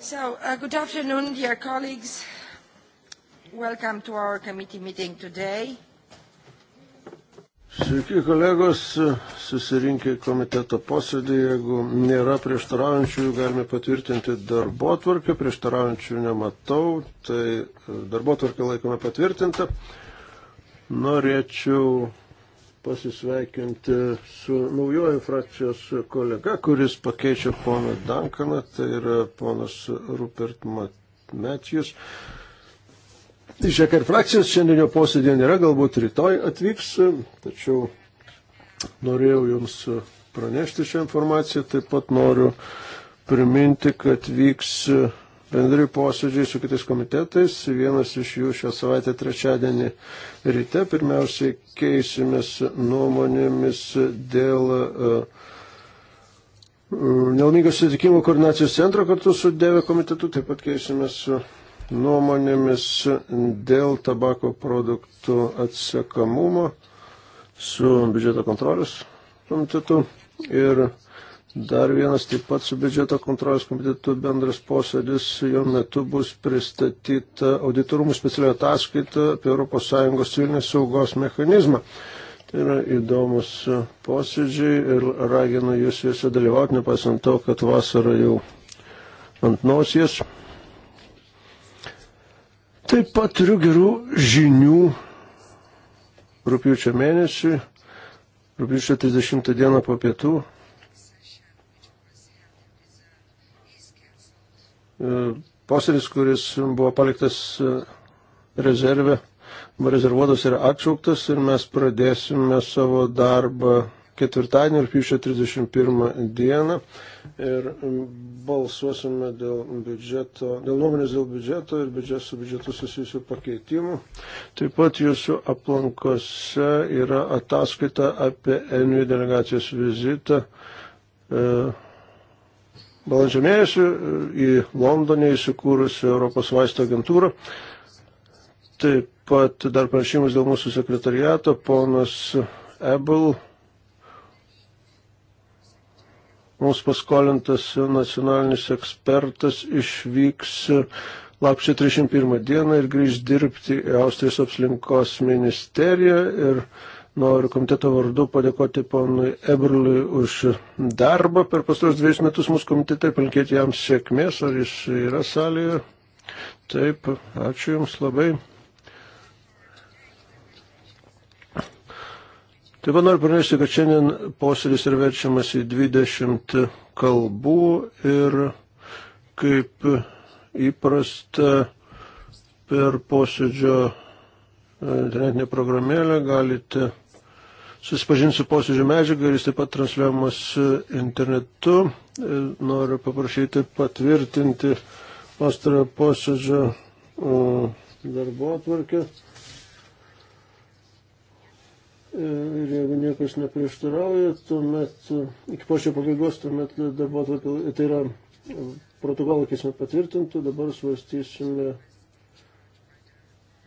So, uh, good afternoon, dear colleagues. Welcome to our committee meeting today. Sveiki kolegos, susirinkę komiteto posėdį, jeigu nėra prieštaraujančių, galime patvirtinti darbo tvarkę, prieštaraujančių nematau, tai darbo tvarkę laikome patvirtintą. Norėčiau pasisveikinti su naujoju frakcijos kolega, kuris pakeičia poną Dankaną, tai yra ponas Rupert Matijus. Iš EKR frakcijos šiandienio posėdė nėra, galbūt rytoj atvyks, tačiau norėjau Jums pranešti šią informaciją. Taip pat noriu priminti, kad vyks bendri posėdžiai su kitais komitetais. Vienas iš jų šią savaitę trečiadienį ryte. Pirmiausiai keisimės nuomonėmis dėl e, nelmingo sutikimo koordinacijos centro kartu su Dėvė komitetu. Taip pat keisimės nuomonėmis dėl tabako produktų atsekamumo su biudžeto kontrolės komitetu. Ir Dar vienas taip pat su biudžeto kontrolės komitetu bendras posėdis, jo metu bus pristatyta auditorumų specialioje ataskaita apie ES civilinės saugos mechanizmą. Tai yra įdomus posėdžiai ir raginu jūs juose dalyvauti, nepasant to, kad vasara jau ant nosies. Taip pat turiu gerų žinių rūpiučio mėnesį, rūpiučio 30 dieną po pietų E, posėdis, kuris buvo paliktas e, rezervė, rezervuotas yra atšauktas ir mes pradėsime savo darbą ketvirtadienį, rūpiučio 31 dieną ir e, balsuosime dėl biudžeto, dėl nuomonės dėl biudžeto ir biudžet su biudžetu susijusių pakeitimų. Taip pat jūsų aplankose yra ataskaita apie ENVI delegacijos vizitą. E, balandžio mėnesį e, į Londonį įsikūrusią Europos vaisto agentūrą. Taip pat dar pranešimas dėl mūsų sekretariato, ponas Ebel mums paskolintas nacionalinis ekspertas išvyks lapčio 31 dieną ir grįž dirbti į Austrijos aplinkos ministeriją ir Noriu komiteto vardu padėkoti ponui Eberliui už darbą per pastaros dviejus metus mūsų komitete, palinkėti jam sėkmės, ar jis yra salėje. Taip, ačiū Jums labai. Taip pat noriu pranešti, kad šiandien posėdis yra verčiamas į 20 kalbų ir kaip įprasta per posėdžio internetinę programėlę galite susipažinsiu posėdžio medžiagą ir jis taip pat transliuojamas e, internetu. E, noriu paprašyti patvirtinti pastarojo posėdžio e, darbo atvarkę. Ir jeigu niekas neprieštarauja, tuomet iki pošio pabaigos, tuomet darbo atvarkė, tai yra protokolą keisime patvirtintų, dabar svarstysime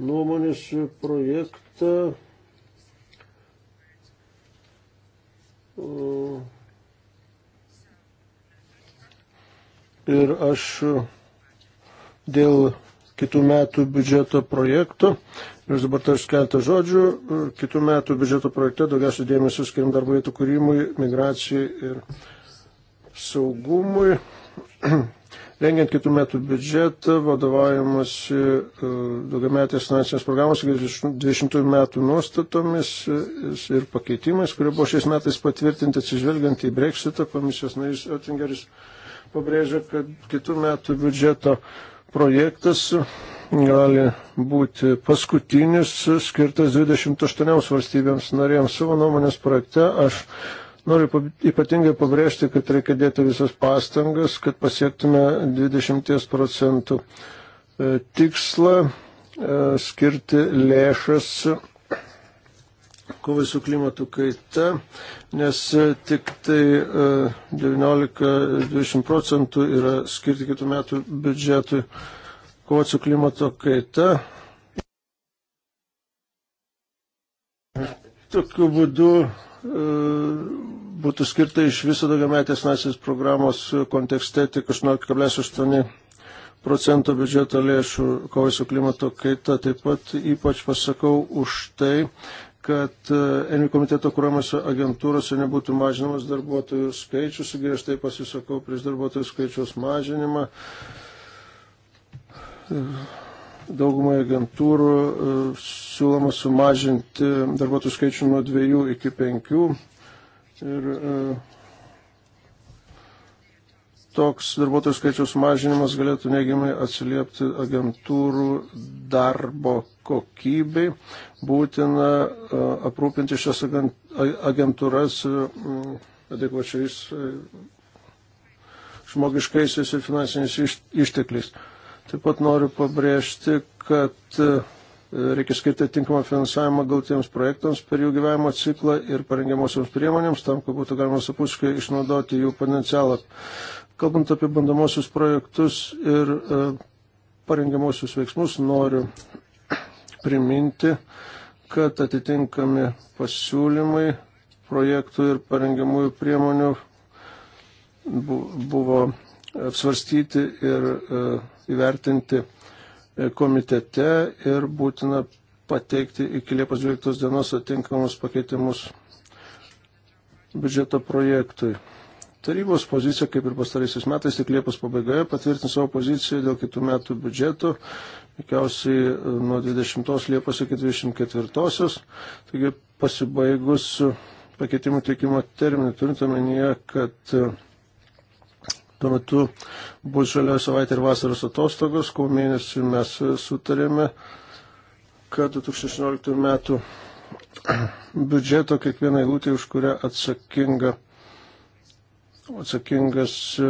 nuomonės projektą Ir aš dėl kitų metų biudžeto projektų, ir dabar tarsi keletą žodžių, kitų metų biudžeto projekte daugiausiai dėmesio skiriam darbo vietų kūrimui, migracijai ir saugumui. Rengiant kitų metų biudžetą, vadovaujamas e, daugiametės finansinės programos 20 metų nuostatomis ir pakeitimais, kurie buvo šiais metais patvirtinti atsižvelgiant į Brexitą, komisijos narys Oettingeris pabrėžia, kad kitų metų biudžeto projektas gali būti paskutinis, skirtas 28 valstybėms narėms. Savo nuomonės projekte aš Noriu ypatingai pabrėžti, kad reikia dėti visas pastangas, kad pasiektume 20 procentų e, tikslą e, skirti lėšas kovai su klimato kaita, nes tik tai 19-20 e, procentų yra skirti kitų metų biudžetui kovai su klimato kaita. Tokiu būdu E, būtų skirta iš viso daugiametės nacijos programos kontekste tik 18,8 procento biudžeto lėšų kovai su klimato kaita. Taip pat ypač pasakau už tai, kad e, ENVI komiteto kūriamose agentūrose nebūtų mažinamas darbuotojų skaičius. Griežtai pasisakau prieš darbuotojų skaičiaus mažinimą. E, daugumai agentūrų e, siūloma sumažinti darbuotojų skaičių nuo dviejų iki penkių. Ir e, toks darbuotojų skaičiaus mažinimas galėtų neigiamai atsiliepti agentūrų darbo kokybei. Būtina e, aprūpinti šias agentūras adekvačiais žmogiškaisiais ir finansiniais ištekliais. Taip pat noriu pabrėžti, kad e, reikia skirti tinkamą finansavimą gautiems projektams per jų gyvenimo ciklą ir parengiamosioms priemonėms, tam, kad būtų galima sapuškai išnaudoti jų potencialą. Kalbant apie bandomosius projektus ir e, parengiamosius veiksmus, noriu priminti, kad atitinkami pasiūlymai projektų ir parengiamųjų priemonių buvo apsvarstyti ir uh, įvertinti e, komitete ir būtina pateikti iki Liepos 12 dienos atinkamus pakeitimus biudžeto projektui. Tarybos pozicija, kaip ir pastaraisiais metais, tik Liepos pabaigoje patvirtins savo poziciją dėl kitų metų biudžeto, tikriausiai e, nuo 20 Liepos iki 24. Taigi pasibaigus e, pakeitimų teikimo terminui, turint omenyje, kad Tuo metu buvo žalia savaitė ir vasaros atostogos, kuo mėnesį mes sutarėme, kad 2016 metų biudžeto kiekvienai lūtė, už kurią atsakinga, atsakingas e,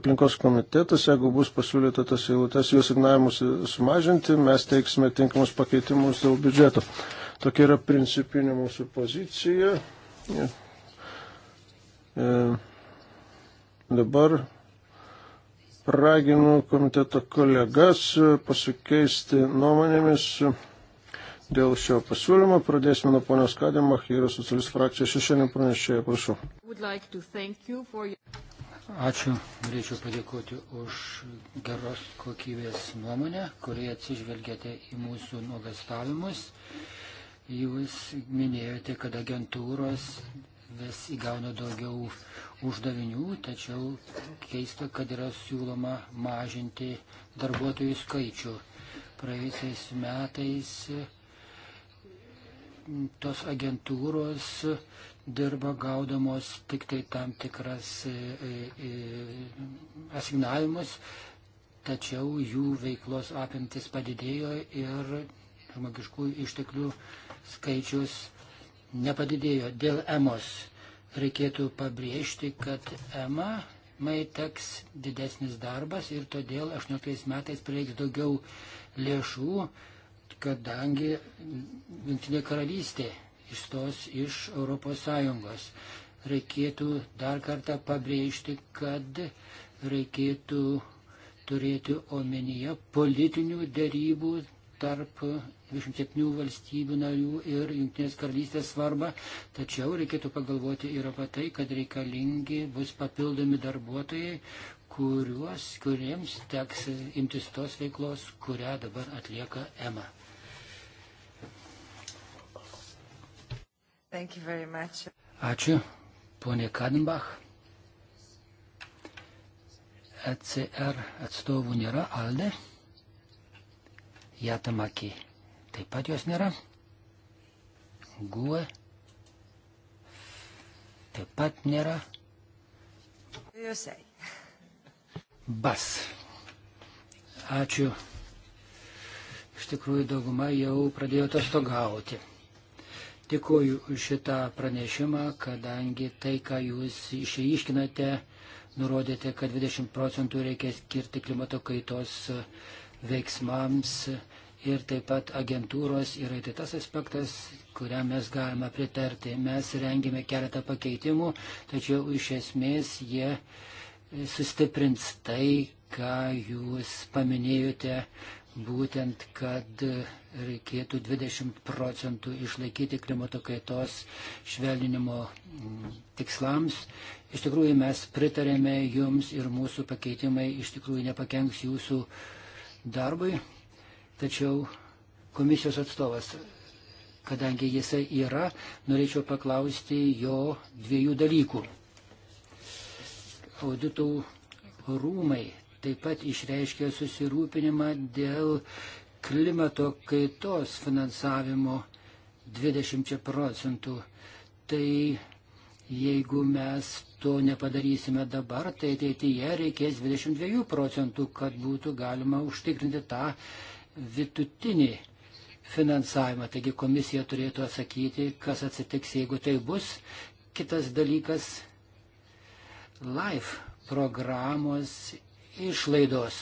aplinkos komitetas, jeigu bus pasiūlyta tas eilutes, jų signavimus sumažinti, mes teiksime tinkamus pakeitimus dėl biudžeto. Tokia yra principinė mūsų pozicija. E, e, Dabar raginu komiteto kolegas pasikeisti nuomonėmis dėl šio pasiūlymo. Pradėsime nuo ponios Kadimach, yra socialistų frakcija šešienė pranešėja, prašau. Ačiū, norėčiau padėkoti už geros kokybės nuomonę, kurį atsižvelgėte į mūsų nuogastavimus. Jūs minėjote, kad agentūros vis įgauna daugiau uždavinių, tačiau keista, kad yra siūloma mažinti darbuotojų skaičių. Praėjusiais metais tos agentūros dirba gaudamos tik tai tam tikras e, e, e, asignavimus, tačiau jų veiklos apimtis padidėjo ir žmogiškų išteklių skaičius nepadidėjo dėl emos reikėtų pabrėžti, kad EMA mai teks didesnis darbas ir todėl 18 metais prireiks daugiau lėšų, kadangi Junktinė karalystė išstos iš ES. Reikėtų dar kartą pabrėžti, kad reikėtų turėti omenyje politinių dėrybų tarp 27 valstybių narių ir Junktinės karalystės svarbą, tačiau reikėtų pagalvoti ir apie tai, kad reikalingi bus papildomi darbuotojai, kuriuos, kuriems teks imtis tos veiklos, kurią dabar atlieka EMA. Ačiū, ponė Kadenbach. ECR atstovų nėra, Alde. Jatamaki. Taip pat jos nėra. Gue. Taip pat nėra. Josai. Bas. Ačiū. Iš tikrųjų, dauguma jau pradėjo atostogauti. Dėkuoju už šitą pranešimą, kadangi tai, ką jūs išryškinate, nurodėte, kad 20 procentų reikia skirti klimato kaitos uh, veiksmams ir taip pat agentūros yra tai tas aspektas, kuriam mes galime pritarti. Mes rengėme keletą pakeitimų, tačiau iš esmės jie sustiprins tai, ką jūs paminėjote, būtent, kad reikėtų 20 procentų išlaikyti klimato kaitos švelninimo tikslams. Iš tikrųjų, mes pritarėme jums ir mūsų pakeitimai iš tikrųjų nepakenks jūsų uh, darbui, tačiau komisijos atstovas, kadangi jisai yra, norėčiau paklausti jo dviejų dalykų. Auditų rūmai taip pat išreiškė susirūpinimą dėl klimato kaitos finansavimo 20 procentų. Tai jeigu mes to nepadarysime dabar, tai ateityje reikės 22 procentų, kad būtų galima užtikrinti tą vidutinį finansavimą. Taigi komisija turėtų atsakyti, kas atsitiks, jeigu tai bus. Kitas dalykas - LIFE programos išlaidos.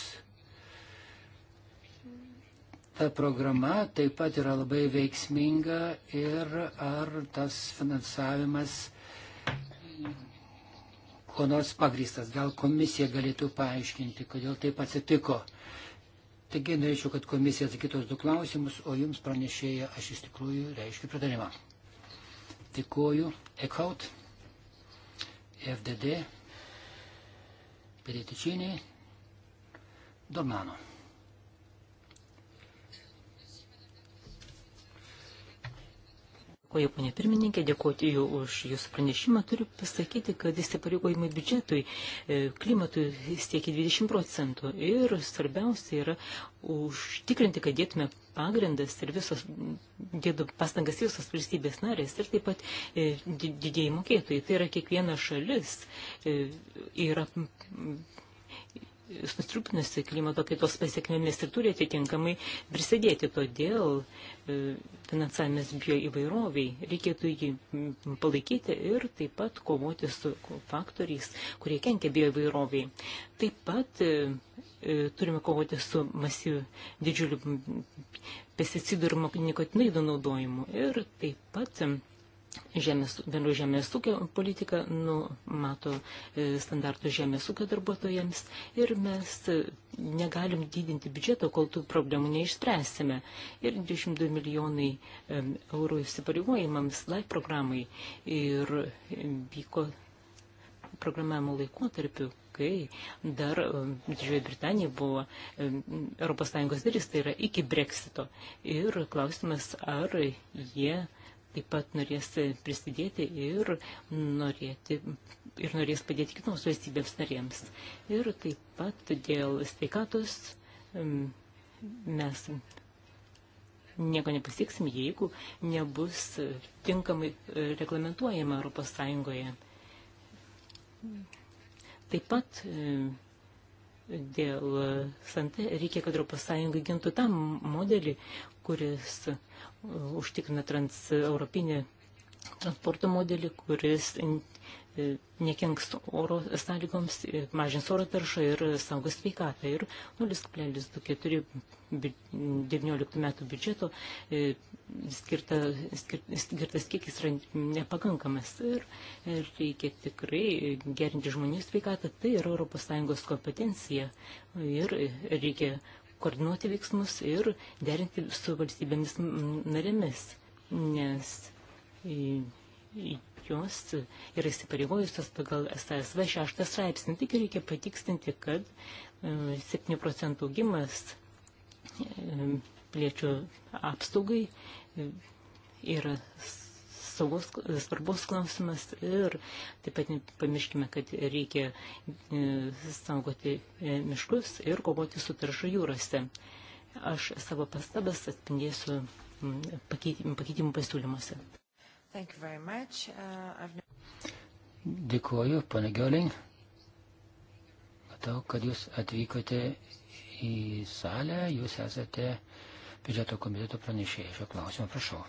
Ta programa taip pat yra labai veiksminga ir ar tas finansavimas kuo nors pagristas. Gal komisija galėtų paaiškinti, kodėl taip atsitiko. Taigi norėčiau, kad komisija atsakytų du klausimus, o jums pranešėja aš iš tikrųjų reiškiu pritarimą. Dėkuoju. Ekaut, FDD, Peritičinė, Dormano. Dėkuoju, ponė pirmininkė, dėkuoju jų už jūsų pranešimą. Turiu pasakyti, kad įsipareigojimai biudžetui, e, klimatui siekia 20 procentų ir svarbiausia yra užtikrinti, kad dėtume pagrindas ir visos, dėdu pastangas visos valstybės narės ir taip pat e, didėjai mokėtojai. Tai yra kiekviena šalis e, yra sustrūpinusi klimato kaitos pasiekmėmis ir turi atitinkamai prisidėti. Todėl e, finansavimas bio įvairoviai reikėtų jį palaikyti ir taip pat kovoti su faktoriais, kurie kenkia bio įvairoviai. Taip pat e, e, turime kovoti su masyviu didžiuliu pesticidų ir nikotinaidų naudojimu ir taip pat Žemės, bendro žemės ūkio politika numato e, standartų žemės ūkio darbuotojams ir mes e, negalim didinti biudžeto, kol tų problemų neišspręsime. Ir 22 milijonai e, eurų įsipareigojimams LIFE programai ir vyko programavimo laikotarpiu, kai dar Didžioji Britanija buvo ES dalis, tai yra iki Brexito. Ir klausimas, ar jie taip pat norės prisidėti ir, norėti, ir norės padėti kitoms valstybėms narėms. Ir taip pat dėl sveikatos mes nieko nepasieksim, jeigu nebus tinkamai e, reglamentuojama Europos Sąjungoje. Taip pat e, dėl Sante reikia, kad Europos Sąjunga gintų tą modelį, kuris užtikrina trans, europinį transporto modelį, kuris e, nekenks oro sąlygoms, mažins oro taršą ir saugos sveikatą. Ir 0,24 19 metų biudžeto e, skirta, skir, skirtas kiekis yra nepakankamas. Ir, ir reikia tikrai gerinti žmonių sveikatą, tai yra ES kompetencija. Ir reikia koordinuoti veiksmus ir derinti su valstybėmis narėmis, nes jos yra įsipareigojusios pagal SSV 6 straipsnį. Tik reikia patikstinti, kad 7 e, procentų augimas e, pliečių apsaugai e, yra saugos, svarbos klausimas ir taip pat nepamirškime, kad reikia e, saugoti e, miškus ir kovoti su tarša jūrose. Aš savo pastabas atspindėsiu pakeitimų pasiūlymuose. Uh, Dėkuoju, pane Giolink. Matau, kad jūs atvykote į salę, jūs esate biudžeto komiteto pranešėjai šio klausimo, prašau.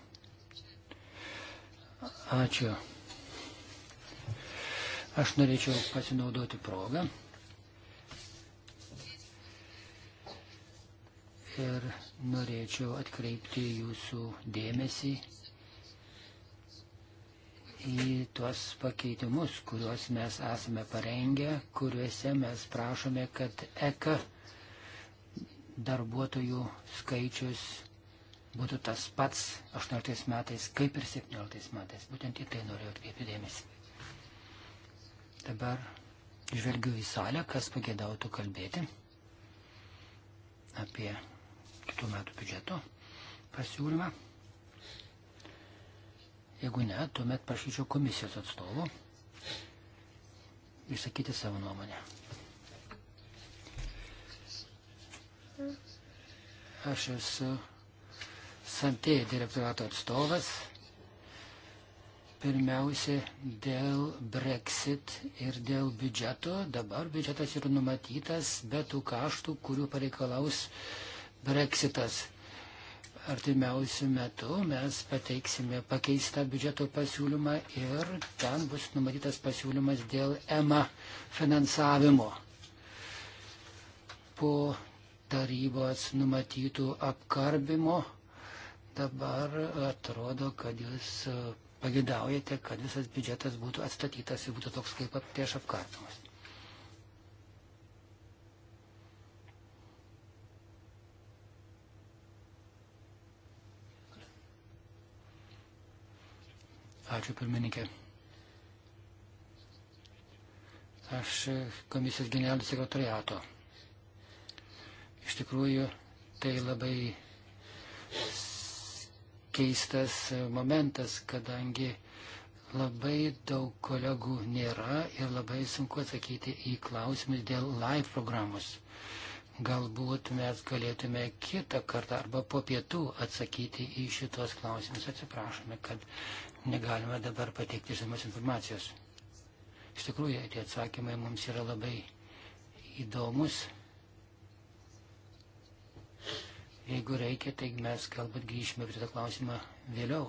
Ačiū. Aš norėčiau pasinaudoti progą ir norėčiau atkreipti jūsų dėmesį į tuos pakeitimus, kuriuos mes esame parengę, kuriuose mes prašome, kad ECA darbuotojų skaičius būtų tas pats 18 metais, kaip ir 17 metais. Būtent į tai norėjau atkreipti dėmesį. Dabar žvelgiu į salę, kas pagėdautų kalbėti apie kitų metų biudžeto pasiūlymą. Jeigu ne, tuomet prašyčiau komisijos atstovų išsakyti savo nuomonę. Aš esu Santė direktorato atstovas. Pirmiausia, dėl Brexit ir dėl biudžeto. Dabar biudžetas yra numatytas be tų kaštų, kurių pareikalaus Brexitas. Artimiausių metų mes pateiksime pakeistą biudžeto pasiūlymą ir ten bus numatytas pasiūlymas dėl EMA finansavimo. Po tarybos numatytų apkarbimo Dabar atrodo, kad jūs e, pagidaujate, kad visas biudžetas būtų atstatytas ir būtų toks kaip prieš apkartimas. Ačiū pirmininkė. Aš e, komisijos generalinio sekretoriato. Iš tikrųjų, tai labai keistas momentas, kadangi labai daug kolegų nėra ir labai sunku atsakyti į klausimus dėl live programos. Galbūt mes galėtume kitą kartą arba po pietų atsakyti į šitos klausimus. Atsiprašome, kad negalime dabar pateikti išsamios informacijos. Iš tikrųjų, tie atsakymai mums yra labai įdomus. Jeigu reikia, tai mes galbūt grįšime prie to klausimą vėliau.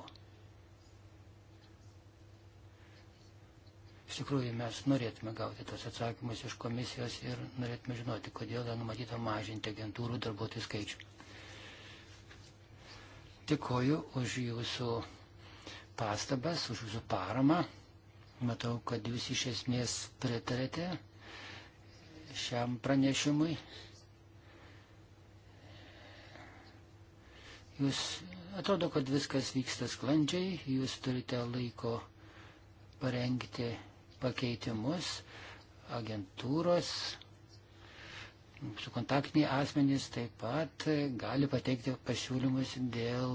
Iš tikrųjų, mes norėtume gauti tos atsakymus iš komisijos ir norėtume žinoti, kodėl yra numatyta mažinti agentūrų darbuotojų skaičių. Dėkoju už jūsų pastabas, už jūsų paramą. Matau, kad jūs iš esmės pritarėte šiam pranešimui. Jūs atrodo, kad viskas vyksta sklandžiai, jūs turite laiko parengti pakeitimus, agentūros, su kontaktiniai asmenys taip pat gali pateikti pasiūlymus dėl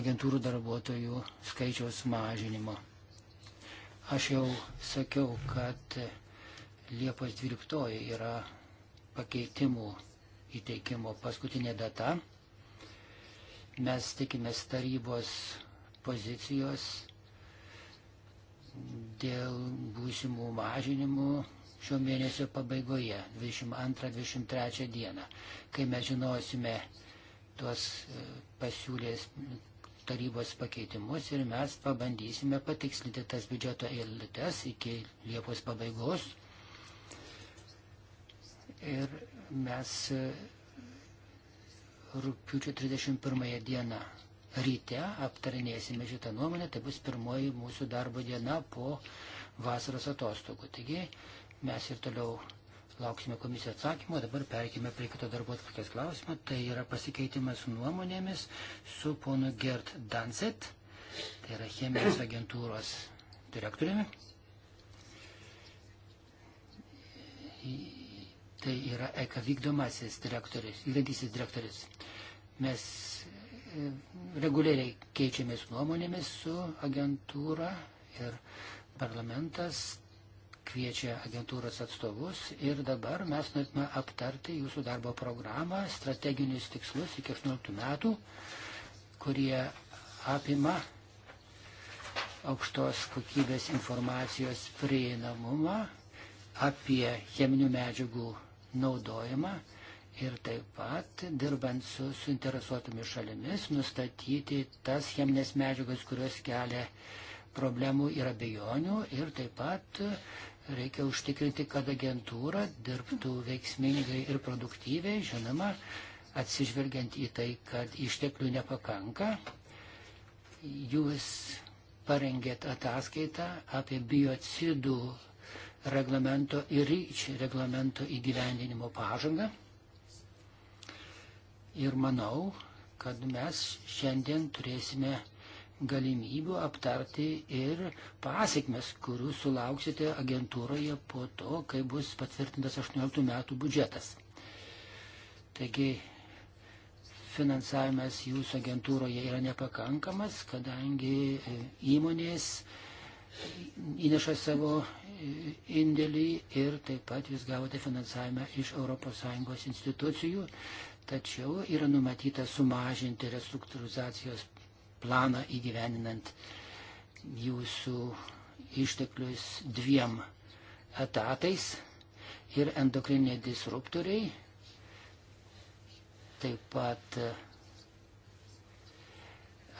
agentūrų darbuotojų skaičiaus mažinimo. Aš jau sakiau, kad Liepos 12 yra pakeitimų įteikimo paskutinė data. Mes tikimės tarybos pozicijos dėl būsimų mažinimų šio mėnesio pabaigoje, 22-23 dieną, kai mes žinosime tuos e, pasiūlės tarybos pakeitimus ir mes pabandysime patikslinti tas biudžeto eilutes iki Liepos pabaigos. Ir mes e, rūpiučio 31 dieną ryte aptarinėsime šitą nuomonę, tai bus pirmoji mūsų darbo diena po vasaros atostogų. Taigi mes ir toliau lauksime komisijos atsakymo, dabar perkime prie kito darbo atvarkės klausimą, tai yra pasikeitimas nuomonėmis su ponu Gert Danset, tai yra chemijos agentūros direktoriumi tai yra ECA vykdomasis direktorius, vykdantisis direktorius. Mes e, reguliariai keičiamės nuomonėmis su agentūra ir parlamentas kviečia agentūros atstovus ir dabar mes norėtume aptarti jūsų darbo programą, strateginius tikslus iki 18 metų, kurie apima aukštos kokybės informacijos prieinamumą apie cheminių medžiagų naudojama ir taip pat dirbant su suinteresuotomis šalimis nustatyti tas cheminės medžiagas, kurios kelia problemų ir abejonių ir taip pat reikia užtikrinti, kad agentūra dirbtų veiksmingai ir produktyviai, žinoma, atsižvelgiant į tai, kad išteklių nepakanka. Jūs parengėt ataskaitą apie biocidų reglamento ir ryčių reglamento įgyvendinimo pažangą. Ir manau, kad mes šiandien turėsime galimybių aptarti ir pasiekmes, kurių sulauksite agentūroje po to, kai bus patvirtintas 18 metų biudžetas. Taigi finansavimas jūsų agentūroje yra nepakankamas, kadangi įmonės įneša savo indėlį ir taip pat jūs gavote finansavimą iš ES institucijų, tačiau yra numatyta sumažinti restruktūrizacijos planą įgyveninant jūsų išteklius dviem etatais ir endokriniai disruptoriai, taip pat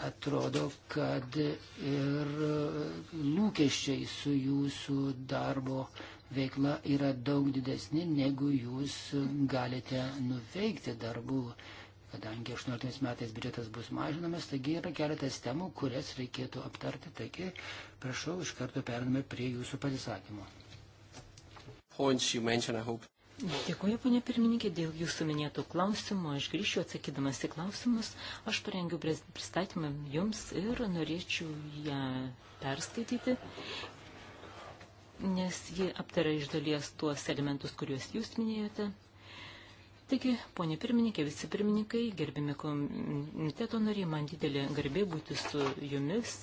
atrodo, kad ir lūkesčiai su jūsų darbo veikla yra daug didesni, negu jūs galite nuveikti darbų, kadangi 18 metais biudžetas bus mažinamas, taigi yra keletas temų, kurias reikėtų aptarti, taigi prašau, iš karto periname prie jūsų pasisakymo. Points you mentioned, I hope. Dėkuoju, ponė pirmininkė, dėl jūsų minėtų klausimų. Aš grįšiu atsakydamas į klausimus. Aš parengiau pristatymą jums ir norėčiau ją perskaityti, nes ji aptara iš dalies tuos elementus, kuriuos jūs minėjote. Taigi, ponė pirmininkė, visi pirmininkai, gerbimi komiteto nariai, man didelė garbė būti su jumis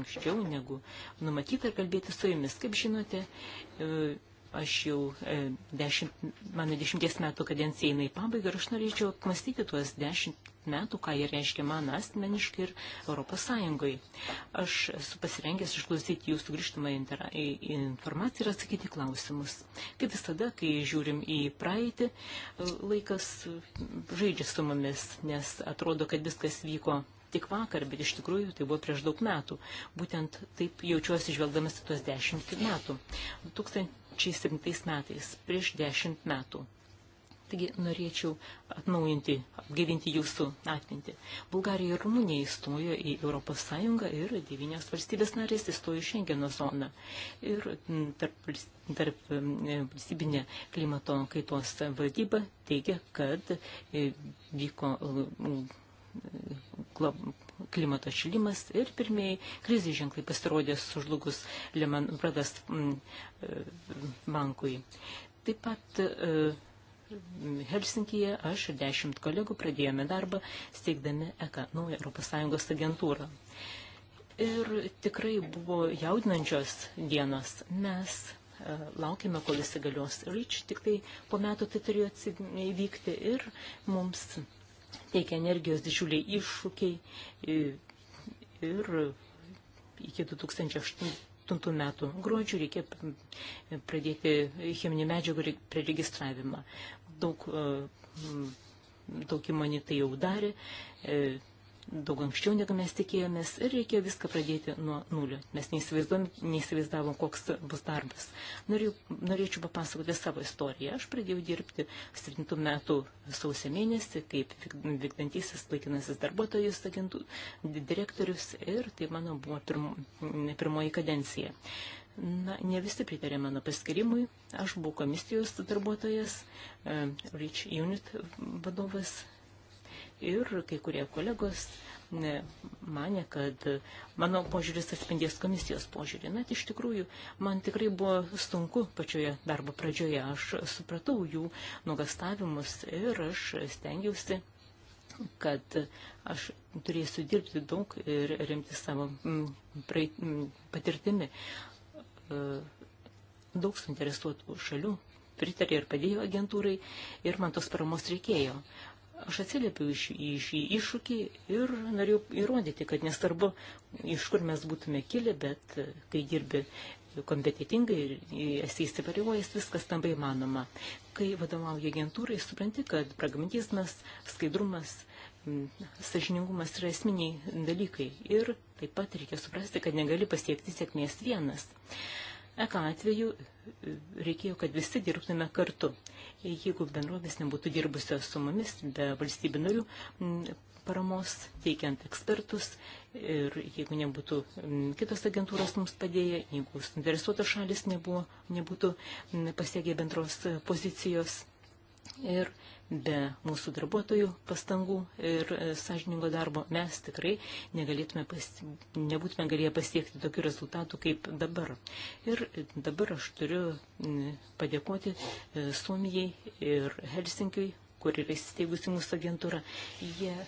anksčiau negu numatyta ir kalbėti su jumis. Kaip žinote, aš jau e, dešimt, mano dešimties metų kadencija eina į pabaigą ir aš norėčiau apmastyti tuos dešimt metų, ką jie reiškia man asmeniškai ir Europos Sąjungai. Aš esu pasirengęs išklausyti jūsų grįžtamą informaciją ir atsakyti klausimus. Kaip visada, kai žiūrim į praeitį, e, laikas žaidžia su mumis, nes atrodo, kad viskas vyko tik vakar, bet iš tikrųjų tai buvo prieš daug metų. Būtent taip jaučiuosi žvelgdamas į tuos dešimt metų. 2000 2007 metais, prieš 10 metų. Taigi norėčiau atnaujinti, atgaivinti jūsų atmintį. Bulgarija ir Rumunija įstojo į Europos Sąjungą ir devynios valstybės narės įstojo į Šengeno zoną. Ir tarp, tarp valstybinė klimato kaitos valdyba teigia, kad e, vyko klimato šilimas ir pirmieji krizės ženklai pasirodė sužlugus Lehman Brothers mm, e, bankui. Taip pat e, Helsinkije aš ir dešimt kolegų pradėjome darbą steigdami ECA, naują ES agentūrą. Ir tikrai buvo jaudinančios dienos. Mes e, laukime, kol įsigalios REACH, tik tai po metų tai turėjo įvykti ir mums teikia energijos didžiuliai iššūkiai ir iki 2008 2008 metų gruodžio reikia pradėti cheminių medžiagų priregistravimą. Daug, e, daug įmonė tai jau darė, e, daug anksčiau, negu mes tikėjomės ir reikėjo viską pradėti nuo nulio. Mes neįsivaizdavom, koks bus darbas. Norėjau, norėčiau papasakoti savo istoriją. Aš pradėjau dirbti 7 metų sausio mėnesį kaip vykdantysis laikinasis darbuotojus, agentų direktorius ir tai mano buvo pirmo, pirmoji kadencija. Na, ne visi pritarė mano paskirimui. Aš buvau komisijos darbuotojas, e, Rich Unit vadovas ir kai kurie kolegos mane, kad mano požiūris atspindės komisijos požiūrį. Net iš tikrųjų, man tikrai buvo sunku pačioje darbo pradžioje. Aš supratau jų nugastavimus ir aš stengiausi kad aš turėsiu dirbti daug ir remti savo patirtimi. E, daug suinteresuotų šalių pritarė ir padėjo agentūrai ir man tos paramos reikėjo. Aš atsiliepiu iš, iš į iššūkį ir norėjau įrodyti, kad nesvarbu, iš kur mes būtume kilę, bet e, kai dirbi kompetitingai ir esi įsipareigojęs, viskas tampa įmanoma. Kai vadovauji agentūrai, supranti, kad pragmatizmas, skaidrumas, sažiningumas yra esminiai dalykai ir taip pat reikia suprasti, kad negali pasiekti sėkmės vienas. Uh, ECA atveju reikėjo, kad visi dirbtume kartu. Jeigu bendrovės nebūtų dirbusios su mumis be valstybių narių paramos, teikiant ekspertus ir jeigu nebūtų kitos agentūros mums padėję, jeigu suinteresuotos šalis nebuvo, nebūtų pasiekė bendros pozicijos. Ir be mūsų darbuotojų pastangų ir e, sąžiningo darbo mes tikrai negalėtume pas, nebūtume galėję pasiekti tokių rezultatų kaip dabar. Ir dabar aš turiu padėkoti e, Suomijai ir Helsinkiui, kur yra įsteigusi mūsų agentūra. Jie yeah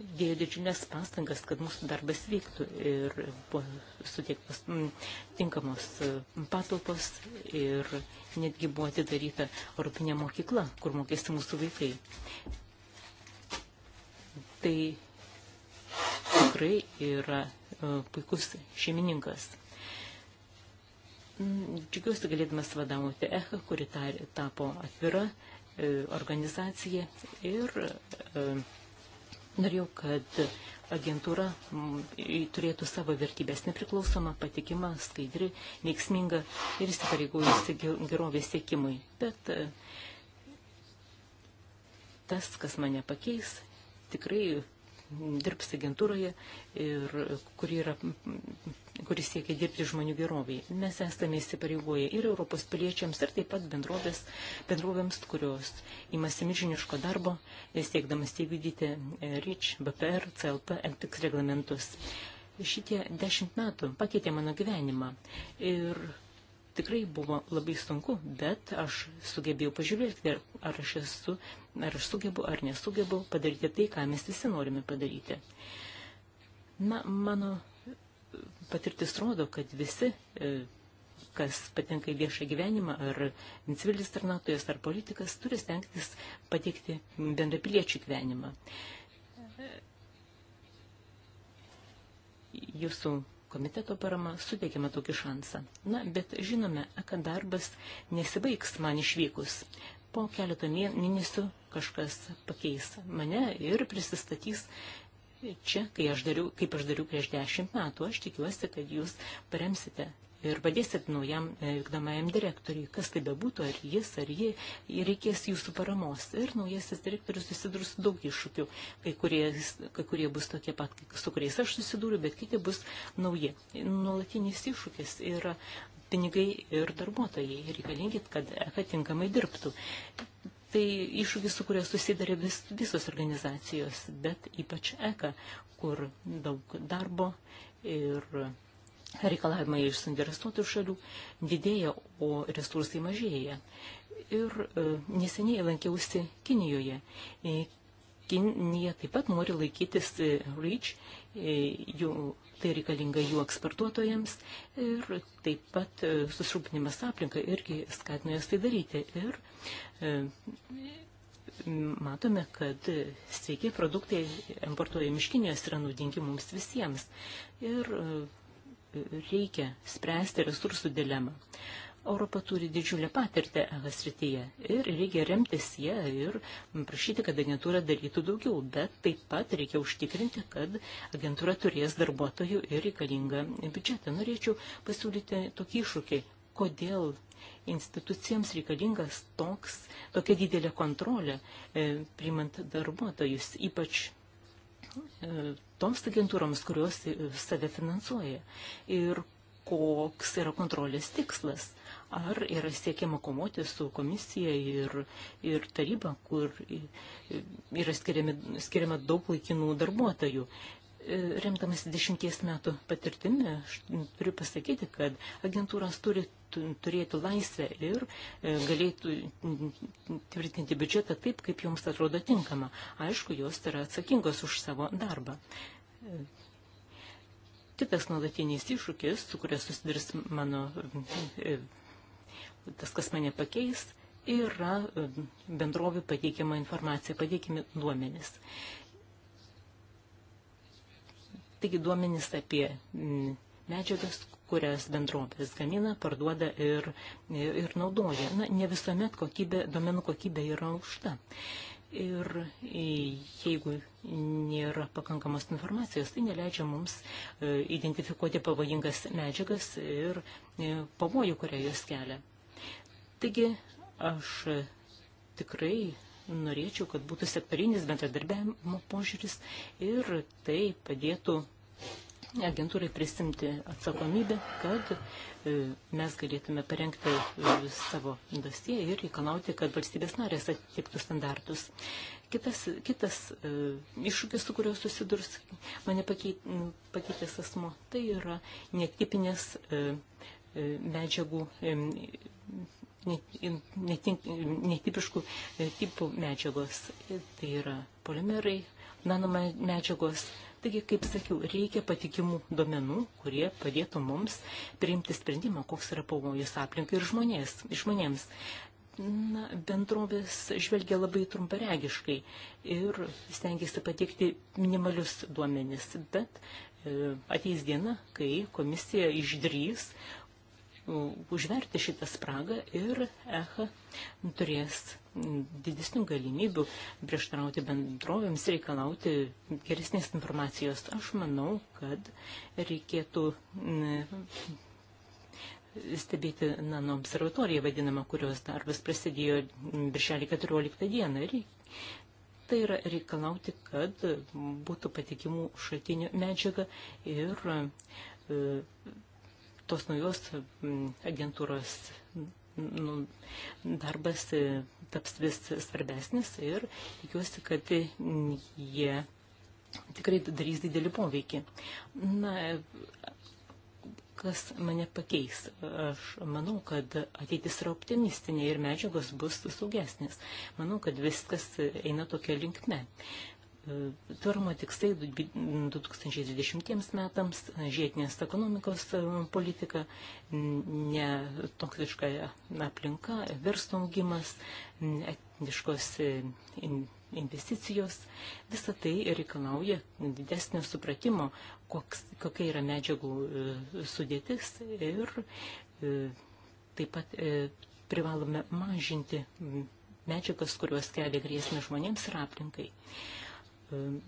dėjo didžiulės pastangas, kad mūsų darbas vyktų ir buvo suteiktos mm, tinkamos mm, patalpos ir netgi buvo atidaryta Europinė mokykla, kur mokėsi mūsų vaikai. Tai tikrai yra e, puikus šeimininkas. Mm, džiugiuosi galėdamas vadovauti EHA, kuri tapo atvira e, organizacija ir e, Norėjau, kad agentūra mm, turėtų savo vertybės nepriklausomą, patikimą, skaidri, veiksmingą ir įsipareigojusi gerovės siekimui. Bet e, tas, kas mane pakeis, tikrai dirbs agentūroje ir kuri, yra, kuri siekia dirbti žmonių geroviai. Mes esame įsipareigoję ir Europos piliečiams, ir taip pat bendrovės, bendrovėms, kurios imasi milžiniško darbo, siekdamas įvykdyti e, REACH, BPR, CLP, MPX reglamentus. Šitie dešimt metų pakeitė mano gyvenimą ir tikrai buvo labai sunku, bet aš sugebėjau pažiūrėti, ar aš esu ar aš sugebu, ar nesugebu padaryti tai, ką mes visi norime padaryti. Na, mano patirtis rodo, kad visi, e, kas patenka į viešą gyvenimą, ar civilis tarnautojas, ar politikas, turi stengtis pateikti bendrapiliečių gyvenimą. Jūsų komiteto parama suteikiama tokį šansą. Na, bet žinome, kad darbas nesibaigs man išvykus. Po keletą mėnesių kažkas pakeis mane ir prisistatys čia, kai aš dariau, kaip aš dariau prieš dešimt metų. Aš tikiuosi, kad jūs paremsite ir padėsit naujam e, vykdomajam direktoriui, kas tai bebūtų, ar jis, ar ji, reikės jūsų paramos. Ir naujasis direktorius susidurs su daug iššūkių, kai kurie, kai kurie bus tokie pat, su kuriais aš susidūriu, bet kiti bus nauji. Nuolatinis iššūkis yra pinigai ir darbuotojai reikalingi, kad ECA tinkamai dirbtų tai iššūkis, su kurio susidarė vis, visos organizacijos, bet ypač ECA, kur daug darbo ir reikalavimai iš suinteresuotų šalių didėja, o resursai mažėja. Ir e, neseniai lankiausi Kinijoje. E, Kinija taip pat nori laikytis e, REACH E, jų, tai reikalinga jų eksportuotojams ir taip pat e, susirūpinimas aplinka irgi skatina jas tai daryti. Ir e, matome, kad sveikiai produktai importuojami iš Kinijos yra naudingi mums visiems. Ir reikia spręsti resursų dilemą. Europa turi didžiulę patirtį ES srityje ir reikia remtis ją ir prašyti, kad agentūra darytų daugiau, bet taip pat reikia užtikrinti, kad agentūra turės darbuotojų ir reikalingą biudžetą. Norėčiau pasiūlyti tokį iššūkį, kodėl institucijams reikalingas toks, tokia didelė kontrolė, e, primant darbuotojus, ypač e, toms agentūroms, kurios e, save finansuoja. Ir koks yra kontrolės tikslas ar yra siekiama komuoti su komisija ir, ir taryba, kur yra skiriami, skiriama daug laikinų darbuotojų. E, Remdamas dešimties metų patirtimi, aš turiu pasakyti, kad agentūros turi turėti laisvę ir e, galėtų tvirtinti biudžetą taip, kaip joms atrodo tinkama. Aišku, jos yra atsakingos už savo darbą. E, kitas nuolatinis iššūkis, su kuria susidurs mano tas, kas mane pakeis, yra e, bendrovių pateikiama informacija, pateikimi duomenys. Taigi duomenys apie medžiagas, kurias bendrovės gamina, parduoda ir, ir naudoja. Na, ne visuomet kokybė, domenų kokybė yra aukšta. Ir jeigu nėra pakankamos informacijos, tai neleidžia mums e, identifikuoti pavojingas medžiagas ir e, pavojų, kurią jos kelia. Taigi aš tikrai norėčiau, kad būtų sektorinis bendradarbiavimo požiūris ir tai padėtų agentūrai prisimti atsakomybę, kad e, mes galėtume parengti e, savo dosiją ir reikalauti, kad valstybės narės atitiktų standartus. Kitas, kitas e, iššūkis, su kuriuo susidurs mane pakeitęs asmo, tai yra netipinės medžiagų netipiškų e, tipų medžiagos. Tai yra polimerai, nanomedžiagos. Taigi, kaip sakiau, reikia patikimų duomenų, kurie padėtų mums priimti sprendimą, koks yra pavojus aplinkai ir žmonės, žmonėms. Na, bendrovės žvelgia labai trumparegiškai ir stengiasi pateikti minimalius duomenis, bet e, ateis diena, kai komisija išdrys užverti šitą spragą ir EHA turės didesnių galimybių prieštarauti bendrovėms, reikalauti geresnės informacijos. Aš manau, kad reikėtų stebėti nano observatoriją vadinamą, kurios darbas prasidėjo birželį 14 dieną. Ir tai yra reikalauti, kad būtų patikimų šaltinių medžiaga ir e, tos naujos agentūros nu, darbas e, taps vis svarbesnis ir tikiuosi, kad jie tikrai darys didelį poveikį. Na, kas mane pakeis. Aš manau, kad ateitis yra optimistinė ir medžiagos bus saugesnės. Manau, kad viskas eina tokia linkme tvarumo tikslai 2020 metams, žiedinės ekonomikos e, politika, netoksiška aplinka, verslo augimas, etniškos e, investicijos. Visa tai reikalauja didesnio supratimo, koks, kokia yra medžiagų e, sudėtis ir taip pat privalome mažinti medžiagas, kurios kelia grėsmę žmonėms ir aplinkai. Ehm,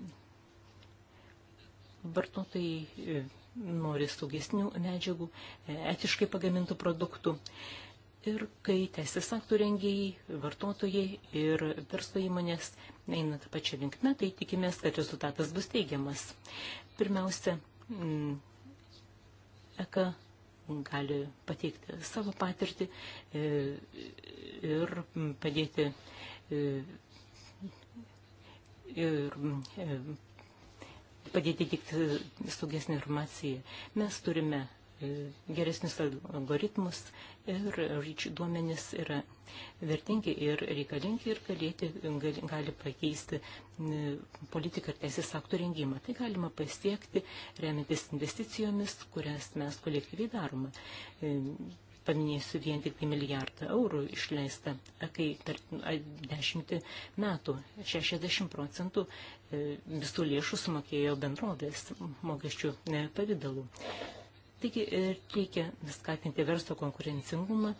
vartotojai e, nori saugesnių medžiagų, e, etiškai pagamintų produktų. Ir kai teisės aktų rengėjai, vartotojai ir verslo įmonės eina tą pačią linkmę, tai tikimės, kad rezultatas bus teigiamas. Pirmiausia, ECA gali pateikti savo patirtį e, ir padėti ir e, padėti teikti saugesnį informaciją. Mes turime e, geresnius algoritmus ir ryčių duomenys yra vertingi ir reikalingi ir galėti, gali, gali pakeisti e, politiką ir teisės aktų rengimą. Tai galima pasiekti remiantis investicijomis, kurias mes kolektyviai darome paminėsiu vien tik tai milijardą eurų išleista, kai per dešimtį metų 60 procentų e, visų lėšų sumokėjo bendrovės mokesčių e, pavydalu. Taigi e, reikia skatinti verslo konkurencingumą,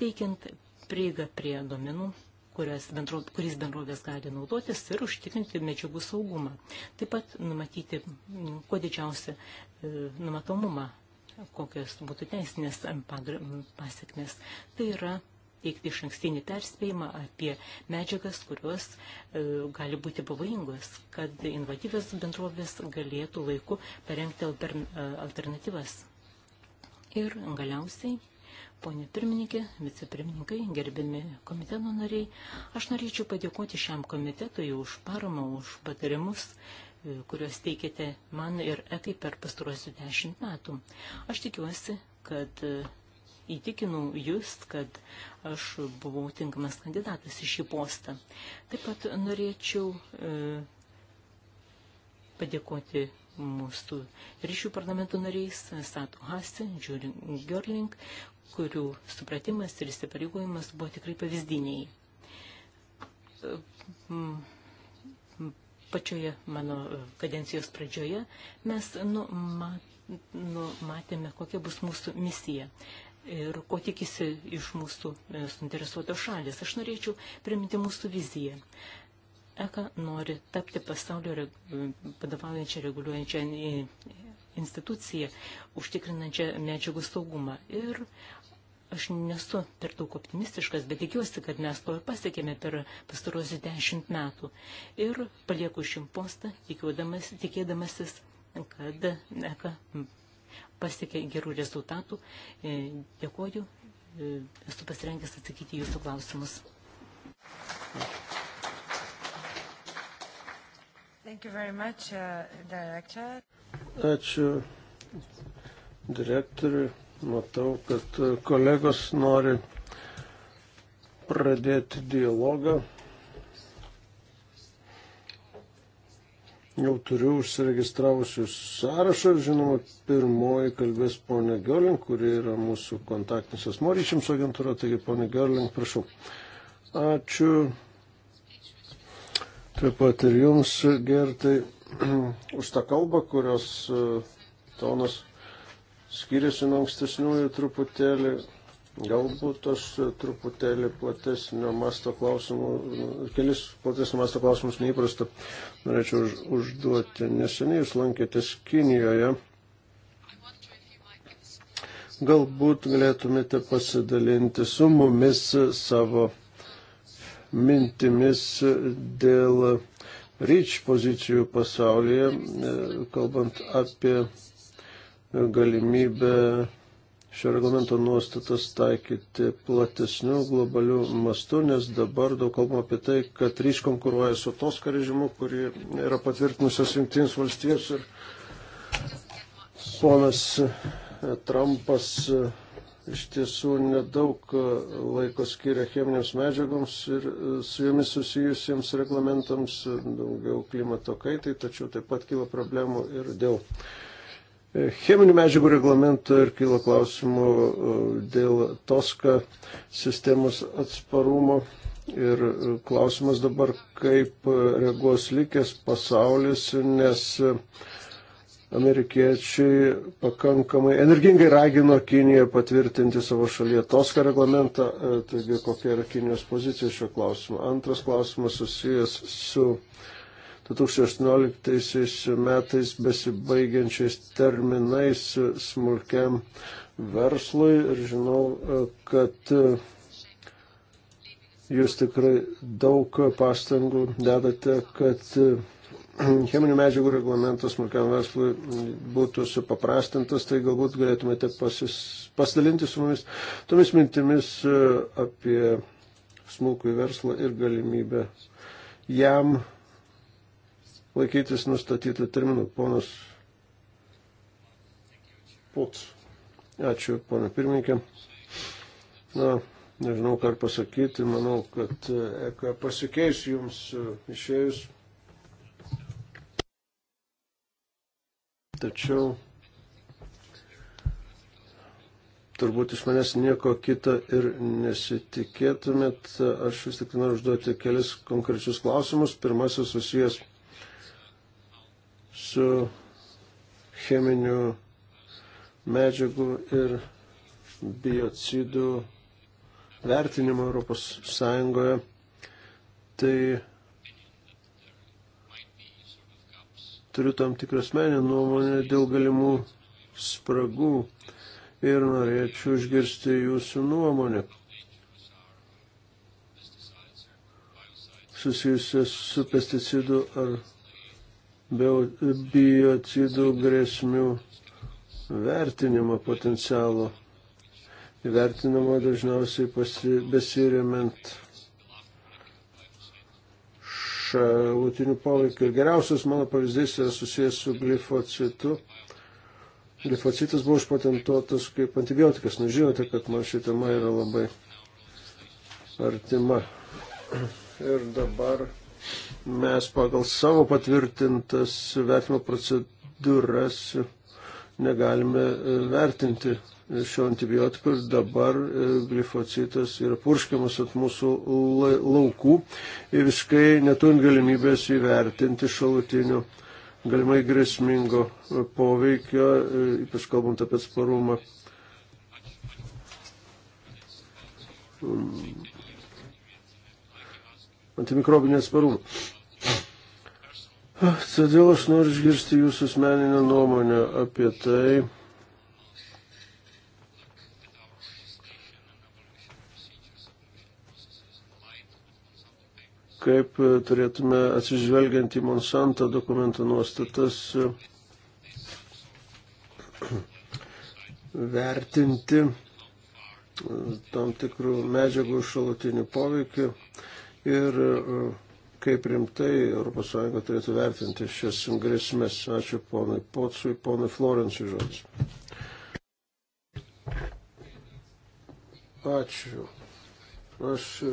teikiant prieigą prie domenų kurias bendro, kuris bendrovės gali naudotis ir užtikrinti medžiagų saugumą. Taip pat numatyti kuo didžiausią e, numatomumą kokios būtų teisinės pasiekmes. Tai yra teikti iš ankstinį perspėjimą apie medžiagas, kurios e, gali būti pavojingos, kad invatyvės bendrovės galėtų laiku parengti altern, e, alternatyvas. Ir galiausiai, ponė pirmininkė, vicepirmininkai, gerbiami komiteto nariai, aš norėčiau padėkoti šiam komitetui už paramą, už patarimus, kuriuos teikėte man ir ECAI per pastaruosius dešimt metų. Aš tikiuosi, kad e, įtikinau jūs, kad aš buvau tinkamas kandidatas į šį postą. Taip pat norėčiau e, padėkoti mūsų ryšių parlamento nariais Satu Hasi, Džiūrin Görling, kurių supratimas ir įsipareigojimas buvo tikrai pavyzdiniai. E, pačioje mano e, kadencijos pradžioje mes numatėme, kokia bus mūsų misija ir ko tikisi iš mūsų e, suinteresuotos šalis. Aš norėčiau priminti mūsų viziją. ECA nori tapti pasaulio vadovaujančią reguliuojančią e, instituciją, užtikrinančią medžiagų saugumą. Ir Aš nesu per daug optimistiškas, bet tikiuosi, kad mes to ir pasiekėme per pastarosius dešimt metų. Ir palieku šim postą, tikėdamas, tikėdamasis, kad ECA pasiekė gerų rezultatų. E, dėkoju, e, esu pasirengęs atsakyti jūsų klausimus. Thank you very much, uh, Director. Ačiū direktoriui. Matau, kad kolegos nori pradėti dialogą. Jau turiu užsiregistravusius sąrašą ir žinoma, pirmoji kalbės ponė Gerling, kuri yra mūsų kontaktinis asmo ryšiams agentūra, taigi ponė Gerling, prašau. Ačiū. Taip pat ir jums, Gertai, už tą kalbą, kurios e, tonas skiriasi nuo ankstesniųjų truputėlį. Galbūt aš truputėlį platesnio masto klausimų, kelis platesnio masto klausimus neįprasta norėčiau už, užduoti. Neseniai jūs lankėtės Kinijoje. Galbūt galėtumėte pasidalinti su mumis savo mintimis dėl ryč pozicijų pasaulyje, kalbant apie galimybę šio reglamento nuostatas taikyti platesnių globalių mastų, nes dabar daug kalbama apie tai, kad ryš konkuruoja su tos režimu, kurį yra patvirtinusios Junktinės valstijos ir ponas e, Trumpas e, iš tiesų nedaug e, laiko skiria cheminėms medžiagoms ir su jomis susijusiems reglamentams, daugiau klimato kaitai, tačiau taip pat kilo problemų ir dėl cheminių medžiagų reglamentą ir kyla klausimų e, dėl toska sistemos atsparumo. Ir e, klausimas dabar, kaip e, reaguos likęs pasaulis, nes amerikiečiai pakankamai energingai ragino Kiniją patvirtinti savo šalyje toską reglamentą, taigi kokia yra Kinijos pozicija šio klausimu. Antras klausimas susijęs su uh, 2018 metais besibaigiančiais terminais smulkiam verslui ir žinau, kad jūs tikrai daug pastangų dedate, kad cheminių medžiagų reglamentas smulkiam verslui būtų supaprastintas, tai galbūt galėtumėte pasis, pasidalinti su mumis tomis mintimis apie smulkų verslą ir galimybę jam laikytis nustatytų terminų. Ponas Puts. Ačiū, ponė pirmininkė. Na, nežinau, ką pasakyti. Manau, kad ECA pasikeis jums e, išėjus. Tačiau turbūt iš manęs nieko kito ir nesitikėtumėt. Aš vis tik noriu užduoti kelis konkrečius klausimus. Pirmasis susijęs su cheminių medžiagų ir biocidų vertinimo Europos Sąjungoje, tai turiu tam tikrą asmenį nuomonę dėl galimų spragų ir norėčiau išgirsti jūsų nuomonę, susijusias su pesticidų ar biocidų grėsmių vertinimo potencialo. Vertinama dažniausiai pasi, besiriamant šalutinių poveikių. Ir geriausias mano pavyzdys yra susijęs su glifocitu. Glifocitas buvo išpatentuotas kaip antibiotikas. Na, nu, žinote, kad man ši tema yra labai artima. Ir dabar mes pagal savo patvirtintas vertimo procedūras negalime e, vertinti šio antibiotiko ir dabar e, glifocitas yra purškiamas ant mūsų laukų ir visiškai neturint galimybės įvertinti šalutinių galimai grėsmingo e, poveikio, ypač kalbant apie sparumą antimikrobinį atsparumą. Todėl aš noriu išgirsti jūsų asmeninę nuomonę apie tai, kaip turėtume atsižvelgiant į Monsanto dokumento nuostatas vertinti tam tikrų medžiagų šalutinį poveikį ir e, kaip rimtai ES turėtų vertinti šias grėsmės. Ačiū ponui Potsui, ponui Florencijui žodis. Ačiū. Aš e,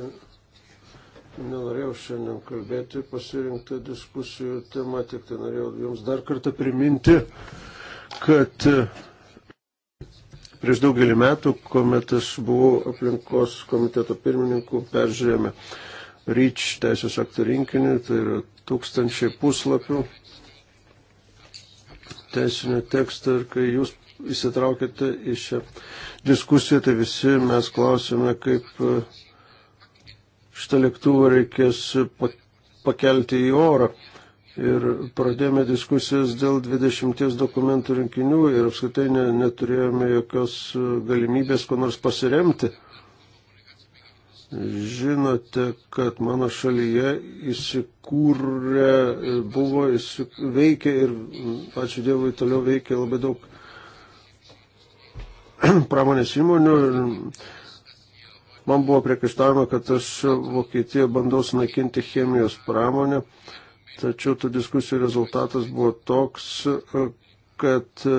nenorėjau šiandien kalbėti pasirinktą diskusijų temą, tik tai norėjau jums dar kartą priminti, kad e, prieš daugelį metų, kuomet aš buvau aplinkos komiteto pirmininku, peržiūrėjome ryč teisės aktų rinkinį, tai yra tūkstančiai puslapių teisinio teksto ir kai jūs įsitraukite į šią diskusiją, tai visi mes klausime, kaip e, šitą lėktuvą reikės pakelti į orą. Ir pradėjome diskusijas dėl 20 dokumentų rinkinių ir apskritai ne, neturėjome jokios e, galimybės ko nors pasiremti. Žinote, kad mano šalyje įsikūrė, e, buvo, įsik... veikia ir, ačiū Dievui, toliau veikia labai daug pramonės įmonių. Ir man buvo priekaištavimo, kad aš Vokietijoje bandau sunaikinti chemijos pramonę, tačiau tų diskusijų rezultatas buvo toks, e, kad e,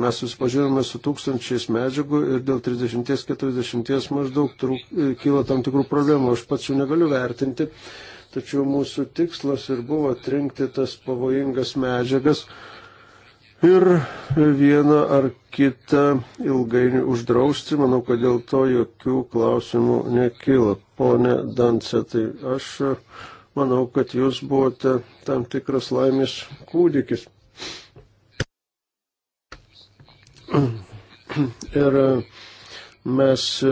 mes susipažinome su tūkstančiais medžiagų ir dėl 30-40 maždaug trūk, e, kyla tam tikrų problemų. Aš pats jų negaliu vertinti, tačiau mūsų tikslas ir buvo atrinkti tas pavojingas medžiagas ir vieną ar kitą ilgainiui uždrausti. Manau, kad dėl to jokių klausimų nekyla. Pone Dance, tai aš e, manau, kad jūs buvote tam tikras laimės kūdikis Ir e, mes e,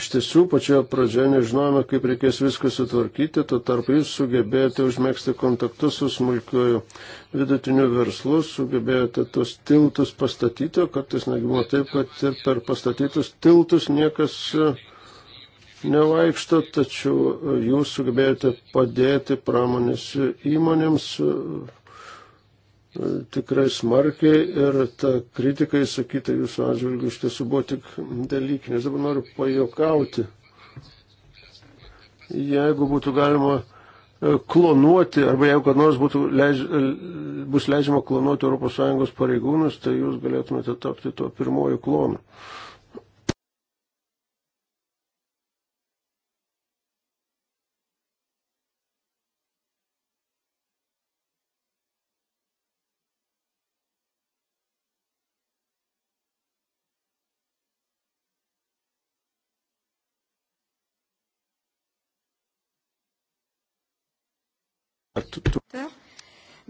iš tiesų pačioje pradžioje nežinojome, kaip reikės viską sutvarkyti, to tarp jūs sugebėjote užmėgsti kontaktus su smulkiuoju vidutiniu verslu, sugebėjote tos tiltus pastatyti, o kartais negimo taip, kad ir per pastatytus tiltus niekas e, nevaikšto, tačiau jūs sugebėjote padėti pramonės įmonėms tikrai smarkiai ir ta kritika įsakyta jūsų atžvilgių iš tiesų buvo tik dalykinė. Dabar noriu pajokauti. Jeigu būtų galima e, klonuoti, arba jeigu kad nors būtų leidž, e, bus leidžiama klonuoti ES pareigūnus, tai jūs galėtumėte tapti tuo pirmoju klonu.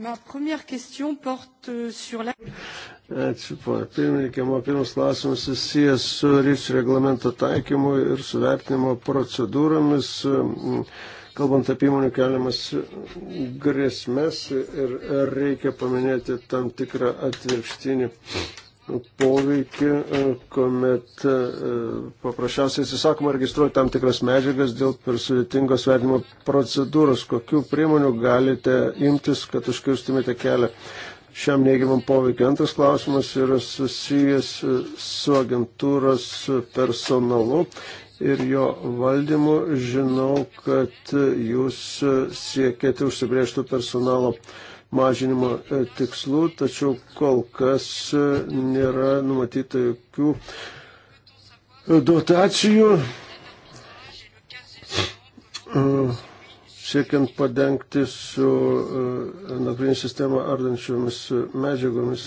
Ma première question porte euh, sur la... Ačiū, pana pirmininkė, mano pirmas klausimas susijęs su RIS reglamento taikymu ir su vertinimo procedūromis, kalbant apie įmonių keliamas grėsmės ir reikia paminėti tam tikrą atvirkštinį poveikį, e, kuomet e, paprasčiausiai atsisakoma registruoti tam tikras medžiagas dėl per sudėtingos vertinimo procedūros. Kokių priemonių galite imtis, kad užkirstumėte kelią šiam neigiamam poveikiu? Antras klausimas yra susijęs e, su agentūros personalu ir jo valdymu. Žinau, kad jūs siekėte užsibrėžtų personalo mažinimo e, tikslų, tačiau kol kas e, nėra numatyta jokių e, dotacijų siekiant padengti su endokrininė sistema ardančiomis medžiagomis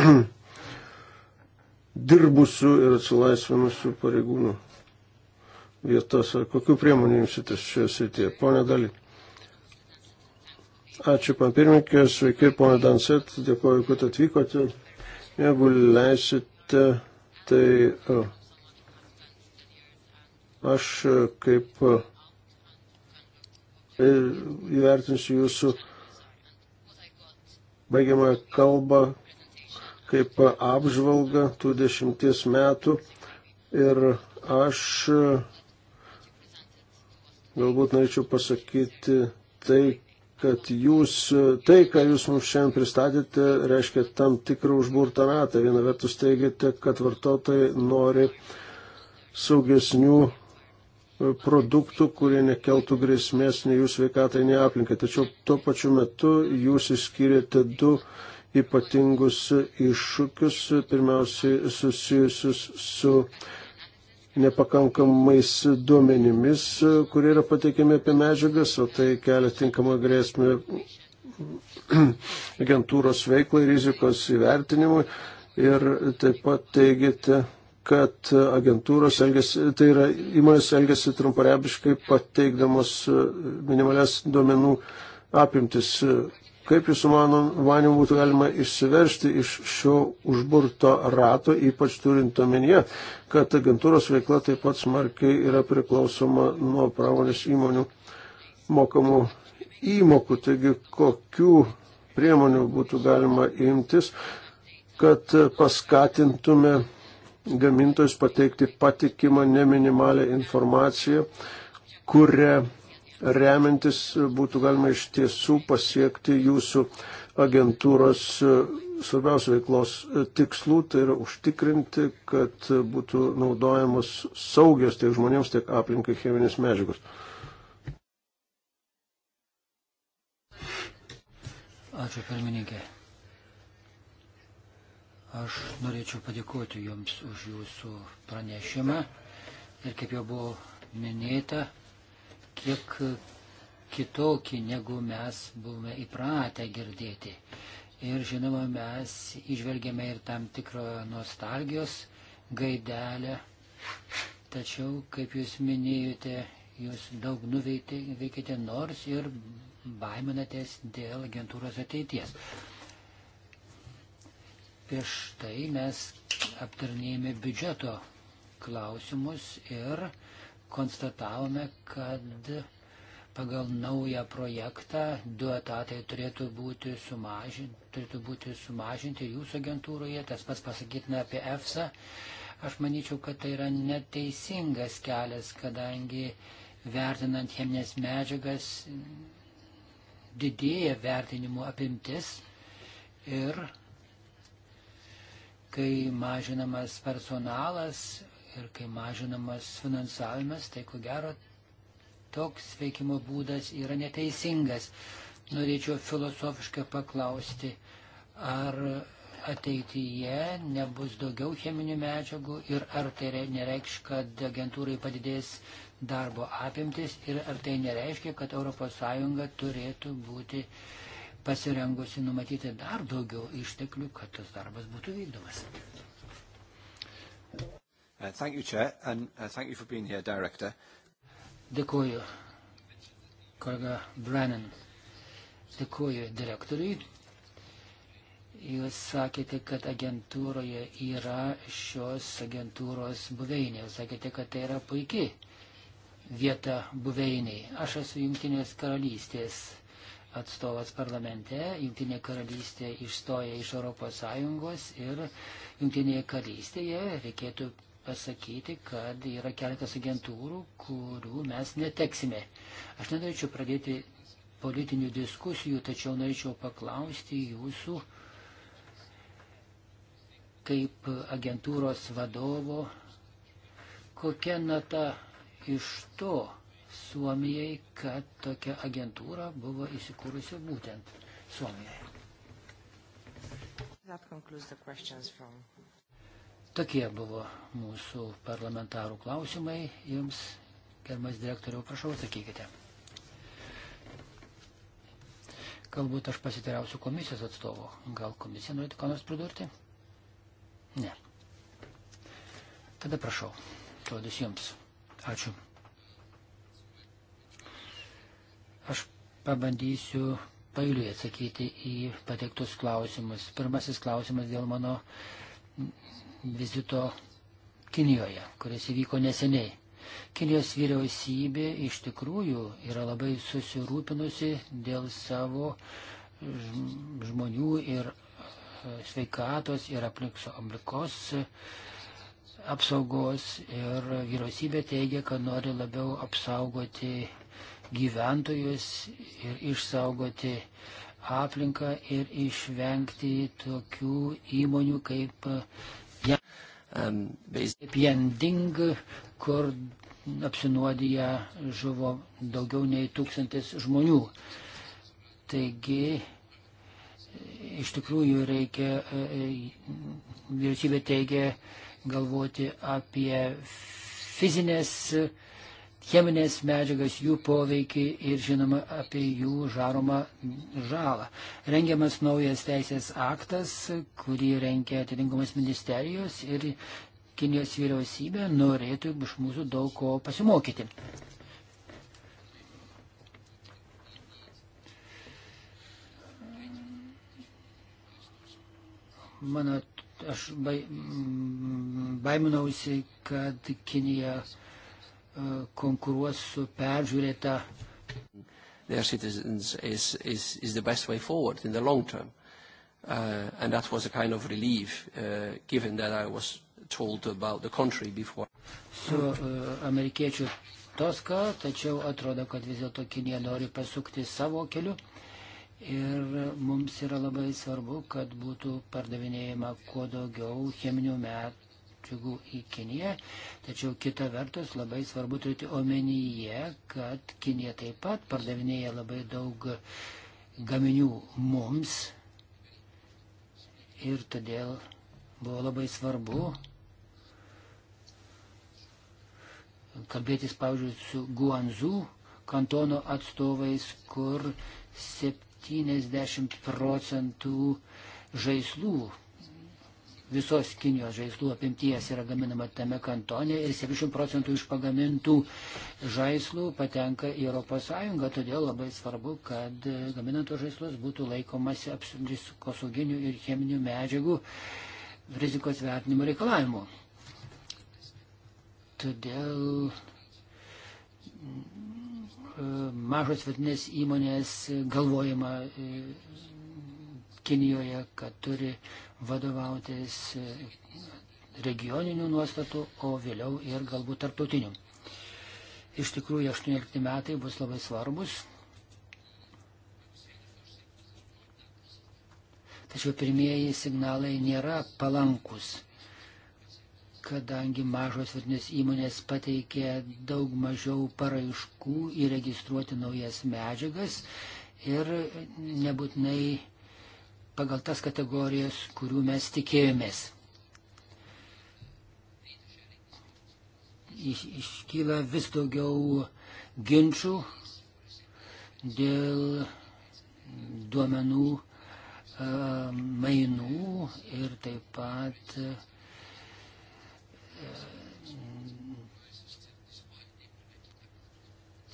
dirbusių ir atsilaisvinusių pareigūnų vietas. Kokiu priemonių imsitės šioje srityje? Pone Dalį. Ačiū, pan pirmininkė, sveiki, ponė Danset, dėkuoju, kad atvykote. Jeigu leisite, tai aš kaip įvertinsiu jūsų baigiamą kalbą kaip apžvalgą tų dešimties metų ir aš galbūt norėčiau pasakyti tai, kad jūs, tai, ką jūs mums šiandien pristatėte, reiškia tam tikrą užburtą ratą. Viena vertus teigiate, kad vartotojai nori saugesnių e, produktų, kurie nekeltų grėsmės nei jūsų veikatai, nei aplinkai. Tačiau tuo pačiu metu jūs įskyrėte du ypatingus iššūkius, pirmiausiai susijusius su nepakankamais duomenimis, kurie yra pateikiami apie medžiagas, o tai kelia tinkamą grėsmę agentūros veiklai, rizikos įvertinimui. Ir taip pat teigiate, kad agentūros elgesi, tai yra įmonės elgesi trumparebiškai pateikdamos minimalias duomenų apimtis Kaip jūsų manimų būtų galima išsiversti iš šio užburto rato, ypač turint omenyje, kad agentūros veikla taip pat smarkiai yra priklausoma nuo pramonės įmonių mokamų įmokų. Taigi, kokių priemonių būtų galima imtis, kad paskatintume gamintojus pateikti patikimą neminimalę informaciją, kuria remiantis būtų galima iš tiesų pasiekti jūsų agentūros e, svarbiausių veiklos e, tikslų, tai yra užtikrinti, kad būtų naudojamos saugios tiek žmonėms, tiek aplinkai cheminės medžiagos. Ačiū pirmininkė. Aš norėčiau padėkoti Jums už Jūsų pranešimą ir kaip jau buvo minėta, kiek kitokį, negu mes buvome įpratę girdėti. Ir žinoma, mes išvelgėme ir tam tikrą nostalgijos gaidelę. Tačiau, kaip jūs minėjote, jūs daug nuveikėte, nors ir baiminatės dėl agentūros ateities. Prieš tai mes aptarnėjame biudžeto klausimus ir konstatavome, kad pagal naują projektą du etatai turėtų būti sumažinti, turėtų būti sumažinti jūsų agentūroje, tas pats pasakytina apie EFSA. Aš manyčiau, kad tai yra neteisingas kelias, kadangi vertinant cheminės medžiagas didėja vertinimų apimtis ir kai mažinamas personalas, ir kai mažinamas finansavimas, tai ko gero toks veikimo būdas yra neteisingas. Norėčiau filosofiškai paklausti, ar ateityje nebus daugiau cheminių medžiagų ir ar tai nereikš, kad agentūrai padidės darbo apimtis ir ar tai nereiškia, kad ES turėtų būti pasirengusi numatyti dar daugiau išteklių, kad tas darbas būtų vykdomas. Uh, thank you, Chair, and uh, thank you for being here, Director. Dėkuoju, kolega Brennan. Dėkuoju direktoriui. Jūs sakėte, kad agentūroje yra šios agentūros buveinė. Jūs sakėte, kad tai yra puikiai vieta buveiniai. Aš esu Junktinės karalystės atstovas parlamente, Junktinė karalystė išstoja iš Europos Sąjungos ir Junktinėje karalystėje reikėtų pasakyti, kad yra keletas agentūrų, kurių mes neteksime. Aš nenorėčiau pradėti politinių diskusijų, tačiau norėčiau paklausti jūsų kaip agentūros vadovo, kokia nata iš to Suomijai, kad tokia agentūra buvo įsikūrusi būtent Suomijoje. That concludes the questions from Tokie buvo mūsų parlamentarų klausimai. Jums, gerbiamas direktoriau, prašau, atsakykite. Galbūt aš pasitėriausiu komisijos atstovo. Gal komisija norėtų ką nors pridurti? Ne. Tada prašau, žodis jums. Ačiū. Aš pabandysiu pailiui atsakyti į pateiktus klausimus. Pirmasis klausimas dėl mano uh, vizito Kinijoje, kuris įvyko neseniai. Kinijos vyriausybė iš tikrųjų yra labai susirūpinusi dėl savo žmonių ir e, sveikatos ir aplinkos e, apsaugos ir vyriausybė teigia, kad nori labiau apsaugoti gyventojus ir išsaugoti aplinką ir išvengti tokių įmonių kaip Pjending, kur apsinuodiję žuvo daugiau nei tūkstantis žmonių. Taigi, iš tikrųjų reikia, e, vyriausybė teigia, galvoti apie fizinės cheminės medžiagas, jų poveikį ir žinoma apie jų žaromą žalą. Rengiamas naujas teisės aktas, kurį rengia atitinkamas ministerijos ir Kinijos vyriausybė norėtų iš mūsų daug ko pasimokyti. Mano, aš bai, baiminausi, kad Kinija uh, E, konkuruos su peržiūrėta. Their citizens is, is, is the best way forward in the long term. Uh, and that was a kind of relief, uh, given that I was told about the contrary before. Su uh, e, amerikiečių toska, tačiau atrodo, kad vis dėlto Kinija nori pasukti savo keliu. Ir mums yra labai svarbu, kad būtų pardavinėjama kuo daugiau cheminių met, lėktuvų į Kiniją. Tačiau kita vertus labai svarbu turėti omenyje, kad Kinija taip pat pardavinėja labai daug gaminių mums. Ir todėl buvo labai svarbu kalbėtis, pavyzdžiui, su Guanzu kantono atstovais, kur 70 procentų žaislų visos Kinijos žaislų apimties yra gaminama tame kantone ir 70 procentų iš pagamintų žaislų patenka į ES, todėl labai svarbu, kad gaminant tos žaislus būtų laikomasi apsaugiskosoginių ir cheminių medžiagų rizikos vertinimo reikalavimų. Todėl mm, e, mažos vidinės įmonės galvojama e, Kinijoje, kad turi vadovautis regioninių nuostatų, o vėliau ir galbūt tarptautinių. Iš tikrųjų, 18 metai bus labai svarbus. Tačiau pirmieji signalai nėra palankus, kadangi mažos vidinės įmonės pateikė daug mažiau paraiškų įregistruoti naujas medžiagas ir nebūtinai pagal tas kategorijas, kurių mes tikėjomės. Iš, iškyla vis daugiau ginčių dėl duomenų e, mainų ir taip pat e,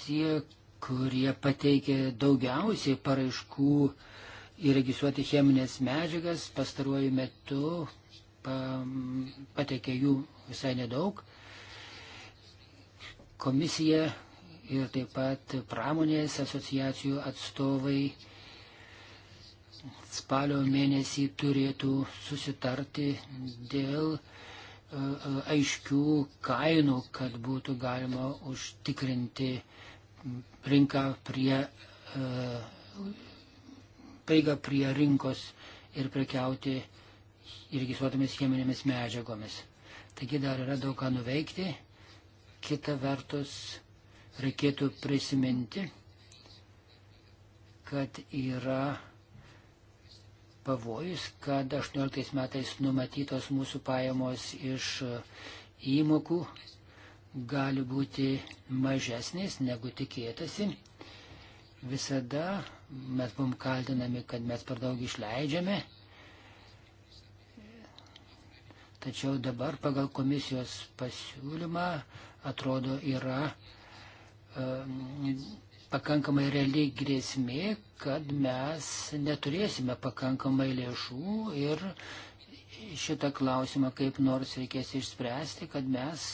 tie, kurie pateikė daugiausiai paraiškų įregistruoti cheminės medžiagas. Pastaruoju metu patekė jų visai nedaug. Komisija ir taip pat pramonės asociacijų atstovai spalio mėnesį turėtų susitarti dėl e, e, aiškių kainų, kad būtų galima užtikrinti rinką prie e, prieigą prie rinkos ir prekiauti įregistruotomis cheminėmis medžiagomis. Taigi dar yra daug ką nuveikti. Kita vertus, reikėtų prisiminti, kad yra pavojus, kad 18 metais numatytos mūsų pajamos iš įmokų gali būti mažesnės negu tikėtasi. Visada mes buvom kaltinami, kad mes per daug išleidžiame. Tačiau dabar pagal komisijos pasiūlymą atrodo yra um, pakankamai reali grėsmė, kad mes neturėsime pakankamai lėšų ir šitą klausimą kaip nors reikės išspręsti, kad mes,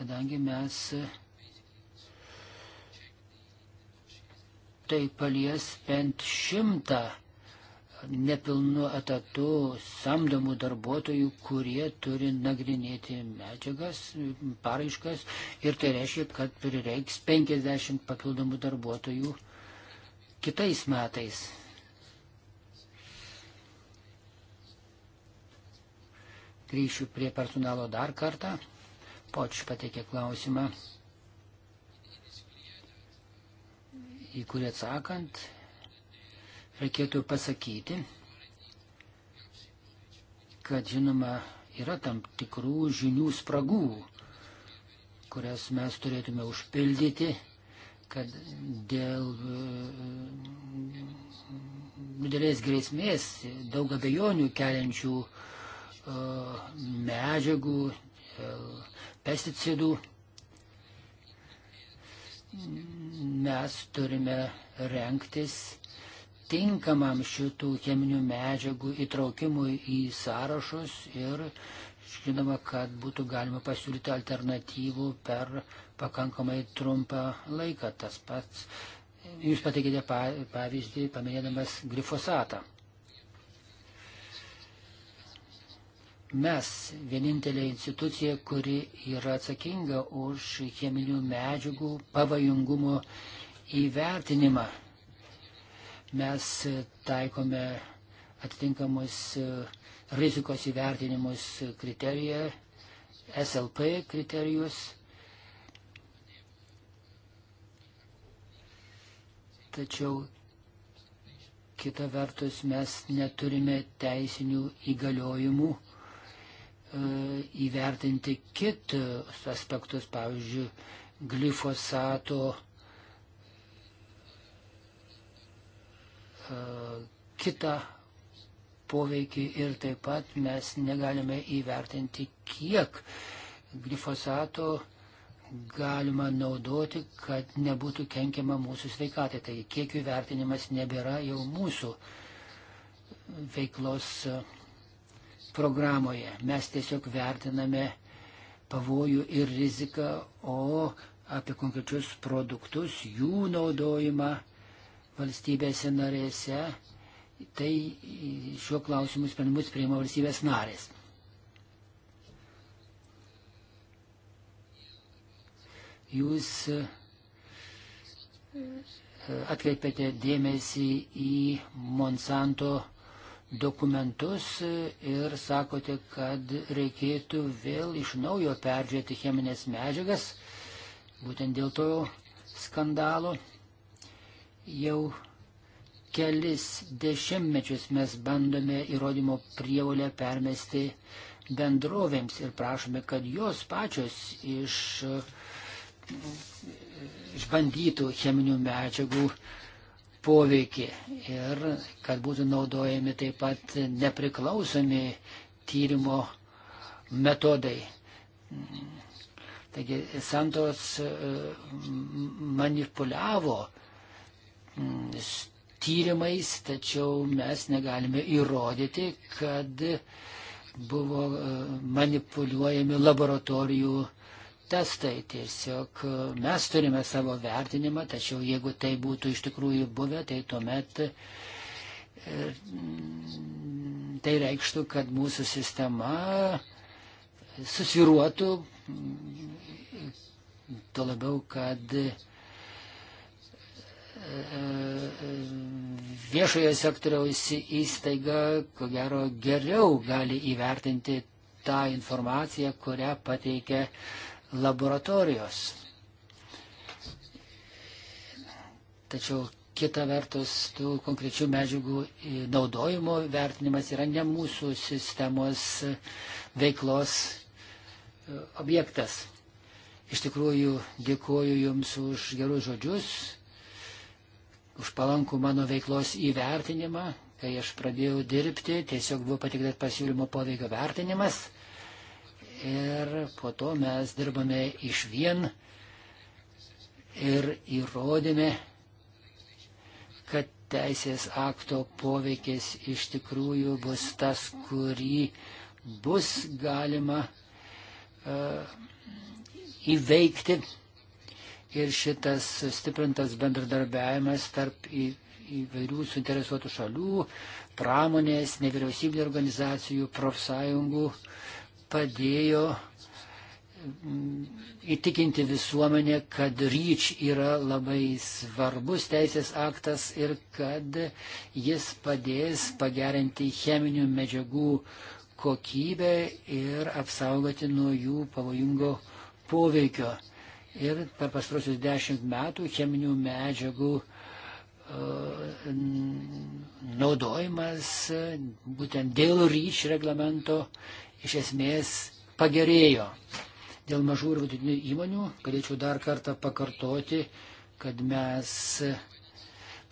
kadangi mes uh, tai palies bent šimtą nepilnu etatu samdomų darbuotojų, kurie turi nagrinėti medžiagas, paraiškas ir tai reiškia, kad prireiks 50 papildomų darbuotojų kitais metais. Grįšiu prie personalo dar kartą. Poč pateikė klausimą. į kurį atsakant reikėtų pasakyti, kad žinoma yra tam tikrų žinių spragų, kurias mes turėtume užpildyti, kad dėl e, didelės grėsmės daug abejonių keliančių e, medžiagų, pesticidų mes turime renktis tinkamam šitų cheminių medžiagų įtraukimui į sąrašus ir žinoma, kad būtų galima pasiūlyti alternatyvų per pakankamai trumpą laiką. Tas pats, jūs pateikėte pavyzdį paminėdamas glifosatą. mes vienintelė institucija, kuri yra atsakinga už cheminių medžiagų pavojingumo įvertinimą. Mes taikome atitinkamus e, rizikos įvertinimus kriteriją, SLP kriterijus. Tačiau kita vertus mes neturime teisinių įgaliojimų E, įvertinti kitus aspektus, pavyzdžiui, glifosato e, kitą poveikį ir taip pat mes negalime įvertinti, kiek glifosato galima naudoti, kad nebūtų kenkiama mūsų sveikatai. Tai kiek jų vertinimas nebėra jau mūsų veiklos programoje. Mes tiesiog vertiname pavojų ir riziką, o apie konkrečius produktus, jų naudojimą valstybėse narėse, tai šiuo klausimu sprendimus priima valstybės narės. Jūs e, atkreipėte dėmesį į Monsanto dokumentus e, ir sakote, kad reikėtų vėl iš naujo peržiūrėti cheminės medžiagas. Būtent dėl to skandalo jau kelis dešimtmečius mes bandome įrodymo prievolę permesti bendrovėms ir prašome, kad jos pačios iš, išbandytų cheminių medžiagų uh, poveikį ir kad būtų naudojami taip pat nepriklausomi tyrimo metodai. Taigi Santos e, manipuliavo tyrimais, tačiau mes negalime įrodyti, kad buvo e, manipuliuojami laboratorijų uh, testai. Tiesiog e, mes turime savo vertinimą, tačiau jeigu tai būtų iš tikrųjų buvę, tai tuomet e, mm, tai reikštų, kad mūsų sistema susiruotų, mm, to labiau, kad e, viešojo sektoriaus įstaiga, ko gero, geriau gali įvertinti tą informaciją, kurią pateikia laboratorijos. Tačiau kita vertus, tų konkrečių medžiagų naudojimo vertinimas yra ne mūsų sistemos veiklos e, objektas. Iš tikrųjų, dėkuoju Jums už gerus žodžius, už palankų mano veiklos įvertinimą. Kai aš pradėjau dirbti, tiesiog buvo patiktas pasiūlymo poveikio vertinimas ir po to mes dirbame iš vien ir įrodėme, kad teisės akto poveikis iš tikrųjų bus tas, kurį bus galima uh, įveikti. Ir šitas sustiprintas bendradarbiavimas tarp į, įvairių suinteresuotų šalių, pramonės, nevyriausybinio organizacijų, profsąjungų uh, padėjo mm, įtikinti visuomenę, kad ryč yra labai svarbus teisės aktas ir kad jis padės pagerinti cheminių medžiagų kokybę ir apsaugoti nuo jų pavojingo poveikio. Ir per pastrosius dešimt metų cheminių medžiagų uh, naudojimas būtent dėl ryč reglamento iš esmės pagerėjo. Dėl mažų ir vidutinių įmonių galėčiau dar kartą pakartoti, kad mes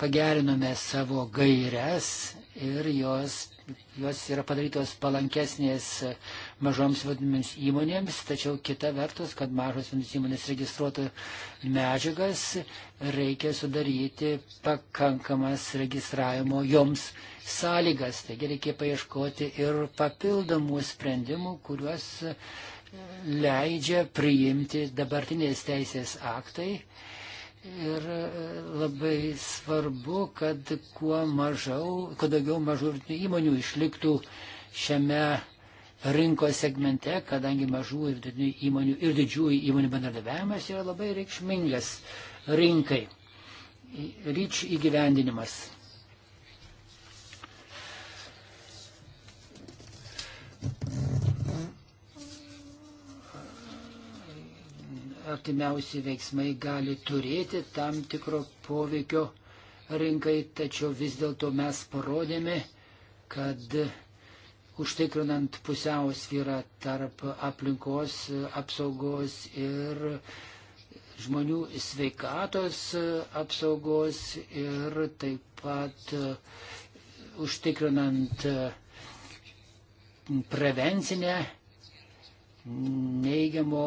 pagerinome savo gairias ir jos, jos yra padarytos palankesnės mažoms vadinamiems įmonėms, tačiau kita vertus, kad mažos vadinamiems įmonės registruotų medžiagas, reikia sudaryti pakankamas registravimo joms sąlygas. Taigi reikia paieškoti ir papildomų sprendimų, kuriuos leidžia priimti dabartinės teisės aktai Ir e, labai svarbu, kad kuo mažiau, kuo daugiau mažų įmonių išliktų šiame rinkos segmente, kadangi mažų ir didžiųjų įmonių, ir didžiųjų įmonių bendradarbiavimas yra labai reikšmingas rinkai. Ryč įgyvendinimas. artimiausi veiksmai gali turėti tam tikro poveikio rinkai, tačiau vis dėlto mes parodėme, kad užtikrinant pusiausvyrą tarp aplinkos apsaugos ir žmonių sveikatos apsaugos ir taip pat užtikrinant prevencinę neigiamo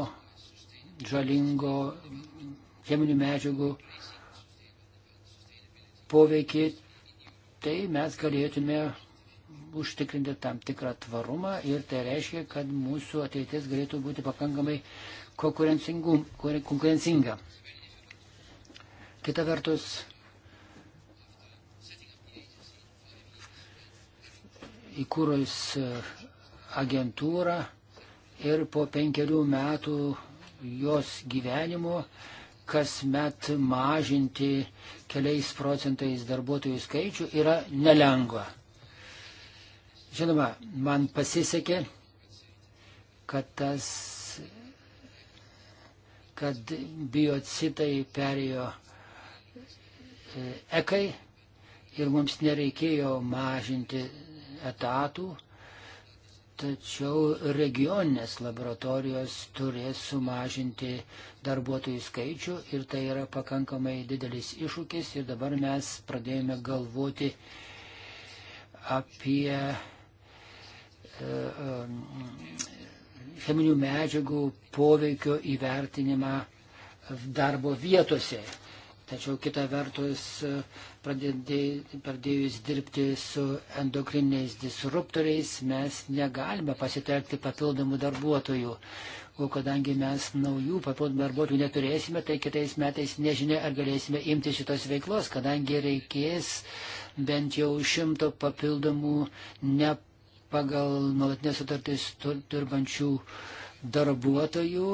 žalingo cheminių medžiagų poveikį, tai mes galėtume užtikrinti tam tikrą tvarumą ir tai reiškia, kad mūsų ateitis galėtų būti pakankamai konkurencinga. Kita vertus, įkūrus e, agentūrą ir po penkerių metų jos gyvenimo, kasmet mažinti keliais procentais darbuotojų skaičių yra nelengva. Žinoma, man pasisekė, kad tas kad biocitai perėjo e, ekai ir mums nereikėjo mažinti etatų, Tačiau regioninės laboratorijos turės sumažinti darbuotojų skaičių ir tai yra pakankamai didelis iššūkis ir dabar mes pradėjome galvoti apie e, e, cheminių medžiagų poveikio įvertinimą darbo vietose. Tačiau kita vertus, pradėjus dirbti su endokriniais disruptoriais, mes negalime pasitelkti papildomų darbuotojų. O kadangi mes naujų papildomų darbuotojų neturėsime, tai kitais metais nežinia, ar galėsime imti šitos veiklos, kadangi reikės bent jau šimto papildomų ne pagal nuolatinės sutartys dirbančių darbuotojų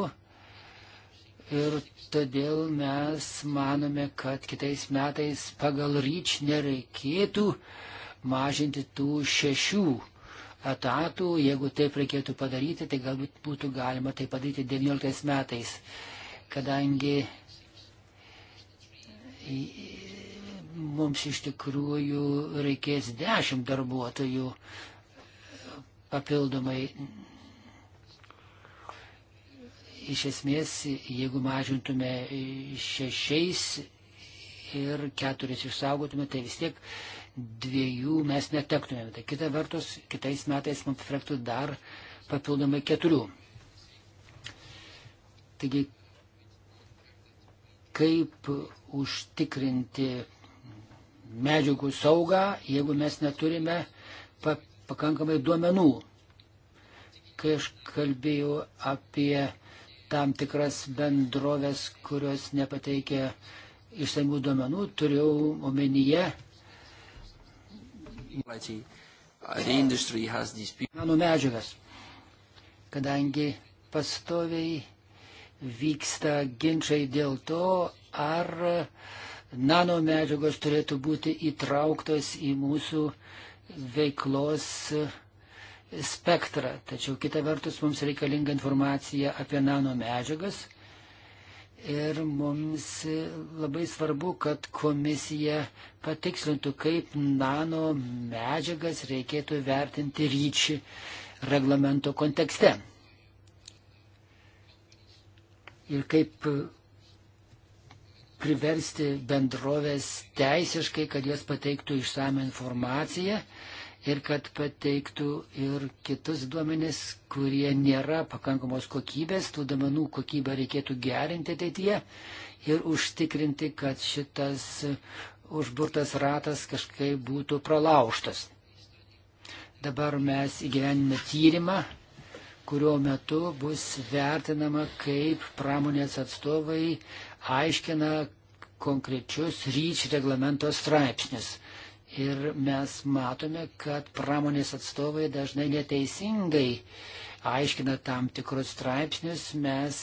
Ir todėl mes manome, kad kitais metais pagal ryč nereikėtų mažinti tų šešių etatų. Jeigu taip reikėtų padaryti, tai galbūt būtų galima tai padaryti 19 metais, kadangi mums iš tikrųjų reikės 10 darbuotojų papildomai iš esmės, jeigu mažintume šešiais ir keturis išsaugotume, tai vis tiek dviejų mes netektumėm. Tai kita vertus, kitais metais mums frektų dar papildomai keturių. Taigi, kaip užtikrinti medžiagų saugą, jeigu mes neturime pakankamai duomenų. Kai aš kalbėjau apie tam tikras bendrovės, kurios nepateikė išsamių duomenų, turėjau omenyje. Mano medžiagas, kadangi pastoviai vyksta ginčiai dėl to, ar nano medžiagos turėtų būti įtrauktos į mūsų veiklos uh, spektrą, tačiau kita vertus mums reikalinga informacija apie nanomedžiagas ir mums labai svarbu, kad komisija patikslintų, kaip nanomedžiagas reikėtų vertinti ryčių reglamento kontekste. Ir kaip priversti bendrovės teisiškai, kad jos pateiktų išsame informaciją ir kad pateiktų ir kitus duomenis, kurie nėra pakankamos kokybės, tų duomenų kokybę reikėtų gerinti ateityje ir užtikrinti, kad šitas užburtas ratas kažkaip būtų pralauštas. Dabar mes įgyvenime tyrimą, kurio metu bus vertinama, kaip pramonės atstovai aiškina konkrečius ryč reglamento straipsnius. Ir mes matome, kad pramonės atstovai dažnai neteisingai aiškina tam tikrus straipsnius. Mes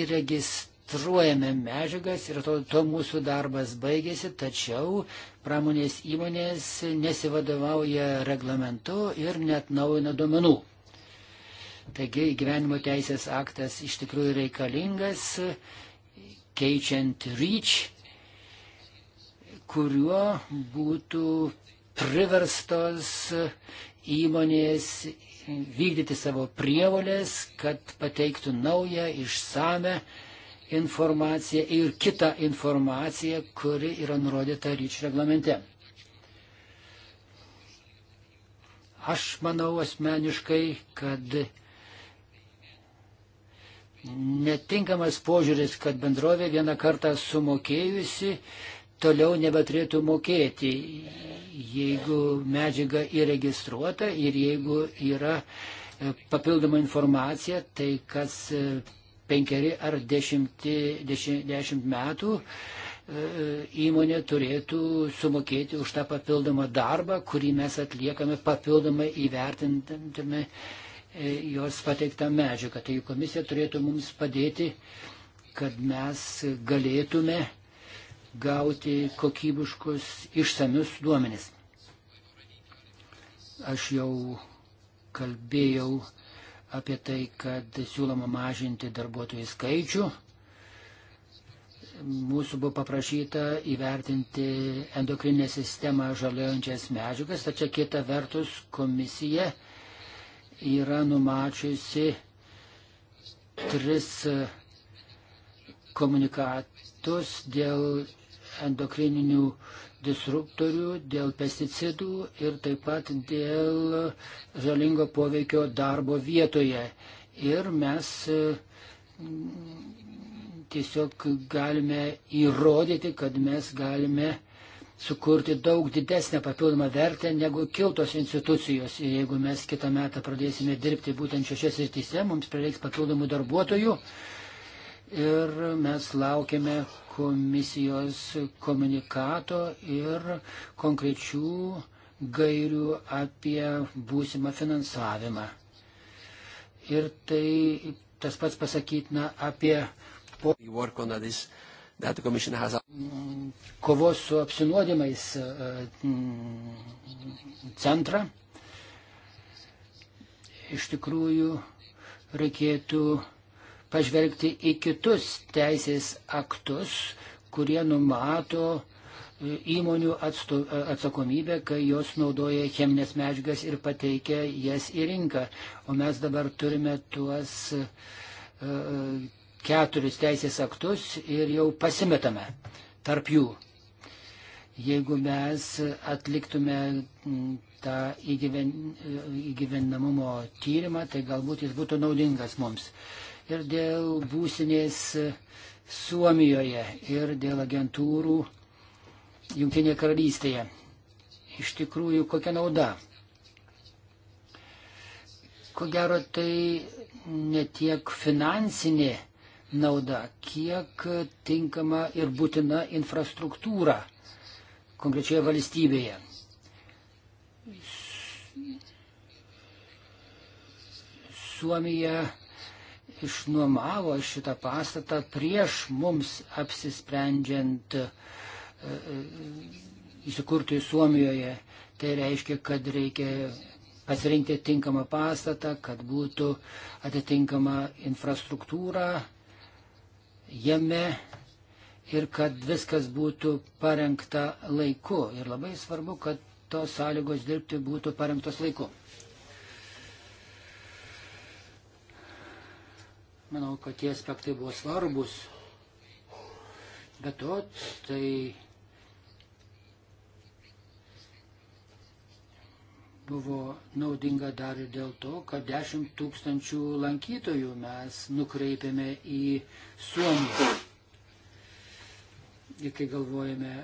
įregistruojame medžiagas ir to, to mūsų darbas baigėsi, tačiau pramonės įmonės nesivadovauja reglamentu ir net naujina duomenų. Taigi gyvenimo teisės aktas iš tikrųjų reikalingas, keičiant REACH kuriuo būtų priverstos įmonės vykdyti savo prievolės, kad pateiktų naują, išsame informaciją ir kitą informaciją, kuri yra nurodyta ryčių reglamente. Aš manau asmeniškai, kad netinkamas požiūris, kad bendrovė vieną kartą sumokėjusi toliau nebeturėtų mokėti, jeigu medžiaga įregistruota ir jeigu yra e, papildoma informacija, tai kas e, penkeri ar dešimti, dešimt, dešimt metų e, įmonė turėtų sumokėti už tą papildomą darbą, kurį mes atliekame papildomai įvertintame jos pateiktą medžiagą. Tai komisija turėtų mums padėti, kad mes galėtume gauti kokybiškus išsamius duomenis. Aš jau kalbėjau apie tai, kad siūloma mažinti darbuotojų skaičių. Mūsų buvo paprašyta įvertinti endokrinę sistemą žaliojančias medžiagas, tačiau kita vertus komisija yra numačiusi tris komunikatus dėl endokrininių disruptorių, dėl pesticidų ir taip pat dėl žalingo poveikio darbo vietoje. Ir mes e, tiesiog galime įrodyti, kad mes galime sukurti daug didesnę papildomą vertę negu kiltos institucijos. Ir jeigu mes kitą metą pradėsime dirbti būtent šiose srityse, mums prireiks papildomų darbuotojų ir mes laukiame komisijos komunikato ir konkrečių gairių apie būsimą finansavimą. Ir tai tas pats pasakytina apie po... has... kovos su apsinuodimais e, e, centrą. Iš tikrųjų, reikėtų pažvelgti į kitus teisės aktus, kurie numato e, įmonių atstu, e, atsakomybę, kai jos naudoja cheminės medžiagas ir pateikia jas į rinką. O mes dabar turime tuos uh, keturis teisės aktus ir jau pasimetame tarp jų. Jeigu mes atliktume tą įgyven, įgyvenamumo tyrimą, tai galbūt jis būtų naudingas mums. Uh, ir dėl būsinės Suomijoje, ir dėl agentūrų Junktinėje karalystėje. Iš tikrųjų, kokia nauda? Ko gero, tai ne tiek finansinė nauda, kiek tinkama ir būtina infrastruktūra konkrečioje valstybėje. Suomija išnuomavo šitą pastatą prieš mums apsisprendžiant e, e, įsikurti Suomijoje. Tai reiškia, kad reikia pasirinkti tinkamą pastatą, kad būtų atitinkama infrastruktūra jame ir kad viskas būtų parengta laiku. Ir labai svarbu, kad tos sąlygos dirbti būtų parengtos laiku. Manau, kad tie aspektai buvo svarbus. Be to, tai buvo naudinga dar ir dėl to, kad 10 tūkstančių lankytojų mes nukreipėme į Suomiją. Ir kai galvojame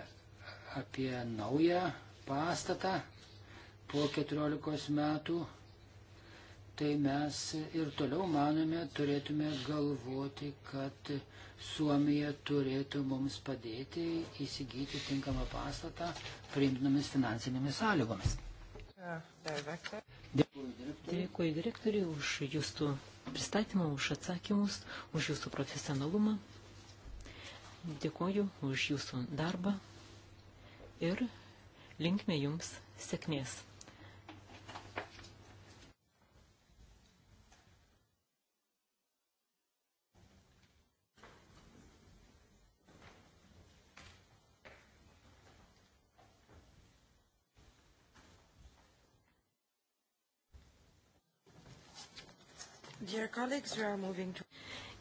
apie naują pastatą po 14 metų, tai mes ir toliau manome, turėtume galvoti, kad Suomija turėtų mums padėti įsigyti tinkamą pastatą priimtinomis finansinėmis sąlygomis. Dėkui direktoriui už jūsų pristatymą, už atsakymus, už jūsų profesionalumą. Dėkuoju už jūsų darbą ir linkme jums sėkmės. To...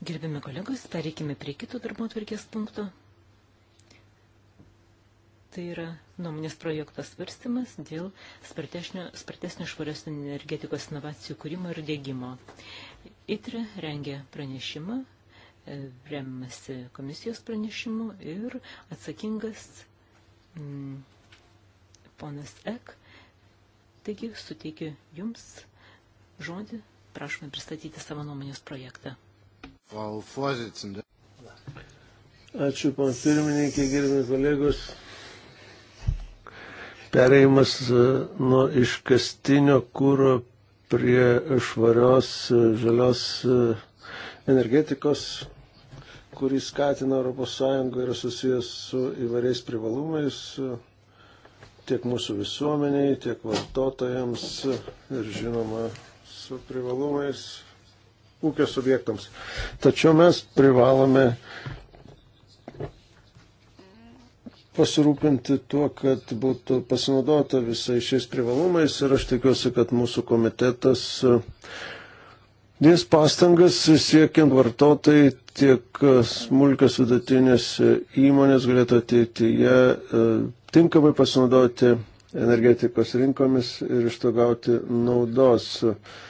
Gerbimi kolegos, pereikime prie kito darbo atvarkės punkto. Tai yra nuomonės projektas svarstymas dėl spartesnio švarios energetikos inovacijų kūrimo ir dėgymo. ITRE rengia pranešimą, e, remiasi komisijos pranešimu ir atsakingas mm, ponas Ek. Taigi suteikiu Jums žodį Prašome pristatyti savo nuomonės projektą. Ačiū, pan pirmininkė, gerbimi kolegos. Pereimas e, nuo iškastinio kūro prie švarios e, žalios e, energetikos, kurį skatina ES, yra susijęs su įvairiais privalumais tiek mūsų visuomeniai, tiek vartotojams ir žinoma su privalumais ūkio subjektams. Tačiau mes privalome pasirūpinti tuo, kad būtų pasinaudota visai šiais privalumais ir aš tikiuosi, kad mūsų komitetas e, dės pastangas siekiant vartotojai tiek e, smulkios vidutinės e, įmonės galėtų ateityje tinkamai pasinaudoti energetikos rinkomis ir iš to gauti naudos. Uh,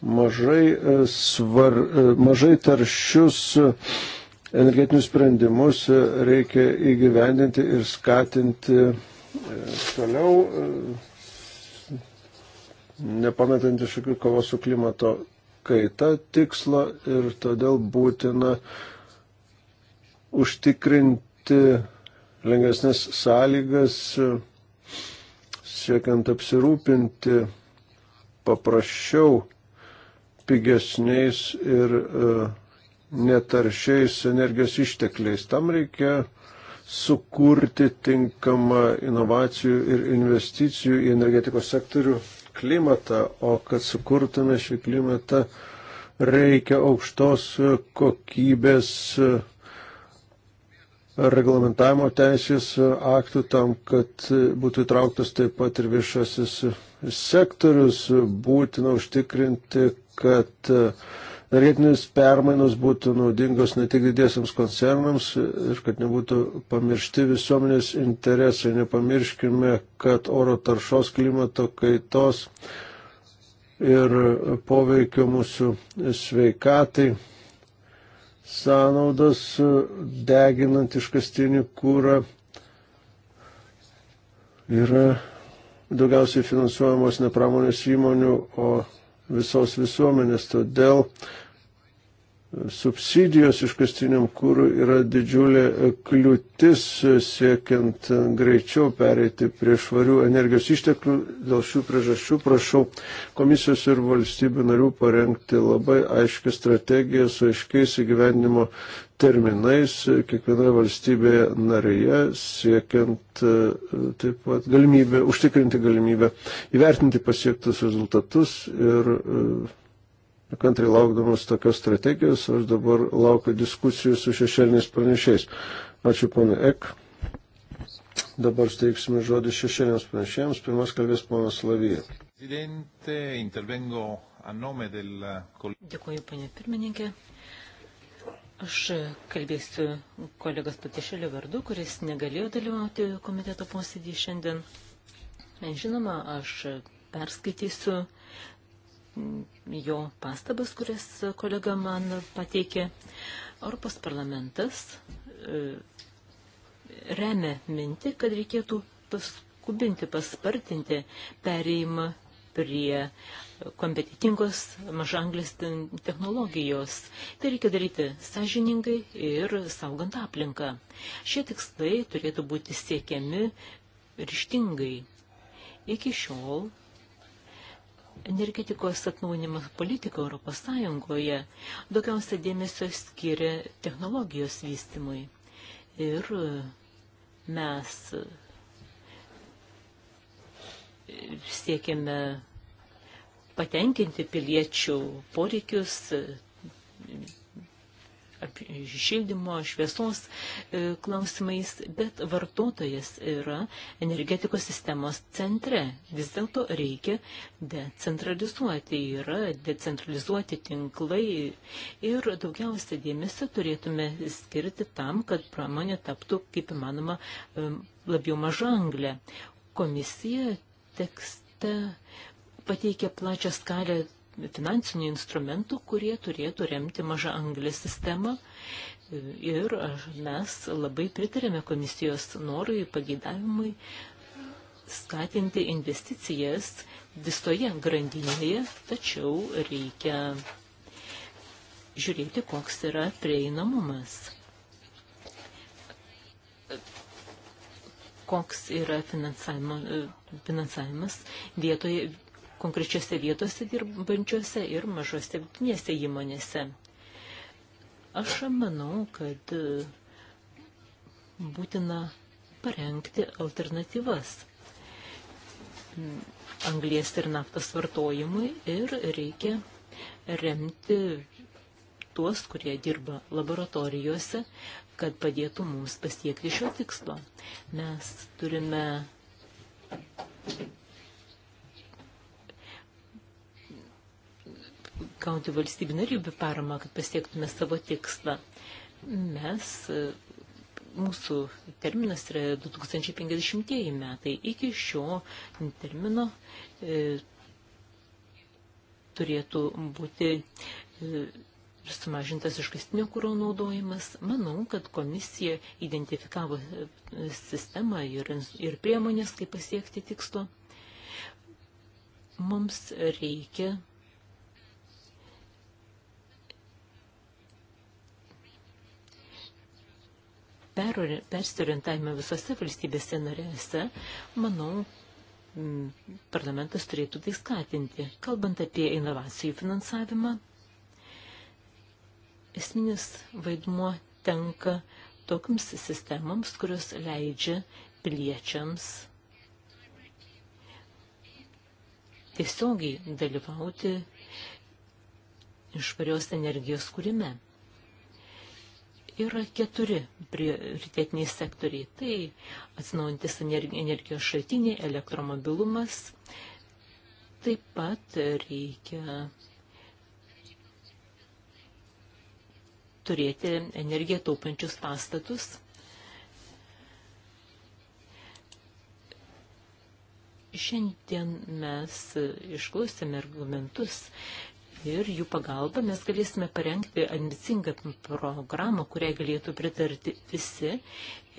mažai, e, svar, e, mažai taršius e, energetinius sprendimus reikia įgyvendinti ir skatinti toliau, nepametant iš akių kovos su klimato kaita tikslo ir todėl būtina užtikrinti lengvesnės sąlygas, siekiant apsirūpinti paprasčiau pigesniais ir e, netaršiais energijos ištekliais. Tam reikia sukurti tinkamą inovacijų ir investicijų į energetikos sektorių klimatą, o kad sukurtume šį klimatą, reikia aukštos kokybės e, reglamentavimo teisės e, aktų tam, kad būtų įtrauktas taip pat ir viešasis sektorius, būtina užtikrinti, kad e, energetinės permainos būtų naudingos ne tik didiesiams koncernams ir kad nebūtų pamiršti visuomenės interesai. Nepamirškime, kad oro taršos klimato kaitos ir poveikio mūsų sveikatai sąnaudas e, deginant iškastinį kūrą yra daugiausiai finansuojamos ne pramonės įmonių, o visos visuomenės. Todėl subsidijos iškastiniam kūrui yra didžiulė kliūtis siekiant greičiau pereiti prie švarių energijos išteklių. Dėl šių priežasčių prašau komisijos ir valstybių narių parengti labai aiškę strategiją su aiškiais įgyvendinimo terminais kiekvienoje valstybėje narėje, siekiant e, taip pat galimybę, užtikrinti galimybę įvertinti pasiektus rezultatus ir e, nekantrai laukdamas tokios strategijos, aš dabar laukiu diskusijų su šešėliniais pranešiais. Ačiū, pana Ek. Dabar steiksime žodį šešėliniams pranešėjams. Pirmas kalbės ponas Lavija. Dėkuoju, panė pirmininkė. Aš kalbėsiu kolegos Patišėlio vardu, kuris negalėjo dalyvauti komiteto posėdį šiandien. Žinoma, aš perskaitysiu jo pastabas, kurias kolega man pateikė. Europos parlamentas e, remia minti, kad reikėtų paskubinti, paspartinti pereimą prie kompetitingos mažanglės technologijos. Tai reikia daryti sąžiningai ir saugant aplinką. Šie tikslai turėtų būti siekiami ryštingai. Iki šiol energetikos atnaujinimo politika Europos Sąjungoje daugiausia dėmesio skiria technologijos vystimui. Ir mes siekiame patenkinti piliečių poreikius šildymo, šviesos e, klausimais, bet vartotojas yra energetikos sistemos centre. Vis dėlto reikia decentralizuoti, yra decentralizuoti tinklai ir daugiausia dėmesio turėtume skirti tam, kad pramonė taptų kaip įmanoma e, labiau mažanglė. Komisija tekste pateikia plačią skalę finansinių instrumentų, kurie turėtų remti mažą anglį sistemą. Ir mes labai pritarėme komisijos norui, pageidavimui skatinti investicijas visoje grandinėje, tačiau reikia žiūrėti, koks yra prieinamumas. Koks yra finansavimas vietoje konkrečiose vietose dirbančiose ir mažose vidinėse įmonėse. Aš manau, kad e, būtina parengti alternatyvas anglies ir naftos vartojimui ir reikia remti tuos, kurie dirba laboratorijose, kad padėtų mums pasiekti šio tikslo. Mes turime gauti valstybių narių be paramą, kad pasiektume savo tikslą. Mes, e, mūsų terminas yra 2050 metai. Iki šio termino e, turėtų būti e, ir sumažintas iškastinio kūro naudojimas. Manau, kad komisija identifikavo e, sistemą ir, ir priemonės, kaip pasiekti tikslo. Mums reikia persirientavimą visose valstybėse narėse, manau, parlamentas turėtų tai skatinti. Kalbant apie inovacijų finansavimą, esminis vaidmuo tenka tokiams sistemams, kurios leidžia piliečiams tiesiogiai dalyvauti išvarios energijos kūrime yra keturi prioritetiniai sektoriai. Tai atsinaujantis energijos šaltiniai, elektromobilumas. Taip pat reikia turėti energiją taupančius pastatus. Šiandien mes išklausėme argumentus ir jų pagalba mes galėsime parengti ambicingą programą, kuriai galėtų pritarti visi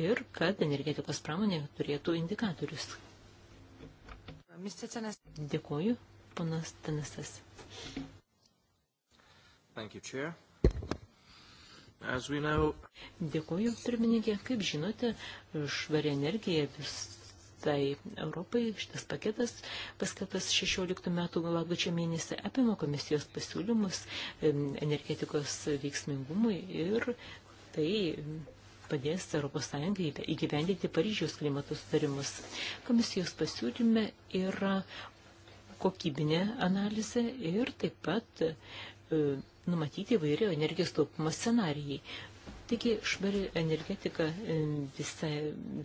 ir kad energetikos pramonė turėtų indikatorius. Dėkuoju, panas Tenisas. Know... Dėkuoju, pirmininkė. Kaip žinote, švari energija vis visai Europai. Šitas paketas paskatas 16 metų lapkričio mėnesį apima komisijos pasiūlymus energetikos veiksmingumui ir tai padės Europos Sąjungai įgyvendinti Paryžiaus klimato sutarimus. Komisijos pasiūlyme yra kokybinė analizė ir taip pat e, numatyti įvairių energijos taupimo scenarijai. Taigi švari energetika e, visai,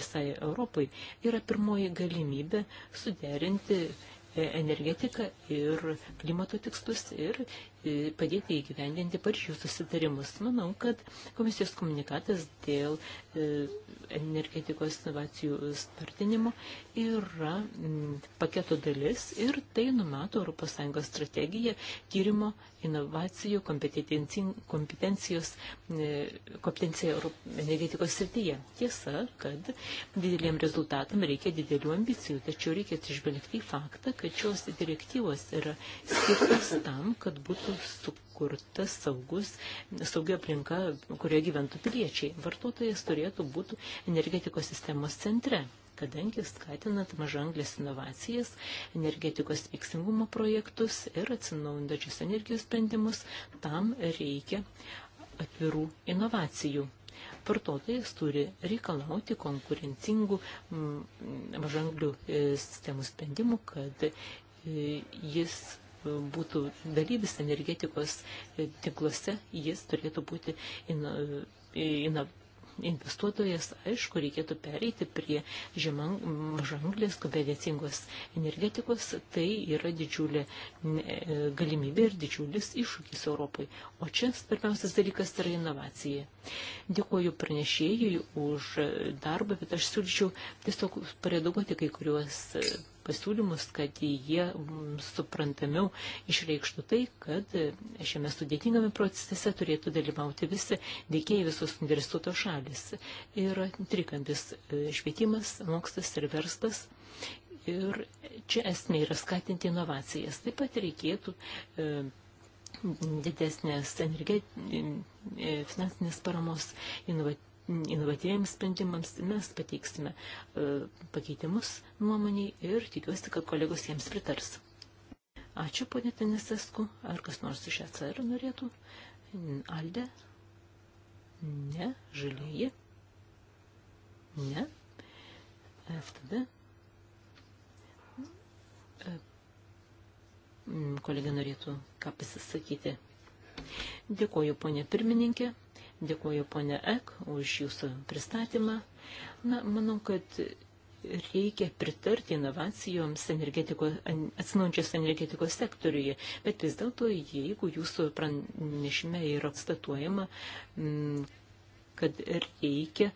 visai Europai yra pirmoji galimybė suderinti e, energetiką ir klimato tikslus ir e, padėti įgyvendinti Paryžiaus susitarimus. Manau, kad komisijos komunikatas dėl energetikos inovacijų spartinimo yra paketo dalis ir tai numato ES strategiją tyrimo inovacijų kompetencijos e, kompetencija energetikos srityje. Tiesa, kad dideliem rezultatam reikia didelių ambicijų, tačiau reikia atsižvelgti į faktą, kad šios direktyvos yra skirtos tam, kad būtų sukurtas saugus, saugia aplinka, kurioje gyventų piliečiai. Vartotojas turėtų būti energetikos sistemos centre kadangi skatinant mažanglės inovacijas, energetikos veiksmingumo projektus ir atsinaujantačius energijos sprendimus, tam reikia atvirų inovacijų. Vartotojas turi reikalauti konkurencingų mm, mažanglių e, sistemų sprendimų, kad e, jis būtų dalyvis energetikos e, tinkluose, jis turėtų būti ino, ino, investuotojas, aišku, reikėtų pereiti prie mažanglės kompetencingos energetikos, tai yra didžiulė e, galimybė ir didžiulis iššūkis Europai. O čia svarbiausias dalykas yra inovacija. Dėkuoju pranešėjui už darbą, bet aš siūlyčiau tiesiog paredaguoti kai kuriuos e, pasiūlymus, kad jie suprantamiau išreikštų tai, kad šiame sudėtingame procese turėtų dalyvauti visi veikėjai visos universiteto šalis. Ir trikampis e, švietimas, mokslas ir verslas. Ir čia esmė yra skatinti inovacijas. Taip pat reikėtų e, didesnės energetinės e, finansinės paramos inovatyvų inovatyviams sprendimams, mes pateiksime e, pakeitimus nuomonį ir tikiuosi, kad kolegos jiems pritars. Ačiū, ponė Tenisesku. Ar kas nors iš ECR norėtų? Alde? Ne. Žalieji? Ne. FTD? E, kolega norėtų ką pasisakyti. Dėkoju, ponė pirmininkė. Dėkuoju ponė Ek už jūsų pristatymą. Na, manau, kad reikia pritarti inovacijoms energetiko, atsinaujančios energetikos sektoriuje, bet vis dėlto, jeigu jūsų pranešime yra atstatuojama, mm, kad reikia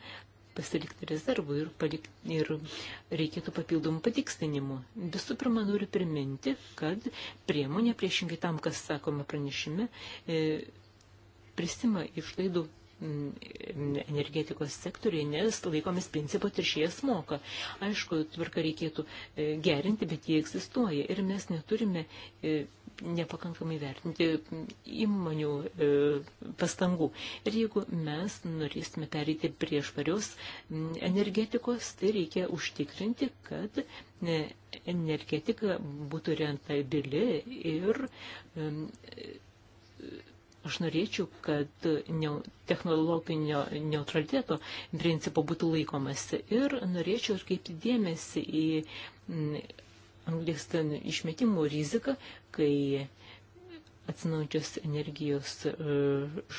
pasilikti rezervų ir, palik, ir reikėtų papildomų patikstinimų. Visų pirma, noriu priminti, kad priemonė priešingai tam, kas sakoma pranešime, e, prisima išlaidų energetikos sektoriai, nes laikomis principo teršėjas moka. Aišku, tvarka reikėtų e, gerinti, bet jie egzistuoja ir mes neturime e, nepakankamai vertinti įmonių e, pastangų. Ir jeigu mes norėsime pereiti prie švarios energetikos, tai reikia užtikrinti, kad energetika būtų rentabili ir Aš norėčiau, kad technologinio neutraliteto principo būtų laikomasi ir norėčiau atkreipti dėmesį į mm, anglės išmetimų riziką, kai atsinaujančios energijos e,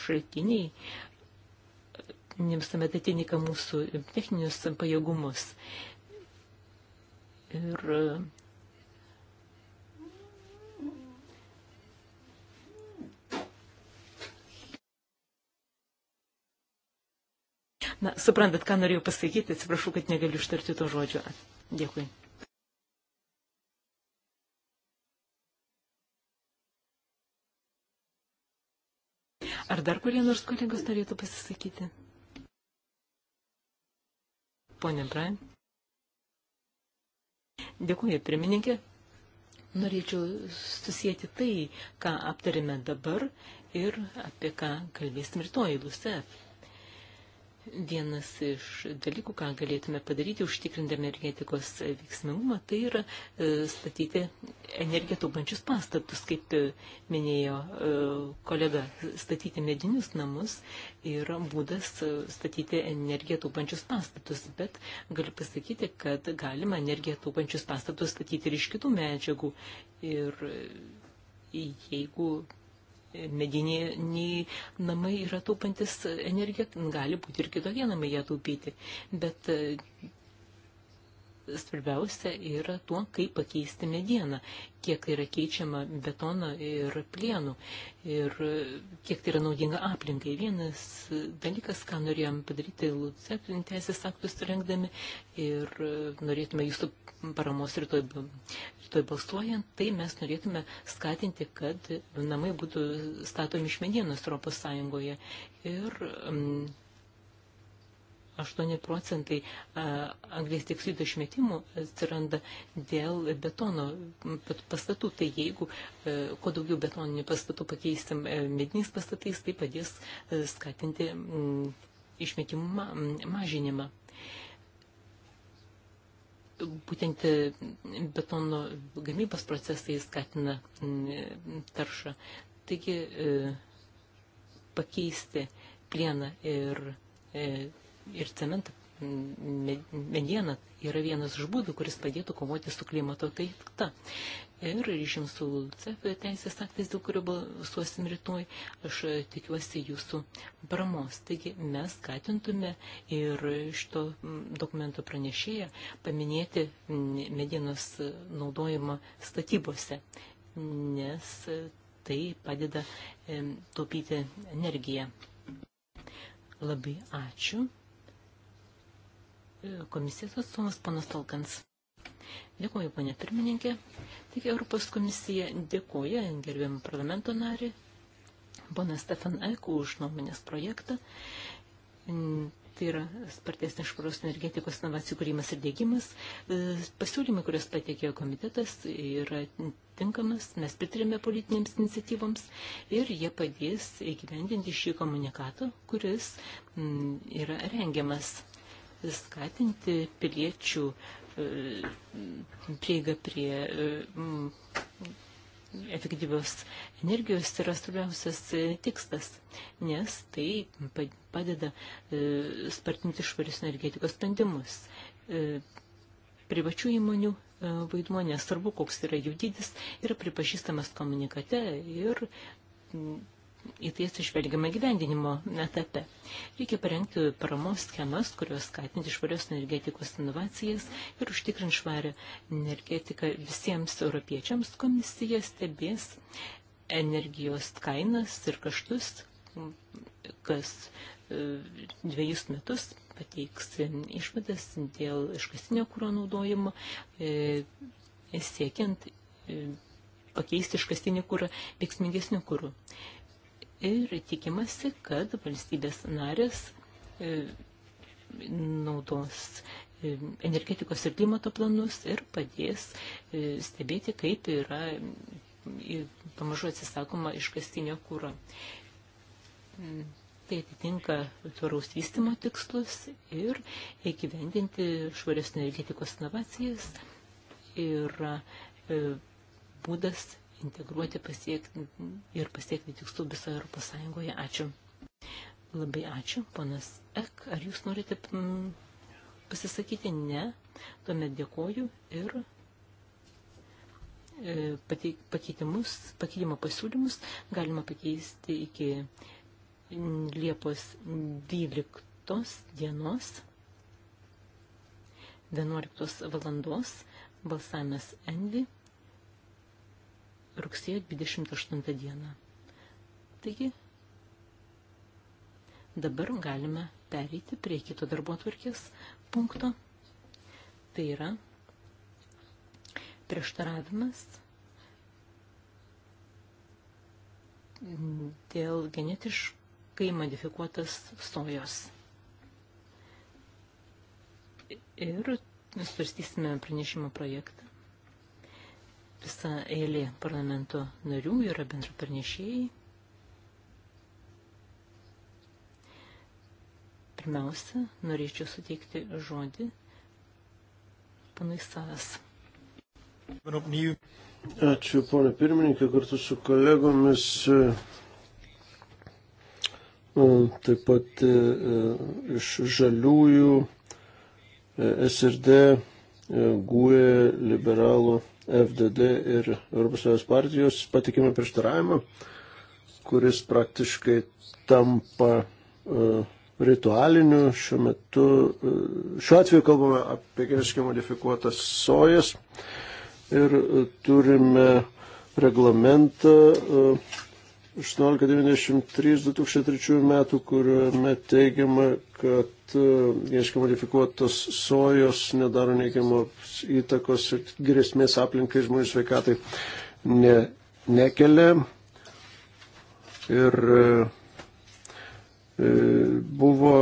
šaltiniai e, nemstame atitinka mūsų techninius pajėgumus. Ir e, Na, suprantat, ką norėjau pasakyti, atsiprašau, kad negaliu ištarti to žodžio. Dėkui. Ar dar kurie nors kolegos norėtų pasisakyti? Pone Brian. Dėkuoju, pirmininkė. Norėčiau susijęti tai, ką aptarėme dabar ir apie ką kalbėsim rytoj, LUSEF vienas iš dalykų, ką galėtume padaryti, užtikrindami energetikos veiksmingumą, tai yra e, statyti energiją taupančius pastatus, kaip e, minėjo e, kolega, statyti medinius namus yra būdas statyti energiją taupančius pastatus, bet galiu pasakyti, kad galima energiją taupančius pastatus statyti ir iš kitų medžiagų. Ir jeigu mediniai namai yra taupantis energiją, gali būti ir kitokie namai ją taupyti. Bet svarbiausia yra tuo, kaip pakeisti medieną, kiek yra keičiama betono ir plienų ir kiek tai yra naudinga aplinkai. Vienas dalykas, ką norėjom padaryti LUCEP teisės aktus rengdami ir norėtume jūsų paramos rytoj, rytoj balsuojant, tai mes norėtume skatinti, kad namai būtų statomi iš medienos Europos Sąjungoje. Ir, mm, 8 procentai anglės dioksido išmetimų atsiranda dėl betono pastatų. Tai jeigu e, kuo daugiau betoninių pastatų pakeisim e, mediniais pastatais, tai padės e, skatinti išmetimų mažinimą. Būtent betono gamybos procesai skatina taršą. Taigi pakeisti plieną ir ir cementą mediena yra vienas iš būdų, kuris padėtų kovoti su klimato kaita. Ir ryšim su CEF teisės aktais, dėl kurio balsuosim rytoj, aš tikiuosi jūsų paramos. Taigi mes skatintume ir šito dokumento pranešėją paminėti medienos naudojimą statybose, nes tai padeda taupyti energiją. Labai ačiū komisijos atstovas panas Tolkans. Dėkuoju, ponė pirmininkė. Tik Europos komisija dėkuoja gerbiamą parlamento narį, poną Stefan Eku už nuomonės projektą. Mm, tai yra spartesnės švaros energetikos inovacijų kūrimas ir dėgymas. E, pasiūlymai, kurias pateikėjo komitetas, yra tinkamas, mes pritarėme politinėms iniciatyvoms ir jie padės įgyvendinti šį komunikatą, kuris mm, yra rengiamas skatinti piliečių e, prieigą prie e, efektyvios energijos yra svarbiausias e, tikslas, nes tai padeda spartinti švarius energetikos sprendimus. Privačių įmonių vaidmuo, nesvarbu, koks yra jų dydis, yra pripažįstamas komunikate ir į tai atsižvelgiama gyvendinimo etape. Reikia parengti paramos schemas, kurios skatinti švarios energetikos inovacijas ir užtikrinti švarę energetiką visiems europiečiams. Komisija stebės energijos kainas ir kaštus, kas e, dviejus metus pateiks išvadas dėl iškastinio kūro naudojimo, e, siekiant e, pakeisti iškastinį kūrą veiksmingesniu kūru. Kūrų ir tikimasi, kad valstybės narės e, naudos e, energetikos ir klimato planus ir padės e, stebėti, kaip yra pamažu atsisakoma iškastinio kūro. Mm, tai atitinka tvaraus vystimo tikslus ir įgyvendinti švaresnio energetikos inovacijas ir būdas integruoti pasiekti ir pasiekti tikslų visoje Europos Sąjungoje. Ačiū. Labai ačiū, ponas Ek. Ar jūs norite mm, pasisakyti? Ne. Tuomet dėkoju ir e, pakeitimus, pakeitimo pasiūlymus galima pakeisti iki mm, Liepos 12 dienos 11 valandos balsavimas Envi rugsėjo 28 dieną. Taigi, dabar galime pereiti prie kito darbo atvarkės punkto. Tai yra prieštaravimas dėl genetiškai modifikuotas sojos. Ir svarstysime pranešimo projektą visa eilė parlamento narių yra bendra pranešėjai. Pirmiausia, norėčiau suteikti žodį panai savas. Ačiū, ponė pirmininkė, kartu su kolegomis. E, taip pat e, e, iš žaliųjų SRD gūė liberalų FDD ir ES partijos patikimą prieštaravimą, kuris praktiškai tampa e, ritualiniu šiuo metu. E, šiuo atveju kalbame apie geniškai modifikuotas sojas ir e, turime reglamentą 1893-2003 metų, kuriame teigiama, kad geniškai modifikuotos sojos nedaro neigiamos įtakos ir grėsmės aplinkai žmonių sveikatai ne, nekelia. Ir e, e buvo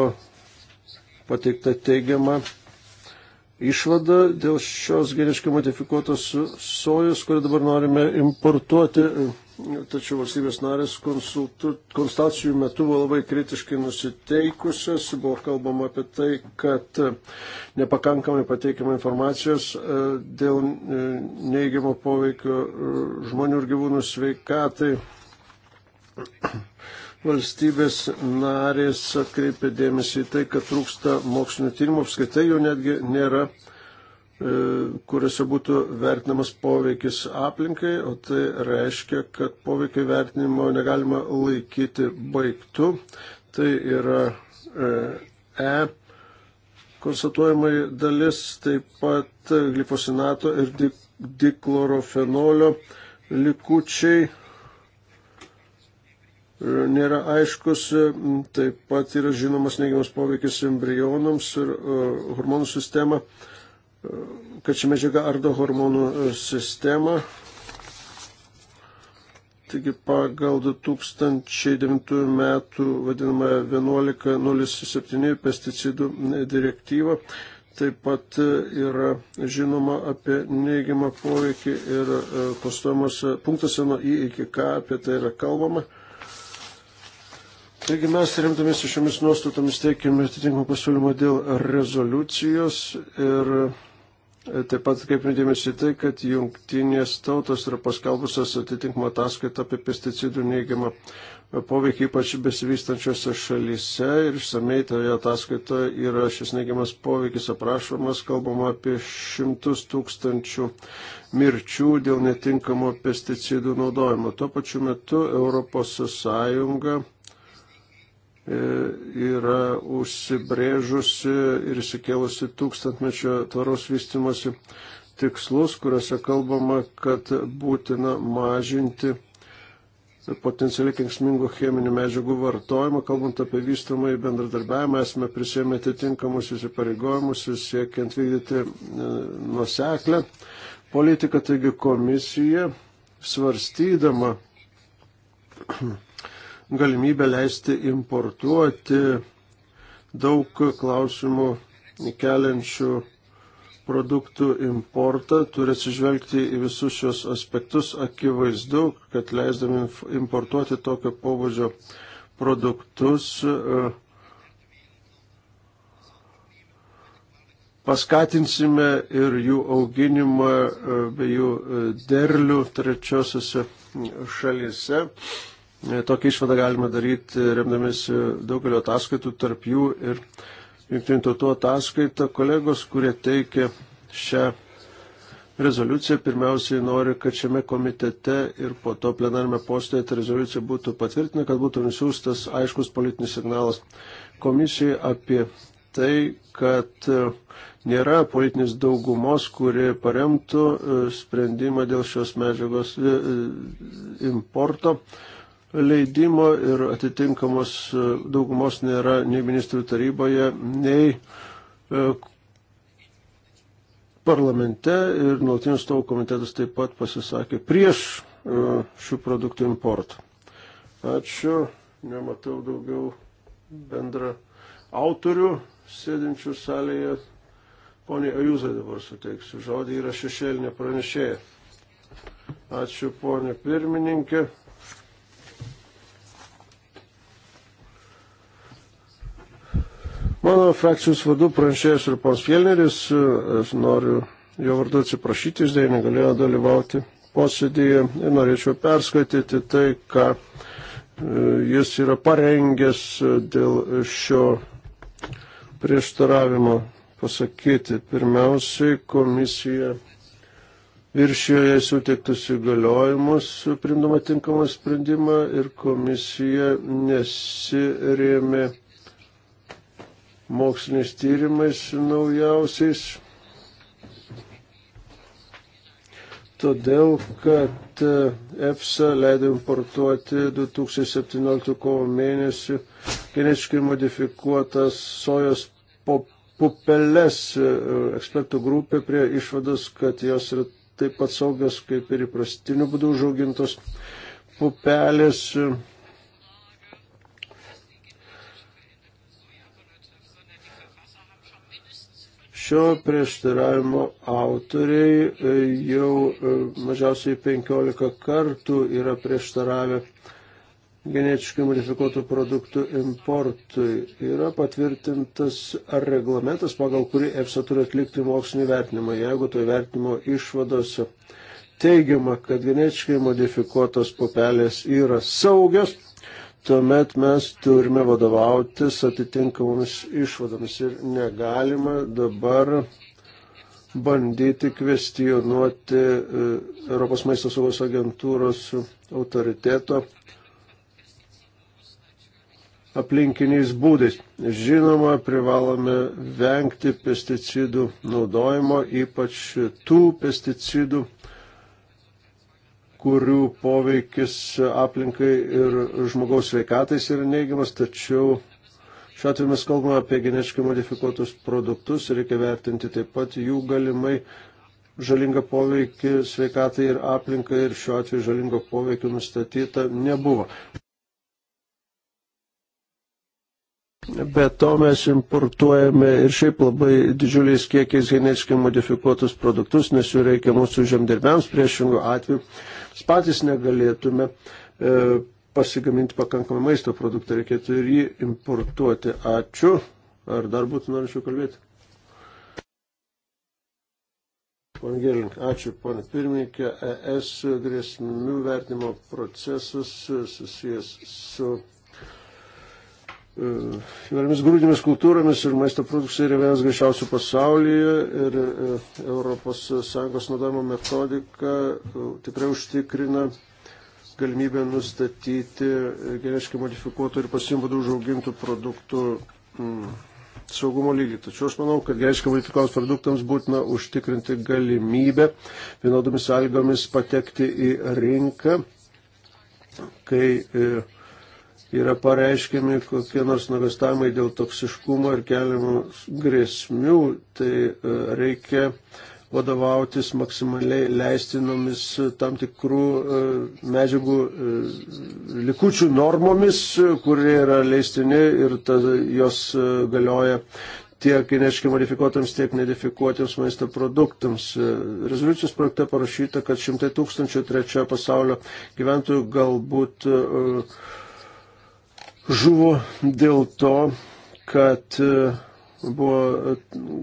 pateikta teigiama išvada dėl šios geniškai modifikuotos sojos, kurią dabar norime importuoti tačiau valstybės narės konsultacijų metu buvo labai kritiškai nusiteikusios, buvo kalbama apie tai, kad e, nepakankamai pateikiama informacijos e, dėl e, neigiamo poveikio žmonių ir gyvūnų sveikatai. Valstybės narės atkreipė dėmesį į tai, kad trūksta mokslinio tyrimo, apskaitai jų netgi nėra E, kuriuose būtų vertinamas poveikis aplinkai, o tai reiškia, kad poveikio vertinimo negalima laikyti baigtų. Tai yra e, e konstatuojamai dalis, taip pat glifosinato ir diklorofenolio likučiai e, nėra aiškus, taip pat yra žinomas neigiamas poveikis embrionams ir hormonų sistema. Uh, kad ši medžiaga ardo hormonų e, sistemą. Taigi pagal 2009 metų vadinamą 1107 pesticidų direktyvą taip pat e, yra žinoma apie neigiamą poveikį ir pastojimuose e, punktuose nuo I iki K apie tai yra kalbama. Taigi mes remdamės šiomis nuostatomis teikėme atitinkamą pasiūlymą dėl rezoliucijos ir Taip pat kaip pridėmėsi tai, kad jungtinės tautos yra paskelbusios atitinkamą ataskaitą apie pesticidų neigiamą poveikį ypač besivystančiose šalyse ir išsamei toje ataskaitoje yra šis neigiamas poveikis aprašomas, kalbama apie šimtus tūkstančių mirčių dėl netinkamo pesticidų naudojimo. Tuo pačiu metu Europos Sąjunga E, yra užsibrėžusi ir įsikėlusi tūkstantmečio tvaros vystimosi tikslus, kuriuose kalbama, kad būtina mažinti potencialiai kenksmingų cheminių medžiagų vartojimą, kalbant apie vystomą į bendradarbiavimą, esame prisėmę atitinkamus įsipareigojimus, siekiant vykdyti e, nuseklę politiką, taigi komisija svarstydama galimybę leisti importuoti daug klausimų keliančių produktų importą, turi atsižvelgti į visus šios aspektus akivaizdu, kad leisdami importuoti tokio pobūdžio produktus e, paskatinsime ir jų auginimą e, bei jų e, derlių trečiosiose šalyse. E, tokią išvadą galima daryti remdamėsi daugelio ataskaitų, tarp jų ir jungtinių tautų ataskaita. Kolegos, kurie teikia šią rezoliuciją, pirmiausiai nori, kad šiame komitete ir po to plenarime postėje ta rezoliucija būtų patvirtina, kad būtų nusiųstas aiškus politinis signalas komisijai apie tai, kad e, nėra politinės daugumos, kuri paremtų e, sprendimą dėl šios medžiagos importo. E, leidimo ir atitinkamos e, daugumos nėra nei ministrų taryboje, nei e, parlamente ir nuolatinis stovų komitetas taip pat pasisakė prieš e, šių produktų importą. Ačiū, nematau daugiau bendra autorių sėdinčių salėje. Pone Ajūzai dabar suteiksiu žodį, yra šešėlinė pranešėja. Ačiū, ponė pirmininkė. Mano frakcijos vadų pranešėjas ir pons Fielneris, noriu jo vardu atsiprašyti, jis dėja negalėjo dalyvauti posėdėje ir norėčiau perskaityti tai, ką e, jis yra parengęs dėl šio prieštaravimo pasakyti. Pirmiausiai, komisija viršijo jai suteiktus įgaliojimus, primdama tinkamą sprendimą ir komisija nesirėmė moksliniais tyrimais naujausiais. Todėl, kad e, EFSA leido importuoti 2017 kovo mėnesį genetiškai modifikuotas sojos pupeles. E, ekspertų grupė prie išvados, kad jos yra taip pat saugios kaip ir įprastiniu būdu užaugintos pupelės. Šio prieštaravimo autoriai e, jau e, mažiausiai 15 kartų yra prieštaravę genetiškai modifikuotų produktų importui. Yra patvirtintas ar reglamentas, pagal kurį EFSA turi atlikti mokslinį vertinimą, jeigu to vertinimo išvadose teigiama, kad genetiškai modifikuotos pupelės yra saugios tuomet mes turime vadovautis atitinkamomis išvadomis ir negalima dabar bandyti kvestionuoti e, Europos maisto saugos agentūros autoriteto aplinkiniais būdais. Žinoma, privalome vengti pesticidų naudojimo, ypač tų pesticidų, kurių poveikis aplinkai ir žmogaus sveikatais yra neigiamas, tačiau šiuo atveju mes kalbame apie genetiškai modifikuotus produktus, reikia vertinti taip pat jų galimai žalingą poveikį sveikatai ir aplinkai ir šiuo atveju žalingo poveikio nustatyta nebuvo. Be to mes importuojame ir šiaip labai didžiuliais kiekiais genetiškai modifikuotus produktus, nes jų reikia mūsų žemdirbėms priešingų atveju patys negalėtume e, pasigaminti pakankamai maisto produktą, reikėtų ir jį importuoti. Ačiū. Ar dar būtų norinčių kalbėti? Pane Gerling, ačiū, pane pirmininkė. ES grėsmių vertimo procesas susijęs su E, įvairiomis grūdinėmis kultūromis ir maisto produkcija yra vienas greičiausių pasaulyje ir ES naudojimo metodika e, tikrai užtikrina galimybę nustatyti geriškai modifikuotų ir pasimbadų užaugintų produktų saugumo lygį. Tačiau aš manau, kad geriškai modifikuotos produktams būtina užtikrinti galimybę vienodomis sąlygomis patekti į rinką, kai e, yra pareiškiami kokie nors nuogastavimai dėl toksiškumo ir keliamų grėsmių, tai e, reikia vadovautis maksimaliai leistinomis e, tam tikrų e, medžiagų likučių normomis, kurie yra leistini ir ta, jos galioja tiek genetiškai modifikuotams, tiek nedifikuotiems maisto produktams. Rezoliucijos projekte parašyta, kad šimtai tūkstančių trečiojo pasaulio gyventojų galbūt uh, žuvo dėl to, kad e, buvo e,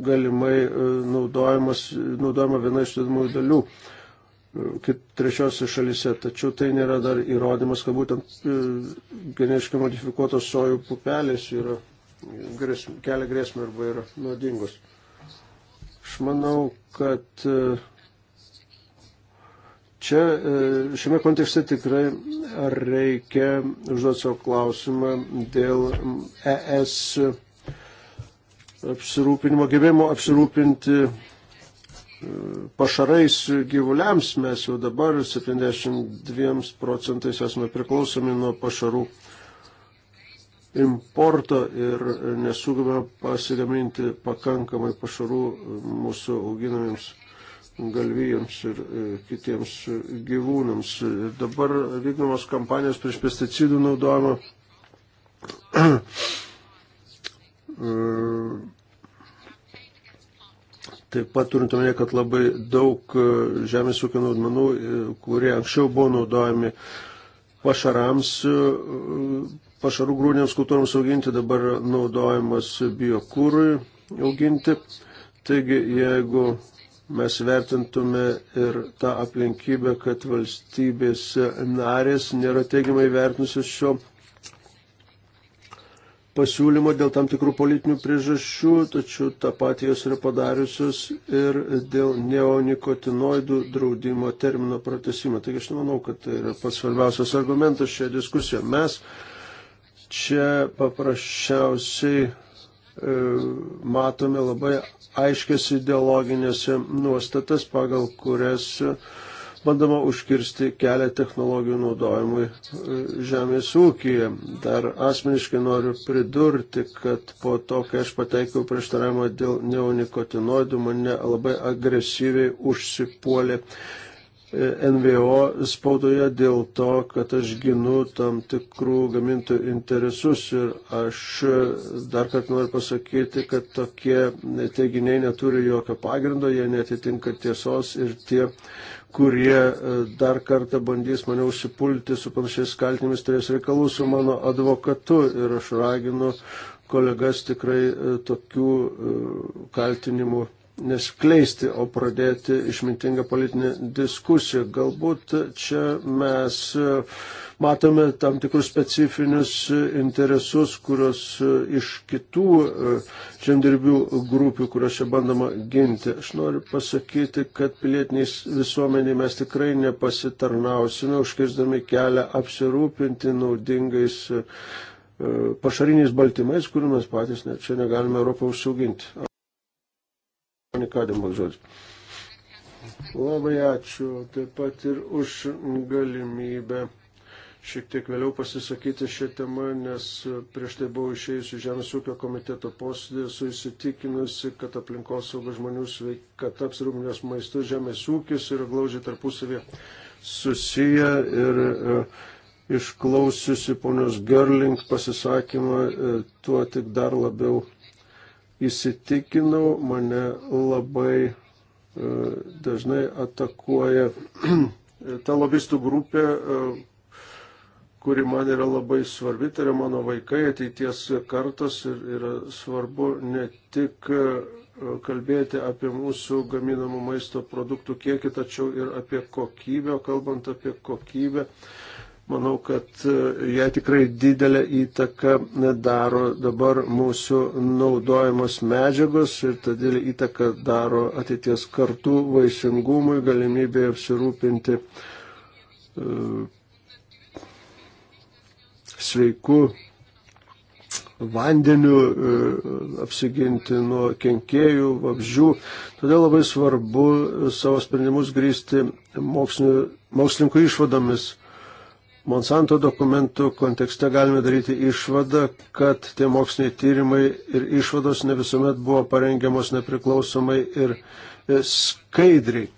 galimai e, naudojama viena iš sudėdamųjų dalių trečiosios šalise, tačiau tai nėra dar įrodymas, kad būtent genetiškai modifikuotos sojų pupelės yra, grėsmė, kelia grėsmę arba yra nuodingos. Aš manau, kad Čia e, šiame kontekste tikrai reikia užduoti savo klausimą dėl ES apsirūpinimo, gebėjimo apsirūpinti e, pašarais gyvuliams. Mes jau dabar 72 procentais esame priklausomi nuo pašarų importo ir nesugebame pasigaminti pakankamai pašarų mūsų auginamiems galvijams ir e, kitiems e, gyvūnams. Ir dabar vykdomos kampanijos prieš pesticidų naudojimą. E, taip pat turint omenyje, kad labai daug žemės ūkio naudmenų, kurie anksčiau buvo naudojami pašarams, pašarų grūdiniams kultūrams auginti, dabar naudojamas biokūrui auginti. Taigi, jeigu mes vertintume ir tą aplinkybę, kad valstybės narės nėra teigiamai vertinusios šio pasiūlymo dėl tam tikrų politinių priežasčių, tačiau tą patį jos yra padariusios ir dėl neonikotinoidų draudimo termino pratesimo. Taigi aš nemanau, kad tai yra pats svarbiausias argumentas šioje diskusijoje. Mes čia paprasčiausiai E, matome labai aiškias ideologinės nuostatas, pagal kurias bandoma užkirsti kelią technologijų naudojimui e, žemės ūkyje. Dar asmeniškai noriu pridurti, kad po to, kai aš pateikiau prieštaravimą dėl neonikotinoidų, mane labai agresyviai užsipuolė NVO spaudoje dėl to, kad aš ginu tam tikrų gamintojų interesus ir aš dar kartą noriu pasakyti, kad tokie teiginiai neturi jokio pagrindo, jie netitinka tiesos ir tie, kurie e, dar kartą bandys mane užsipulti su panašiais kaltinimis, turės reikalų su mano advokatu ir aš raginu kolegas tikrai e, tokių e, kaltinimų neskleisti, o pradėti išmintingą politinę diskusiją. Galbūt čia mes matome tam tikrus specifinius interesus, kurios iš kitų e, žemdirbių grupių, kurios čia bandoma ginti. Aš noriu pasakyti, kad pilietiniais visuomeniai mes tikrai nepasitarnausime, užkirsdami kelią apsirūpinti naudingais e, pašariniais baltymais, kurių mes patys ne, čia negalime Europą užsiauginti. Panikadimas žodžiu. Labai ačiū taip pat ir už galimybę šiek tiek vėliau pasisakyti šią temą, nes prieš tai buvau išėjusi Žemės ūkio komiteto posėdį, esu įsitikinusi, kad aplinkosaugos žmonių sveikata apsirūpinęs maistu Žemės ūkis yra glaužiai tarpusavį susiję ir e, išklausiusi ponios Gerling pasisakymą, e, tuo tik dar labiau įsitikinau, mane labai e, dažnai atakuoja ta lobistų grupė, e, kuri man yra labai svarbi, tai yra mano vaikai, ateities kartos ir yra svarbu ne tik e, kalbėti apie mūsų gaminamų maisto produktų kiekį, tačiau ir apie kokybę, kalbant apie kokybę. Uh, Manau, kad jie tikrai didelę įtaką daro dabar mūsų naudojamos medžiagos ir tą didelį įtaką daro ateities kartų vaisingumui, galimybėje apsirūpinti e, sveiku vandeniu, e, apsiginti nuo kenkėjų, vabzdžių. Todėl labai svarbu savo sprendimus grįsti mokslininkų išvadomis Monsanto dokumentų kontekste galime daryti išvadą, kad tie moksliniai tyrimai ir išvados ne visuomet buvo parengiamos nepriklausomai ir e, skaidriai.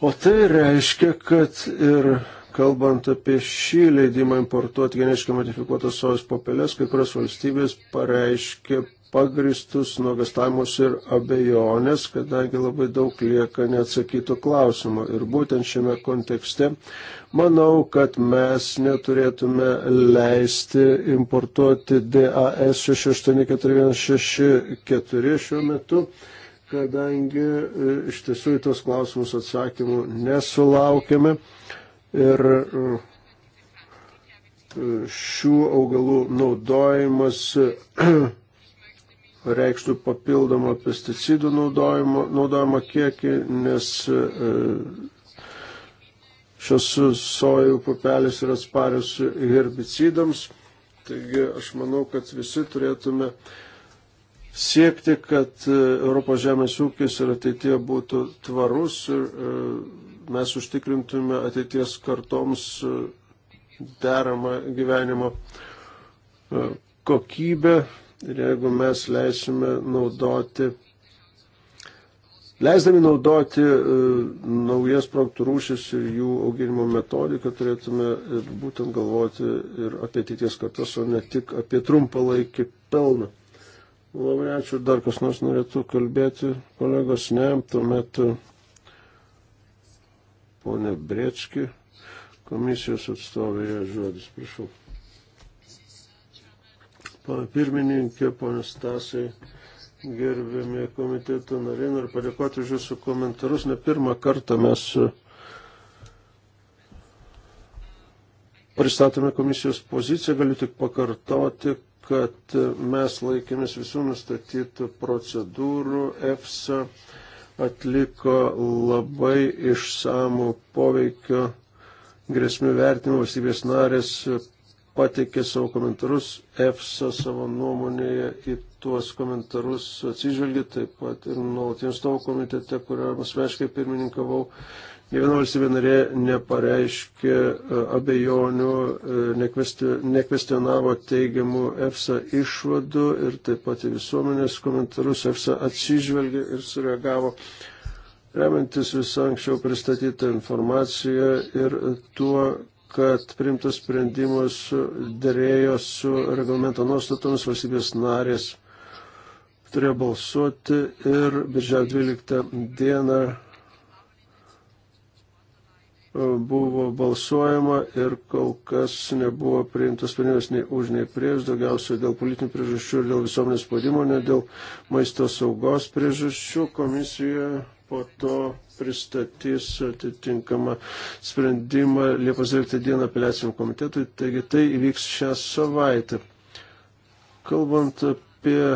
O tai reiškia, kad ir kalbant apie šį leidimą importuoti geniškai modifikuotas sojos popelės, kai kurios valstybės pareiškė pagristus nuogastavimus ir abejonės, kadangi labai daug lieka neatsakytų klausimų. Ir būtent šiame kontekste manau, kad mes neturėtume leisti importuoti DAS 684164 šiuo metu, kadangi e, iš tiesų į tos klausimus atsakymų nesulaukėme. Ir e, šių augalų naudojimas reikštų papildomą pesticidų naudojimo, naudojimo kiekį, nes e, šios sojų pupelės yra sparios herbicidams. Taigi aš manau, kad visi turėtume siekti, kad e, Europos žemės ūkis ir ateitie būtų tvarus ir e, mes užtikrintume ateities kartoms deramą gyvenimo kokybę, Ir jeigu mes leisime naudoti, leisdami naudoti e, naujas produktų rūšis ir jų auginimo metodiką, turėtume būtent galvoti ir apie ateities kartas, o ne tik apie trumpalaikį pelną. Labai ačiū, dar kas nors norėtų kalbėti, kolegos, ne, tuomet e, ponė Brečki, komisijos atstovė, žodis, prašau. Pana pirmininkė, pana Stasai, gerbėmi komiteto nariai, noriu padėkoti už jūsų komentarus. Ne pirmą kartą mes e, pristatome komisijos poziciją, galiu tik pakartoti, kad e, mes laikėmės visų nustatytų procedūrų. EFSA atliko labai išsamų poveikio grėsmių vertinimo valstybės narės pateikė savo komentarus, EFSA savo nuomonėje į tuos komentarus atsižvelgė, taip pat ir nuolatinių stovų komitete, kuriam asmeniškai pirmininkavau. Ne viena valstybė narė nepareiškė e, abejonių, e, nekvestionavo teigiamų EFSA išvadų ir taip pat į visuomenės komentarus EFSA atsižvelgė ir sureagavo remiantis visą anksčiau pristatytą informaciją ir tuo, kad primtas sprendimas dėrėjo su reglamento nuostatomis valstybės narės turėjo balsuoti ir birželio 12 dieną e, buvo balsuojama ir kol kas nebuvo priimtas sprendimas nei už, nei prieš, daugiausiai dėl politinių priežasčių ir dėl visuomenės spaudimo, ne dėl maisto saugos priežasčių komisijoje po to pristatys atitinkamą sprendimą Liepos 12 dieną apeliaciniam komitetui, taigi tai įvyks šią savaitę. Kalbant apie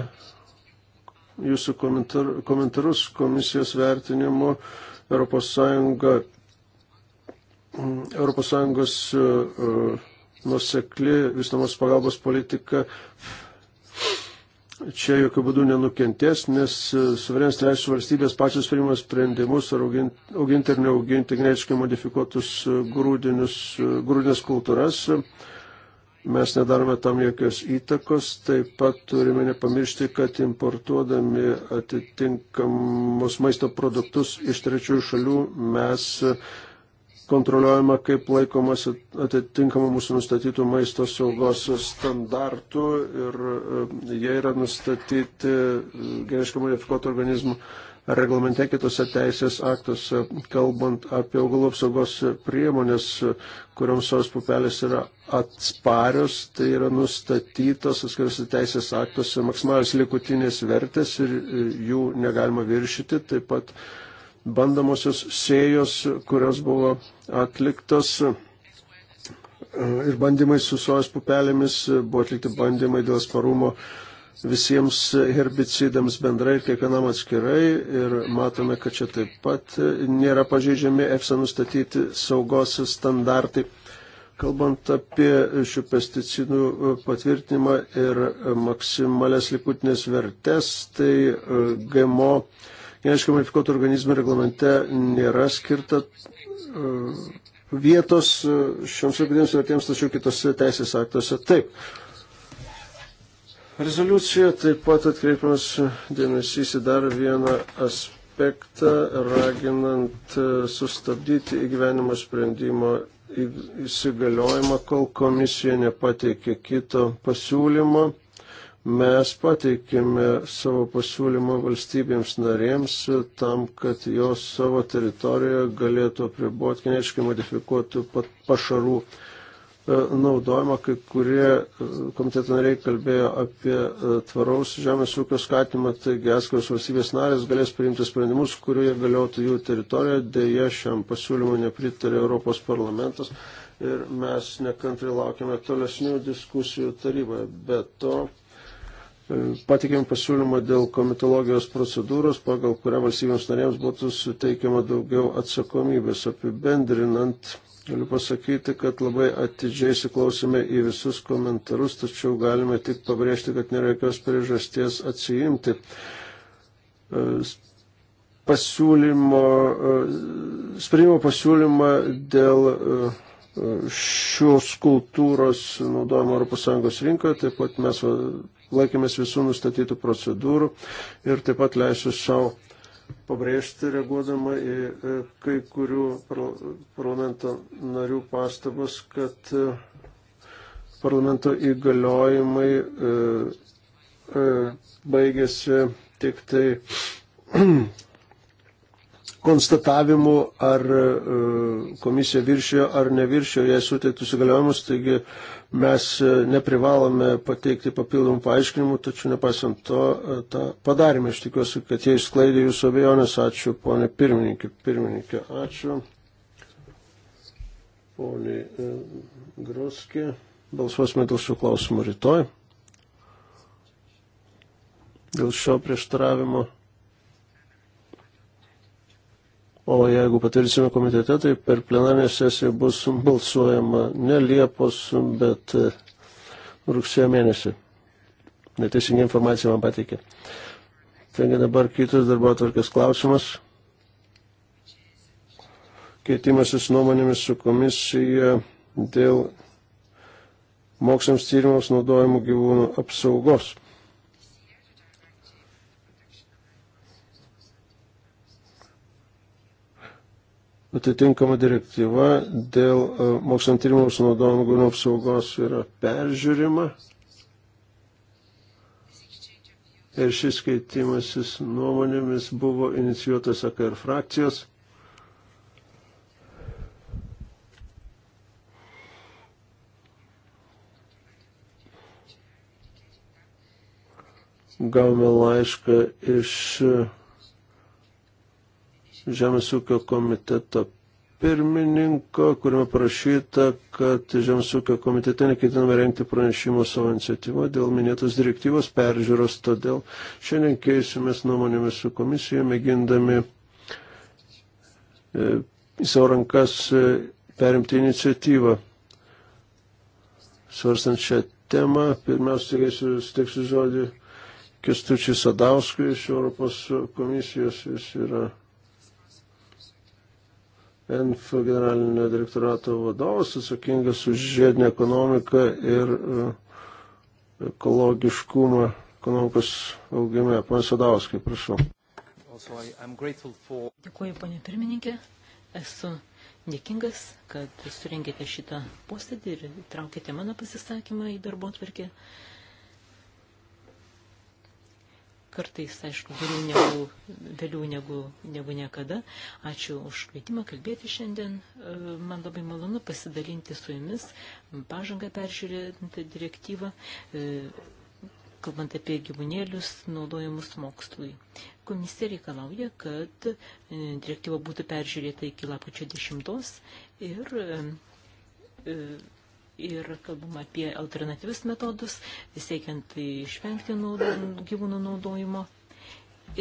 jūsų komentar, komentarus komisijos vertinimo ES, ES nusekli visnamos pagalbos politika čia jokių būdų nenukentės, nes e, suverenės teisų valstybės pačios priima sprendimus, ar auginti, auginti ar neauginti genetiškai modifikuotus e, e, grūdinės kultūras. Mes nedarome tam jokios įtakos, taip pat turime nepamiršti, kad importuodami atitinkamus maisto produktus iš trečiųjų šalių mes uh, kontroliuojama, kaip laikomas atitinkama mūsų nustatytų maisto saugos standartų ir e, jie yra nustatyti e, geniškai modifikuotų organizmų reglamente kitose teisės aktuose, kalbant apie augalų apsaugos priemonės, kuriuoms savas pupelės yra atsparios, tai yra nustatytos atskirose teisės aktuose maksimalios likutinės vertės ir e, jų negalima viršyti. Taip pat bandomosios sėjos, kurios buvo atliktos e, ir bandymai su sojas pupelėmis, buvo atlikti bandymai dėl sparumo visiems herbicidams bendrai ir kiekvienam atskirai. Ir matome, kad čia taip pat nėra pažeidžiami EFSA nustatyti saugos standartai. Kalbant apie šių pesticidų patvirtinimą ir maksimalės likutinės vertes, tai e, GMO uh, geniškai modifikuotų organizmų reglamente nėra skirta e, vietos e, šioms organizmams vertėms, tačiau kitose teisės aktuose taip. Rezoliucija taip pat atkreipiamas dėmesys į dar vieną aspektą, raginant e, sustabdyti įgyvenimo sprendimo įsigaliojimą, kol komisija nepateikė kito pasiūlymo Mes pateikėme savo pasiūlymą valstybėms narėms tam, kad jos savo teritorijoje galėtų apriboti kiniškai modifikuotų pašarų e, naudojimą. Kai kurie e, komiteto nariai kalbėjo apie e, tvaraus žemės ūkio skatimą, taigi atskiros valstybės narės galės priimti sprendimus, kurie galiotų jų teritorijoje. Deja, šiam pasiūlymui nepritarė Europos parlamentas ir mes nekantri laukiame tolesnių diskusijų taryboje. Be to, E, patikėm pasiūlymą dėl komitologijos procedūros, pagal kurią valstybėms narėms būtų suteikiama daugiau atsakomybės. Apibendrinant, galiu pasakyti, kad labai atidžiai įsiklausime į visus komentarus, tačiau galime tik pabrėžti, kad nėra jokios priežasties atsijimti e, pasiūlymo, e, sprendimo pasiūlymą dėl šios kultūros naudojimo ES rinkoje, taip pat mes laikėmės visų nustatytų procedūrų ir taip pat leisiu savo pabrėžti, reaguodama į e, kai kurių parlamento narių pastabas, kad e, parlamento įgaliojimai e, baigėsi tik tai konstatavimu, ar e, komisija viršėjo ar neviršėjo jai suteiktus įgaliojimus, taigi mes e, neprivalome pateikti papildomų paaiškinimų, tačiau nepaisant to, e, tą padarėme. Aš tikiuosi, kad jie išsklaidė jūsų abejonės. Ačiū, ponė pirmininkė. Pirmininkė, ačiū. Ponė Groskė. Balsuosime dėl šių klausimų rytoj. Dėl šio prieštaravimo. O jeigu patvirtinsime komitete, tai per plenarinę sesiją bus balsuojama ne Liepos, bet e, rugsėjo mėnesį. Neteisinga informacija man pateikė. Taigi dabar kitas darbo atvarkės klausimas keitimasis nuomonėmis su komisija dėl moksliniams tyrimams naudojimų gyvūnų apsaugos. atitinkama direktyva dėl e, mokslinio tyrimų sunaudojimo gyvūnų apsaugos yra peržiūrima. Ir šis keitimasis nuomonėmis buvo inicijuotas AKR frakcijos. Gavome laišką iš Žemės ūkio komiteto pirmininko, kuriame parašyta, kad Žemės ūkio komitete neketiname renkti pranešimo savo iniciatyvą dėl minėtos direktyvos peržiūros, todėl šiandien keisimės nuomonėmis su komisija, mėgindami e, į savo rankas e, perimti iniciatyvą. Svarstant šią temą, pirmiausia, teikėsiu steiksiu žodį Kestučiai Sadauskui iš Europos komisijos, jis yra ENF generalinio direktorato vadovas atsakingas už žiedinę ekonomiką ir e, ekologiškumą ekonomikos augime. Pane Sadauskai, prašau. Dėkuoju, ponė pirmininkė. Esu dėkingas, kad surengėte šitą posėdį ir traukėte mano pasisakymą į darbo atvarkę. Uh, kartais, aišku, geriau negu, vėliau negu, negu niekada. Ačiū už kvietimą kalbėti šiandien. E, man labai malonu pasidalinti su jumis pažangą peržiūrėtą direktyvą, e, kalbant apie gyvūnėlius naudojamus mokslui. Komisija reikalauja, kad e, direktyva būtų peržiūrėta iki lapkričio 10 ir ir kalbam apie alternatyvius metodus, siekiant išvengti naudo, gyvūnų naudojimo.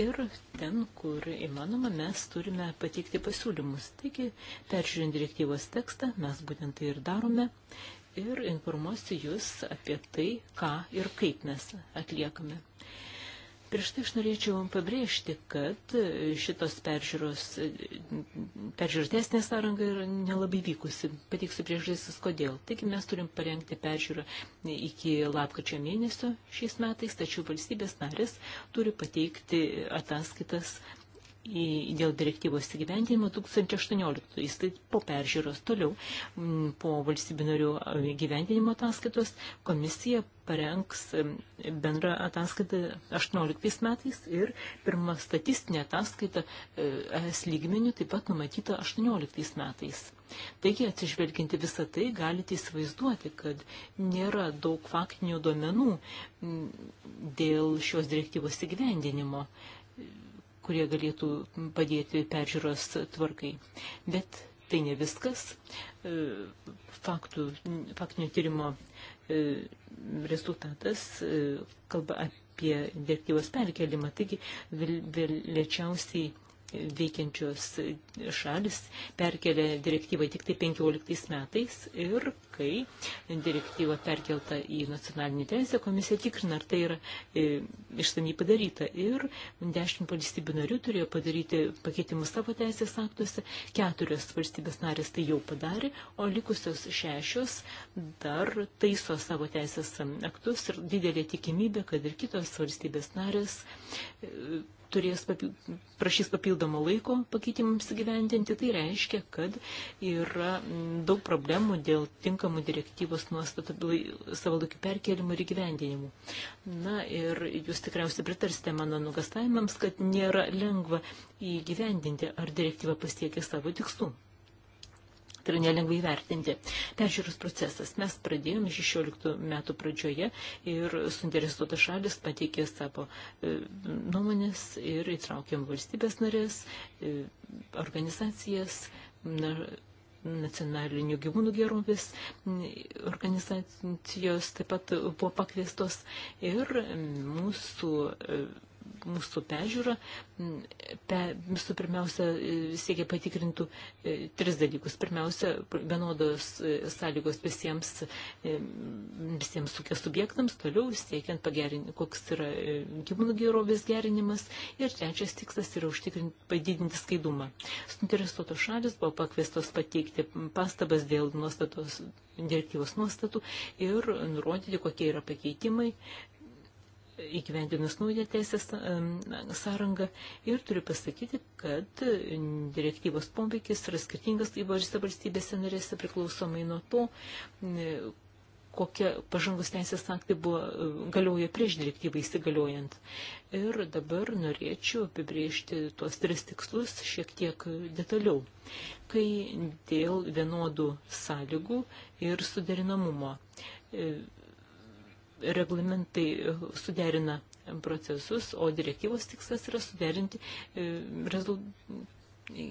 Ir ten, kur įmanoma, mes turime pateikti pasiūlymus. Taigi, peržiūrint direktyvos tekstą, mes būtent tai ir darome ir informuosiu jūs apie tai, ką ir kaip mes atliekame. Prieš tai aš norėčiau pabrėžti, kad šitos peržiūros, peržiūros teisinė sąranga yra nelabai vykusi. Pateiksiu priežastis, kodėl. Taigi mes turim parengti peržiūrą iki lapkačio mėnesio šiais metais, tačiau valstybės narės turi pateikti ataskaitas dėl direktyvos įgyvendinimo 2018. Tai po peržiūros toliau, po valstybinarių gyvendinimo ataskaitos, komisija parengs bendrą ataskaitą 18 metais ir pirmą statistinę ataskaitą e, es lygmenių taip pat numatyta 18 metais. Taigi, atsižvelginti visą tai, galite įsivaizduoti, kad nėra daug faktinių duomenų dėl šios direktyvos įgyvendinimo kurie galėtų padėti peržiūros tvarkai. Bet tai ne viskas. E, faktų, faktinio tyrimo e, rezultatas e, kalba apie direktyvos perkelimą, taigi vėlėčiausiai veikiančios šalis perkelė direktyvą tik tai 15 metais ir kai direktyva perkelta į nacionalinį teisę, komisija tikrina, ar tai yra e, išsamiai padaryta. Ir 10 valstybių narių turėjo padaryti pakeitimus savo teisės aktuose, keturios valstybės narės tai jau padarė, o likusios šešios dar taiso savo teisės aktus ir didelė tikimybė, kad ir kitos valstybės narės e, turės papil... prašys papildomą laiko pakeitimams gyventinti, tai reiškia, kad yra daug problemų dėl tinkamų direktyvos nuostatų savalaikių perkelimų ir gyvendinimų. Na ir jūs tikriausiai pritarsite mano nugastavimams, kad nėra lengva įgyvendinti, ar direktyva pasiekė savo tikslų sektorių nelengvai vertinti. Peržiūros procesas. Mes pradėjome 16 metų pradžioje ir suinteresuotas šalis pateikė savo e, nuomonės ir įtraukėm valstybės narės, e, organizacijas, na, nacionalinių gyvūnų gerovės organizacijos taip pat buvo pakviestos ir mūsų e, mūsų pežiūra, pe, visų pirmiausia, siekia patikrintų e, tris dalykus. Pirmiausia, vienodos e, sąlygos visiems, e, visiems sukės subjektams, toliau siekiant pagerinti, koks yra gyvūnų gerovės gerinimas. Ir trečias tikslas yra užtikrinti padidinti skaidumą. Suinteresuotos šalis buvo pakviestos pateikti pastabas dėl nuostatos, direktyvos nuostatų ir nurodyti, kokie yra pakeitimai įgyvendinus naują teisės sąrangą ir turiu pasakyti, kad direktyvos poveikis yra skirtingas įvairiose valstybėse narėse priklausomai nuo to, kokie pažangus teisės aktai buvo galioja prieš direktyvą įsigaliojant. Ir dabar norėčiau apibriežti tuos tris tikslus šiek tiek detaliau. Kai dėl vienodų sąlygų ir suderinamumo e, reglamentai suderina procesus, o direktyvos tikslas yra suderinti e, rezultatus e,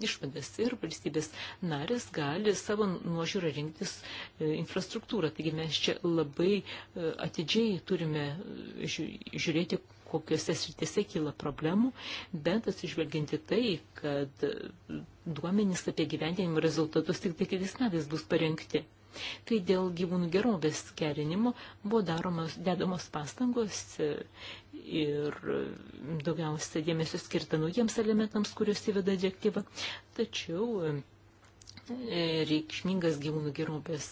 išvadas ir valstybės narės gali savo nuožiūrą rinktis e, infrastruktūrą. Taigi mes čia labai atidžiai turime žiūrėti, kokiuose srityse kyla problemų, bet atsižvelginti tai, kad duomenys apie gyvenimo rezultatus tik tai kitais metais bus parengti kai dėl gyvūnų gerovės gerinimo buvo daromos, dedamos pastangos e, ir daugiausia dėmesio skirta naujiems elementams, kuriuos įveda direktyva, tačiau e, e, reikšmingas gyvūnų gerovės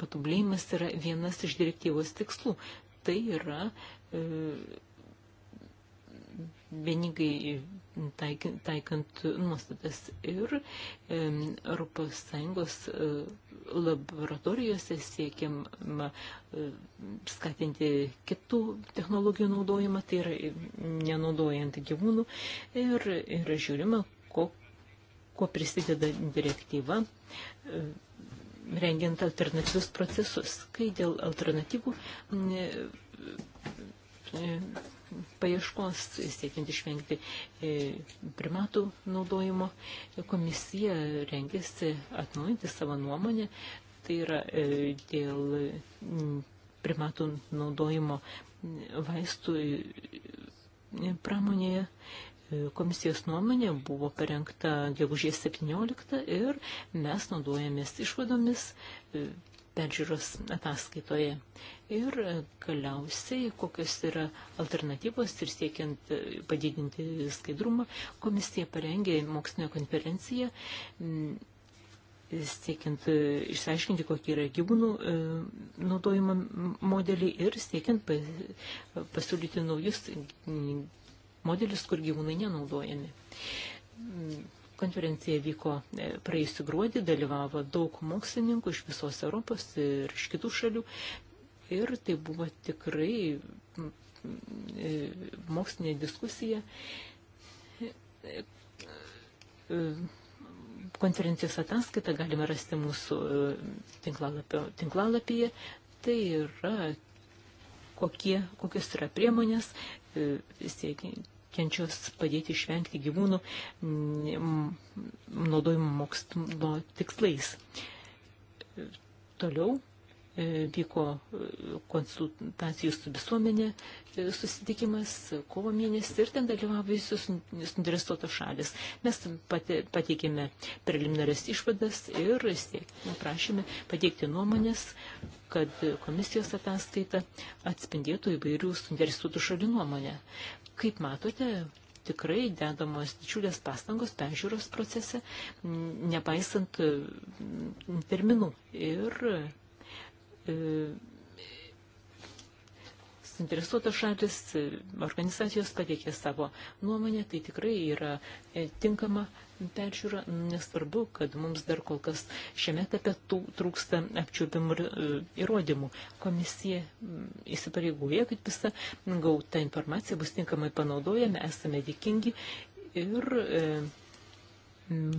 patublėjimas yra vienas iš direktyvos tikslų. Tai yra vieningai taikant, taikant nuostatas ir Europos Sąjungos e, laboratorijose siekiam e, skatinti kitų technologijų naudojimą, tai yra nenaudojant gyvūnų ir yra žiūrima, ko, ko prisideda direktyva e, rengiant alternatyvius procesus, kai dėl alternatyvų paieškos, siekiant išvengti e, primatų naudojimo, komisija rengiasi atnaujinti savo nuomonę, tai yra e, dėl primatų naudojimo vaistų e, pramonėje. Komisijos nuomonė buvo parengta gegužės 17 ir mes naudojamės išvadomis peržiūros ataskaitoje. Ir galiausiai, kokios yra alternatyvos ir siekiant e, padidinti skaidrumą, komisija parengė mokslinę konferenciją siekiant e, išsiaiškinti, kokie yra gyvūnų e, naudojimo modeliai ir siekiant pasiūlyti naujus modelius, kur gyvūnai nenaudojami. Konferencija vyko e, praėjusiu gruodį, dalyvavo daug mokslininkų iš visos Europos ir iš kitų šalių. Ir tai buvo tikrai mm, e, mokslinė diskusija. E, konferencijos ataskaitą galima rasti mūsų tinklalapyje. Tai yra kokie, kokios yra priemonės siekiant kenčios padėti išvengti gyvūnų naudojimo mokslo tikslais. Toliau e, vyko konsultacijų su visuomenė e, susitikimas kovo mėnesį ir ten dalyvavo visus suinteresuotos šalis. Mes pateikėme preliminarias išvadas ir prašėme pateikti nuomonės, kad komisijos ataskaita atspindėtų įvairių suinteresuotų šalių nuomonę. Kaip matote, tikrai dedamos didžiulės pastangos peržiūros procese, nepaisant terminų. Ir e, suinteresuotos šalis, organizacijos pateikė savo nuomonę, tai tikrai yra e, tinkama peržiūra, nesvarbu, kad mums dar kol kas šiame etape trūksta apčiūpimų e, įrodymų. Komisija įsipareigoja, kad visa gauta informacija bus tinkamai panaudojama, esame dėkingi ir e,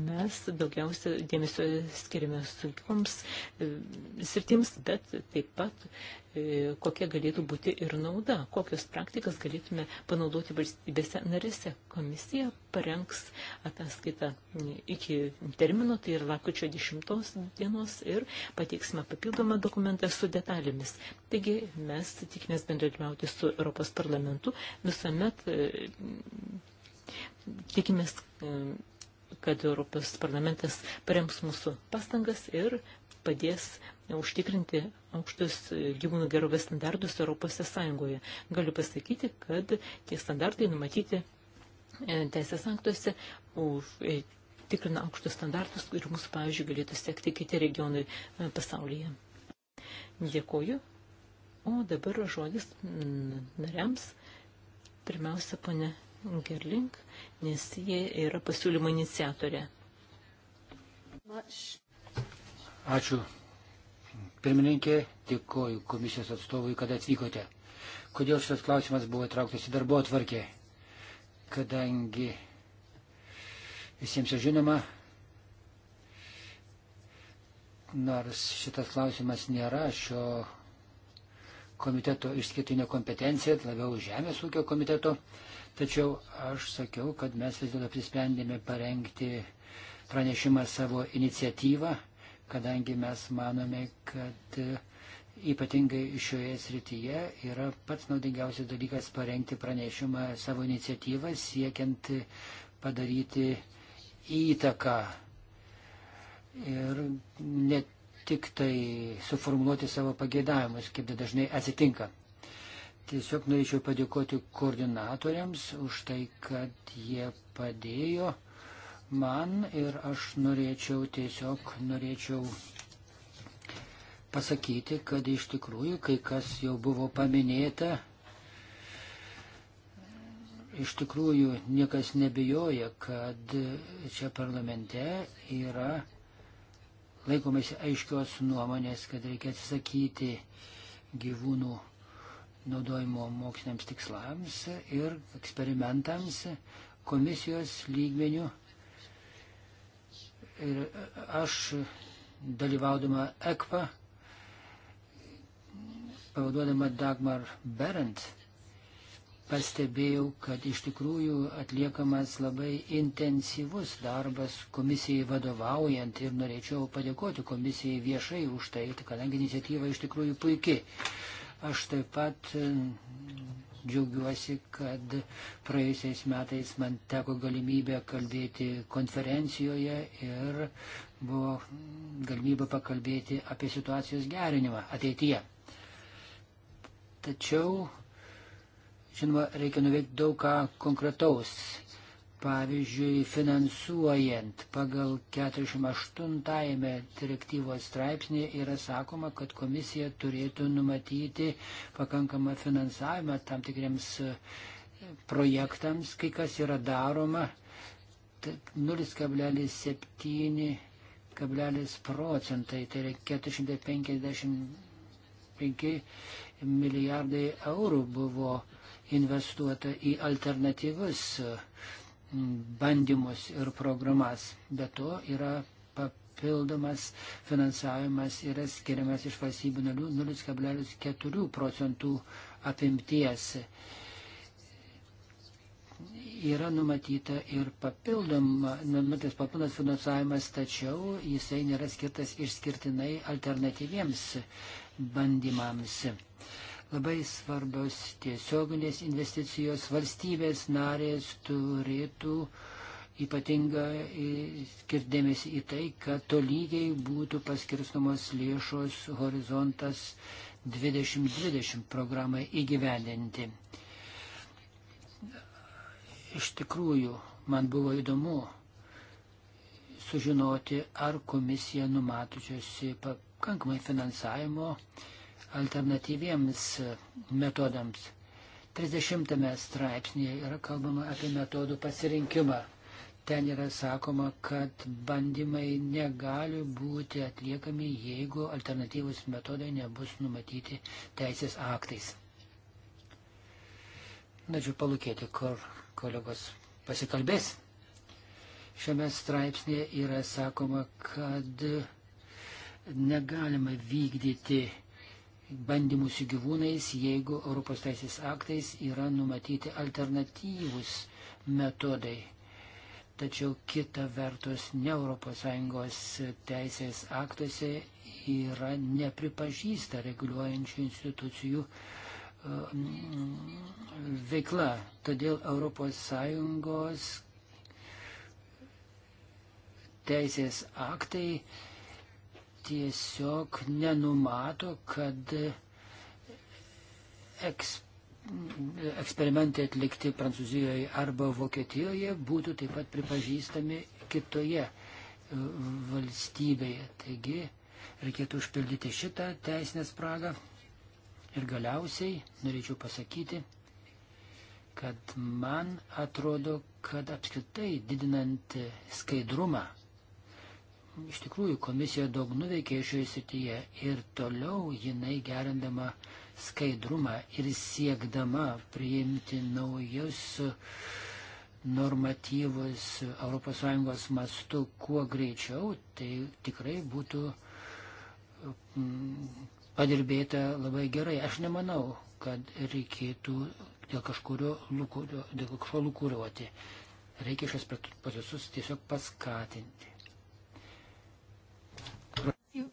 Mes daugiausia dėmesio skiriame sunkioms e, sritims, bet taip pat e, kokia galėtų būti ir nauda, kokios praktikas galėtume panaudoti valstybėse narėse. Komisija parengs ataskaitą iki termino, tai yra lakučio 10 dienos ir pateiksime papildomą dokumentą su detalėmis. Taigi mes tikimės bendradarbiauti su Europos parlamentu visuomet. E, tikimės kad Europos parlamentas parems mūsų pastangas ir padės užtikrinti aukštus gyvūnų gerovės standartus Europos Sąjungoje. Galiu pasakyti, kad tie standartai numatyti e, teisės aktuose už, e, tikrina aukštus standartus ir mūsų, pavyzdžiui, galėtų sekti kiti regionai e, pasaulyje. Dėkoju. O dabar žodis nariams. Pirmiausia, ponė Gerling, nes jie yra pasiūlymo iniciatorė. Ačiū. Pirmininkė, dėkoju komisijos atstovui, kad atvykote. Kodėl šitas klausimas buvo įtrauktas į darbo atvarkę? Kadangi visiems žinoma, nors šitas klausimas nėra šio komiteto išskirtinė kompetencija, labiau žemės ūkio komiteto, Tačiau aš sakiau, kad mes vis dėlto apsisprendėme parengti pranešimą savo iniciatyvą, kadangi mes manome, kad ypatingai šioje srityje yra pats naudingiausias dalykas parengti pranešimą savo iniciatyvą, siekiant padaryti įtaką ir ne tik tai suformuoluoti savo pageidavimus, kaip tai dažnai atsitinka. Tiesiog norėčiau padėkoti koordinatoriams už tai, kad jie padėjo man ir aš norėčiau tiesiog norėčiau pasakyti, kad iš tikrųjų kai kas jau buvo paminėta, iš tikrųjų niekas nebijoja, kad čia parlamente yra laikomasi aiškios nuomonės, kad reikia atsisakyti gyvūnų naudojimo moksliniams tikslams ir eksperimentams komisijos lygmenių. Ir aš dalyvaudama ECPA, pavaduodama Dagmar Berend, pastebėjau, kad iš tikrųjų atliekamas labai intensyvus darbas komisijai vadovaujant ir norėčiau padėkoti komisijai viešai už tai, kadangi iniciatyva iš tikrųjų puikiai. Aš taip pat e, džiaugiuosi, kad praėjusiais metais man teko galimybė kalbėti konferencijoje ir buvo galimybė pakalbėti apie situacijos gerinimą ateityje. Tačiau, žinoma, reikia nuveikti daug ką konkretaus. Pavyzdžiui, finansuojant pagal 48-ąjame direktyvos straipsnį yra sakoma, kad komisija turėtų numatyti pakankamą finansavimą tam tikriems e, projektams, kai kas yra daroma 0,7 tai procentai, tai yra 455 milijardai eurų buvo investuota į alternatyvus bandymus ir programas. Be to yra papildomas finansavimas yra skiriamas iš valstybių narių 0,4 procentų apimties. Yra numatyta ir papildoma, numatytas papildomas finansavimas, tačiau jisai nėra skirtas išskirtinai alternatyviems bandymams. Labai svarbios tiesioginės investicijos valstybės narės turėtų ypatingą skirdėmėsi į tai, kad tolygiai būtų paskirstomos lėšos horizontas 2020 programai įgyvendinti. Iš tikrųjų, man buvo įdomu sužinoti, ar komisija numatusiusi pakankamai finansavimo alternatyviems metodams. 30 straipsnėje yra kalbama apie metodų pasirinkimą. Ten yra sakoma, kad bandymai negali būti atliekami, jeigu alternatyvus metodai nebus numatyti teisės aktais. Norėčiau palūkėti, kur kolegos pasikalbės. Šiame straipsnėje yra sakoma, kad negalima vykdyti bandymų su gyvūnais, jeigu Europos teisės aktais yra numatyti alternatyvus metodai. Tačiau kita vertus, ne ES teisės aktuose yra nepripažįsta reguliuojančių institucijų um, veikla. Todėl ES teisės aktai tiesiog nenumato, kad eks, eksperimentai atlikti Prancūzijoje arba Vokietijoje būtų taip pat pripažįstami kitoje e, valstybėje. Taigi reikėtų užpildyti šitą teisinę spragą. Ir galiausiai norėčiau pasakyti, kad man atrodo, kad apskritai didinant skaidrumą Iš tikrųjų, komisija daug nuveikė šioje srityje ir toliau jinai gerindama skaidrumą ir siekdama priimti naujus normatyvus ES mastu kuo greičiau, tai tikrai būtų mm, padirbėta labai gerai. Aš nemanau, kad reikėtų dėl kažkurio lūkurio, dėl kažko lūkuriuoti. Reikia šios procesus tiesiog paskatinti.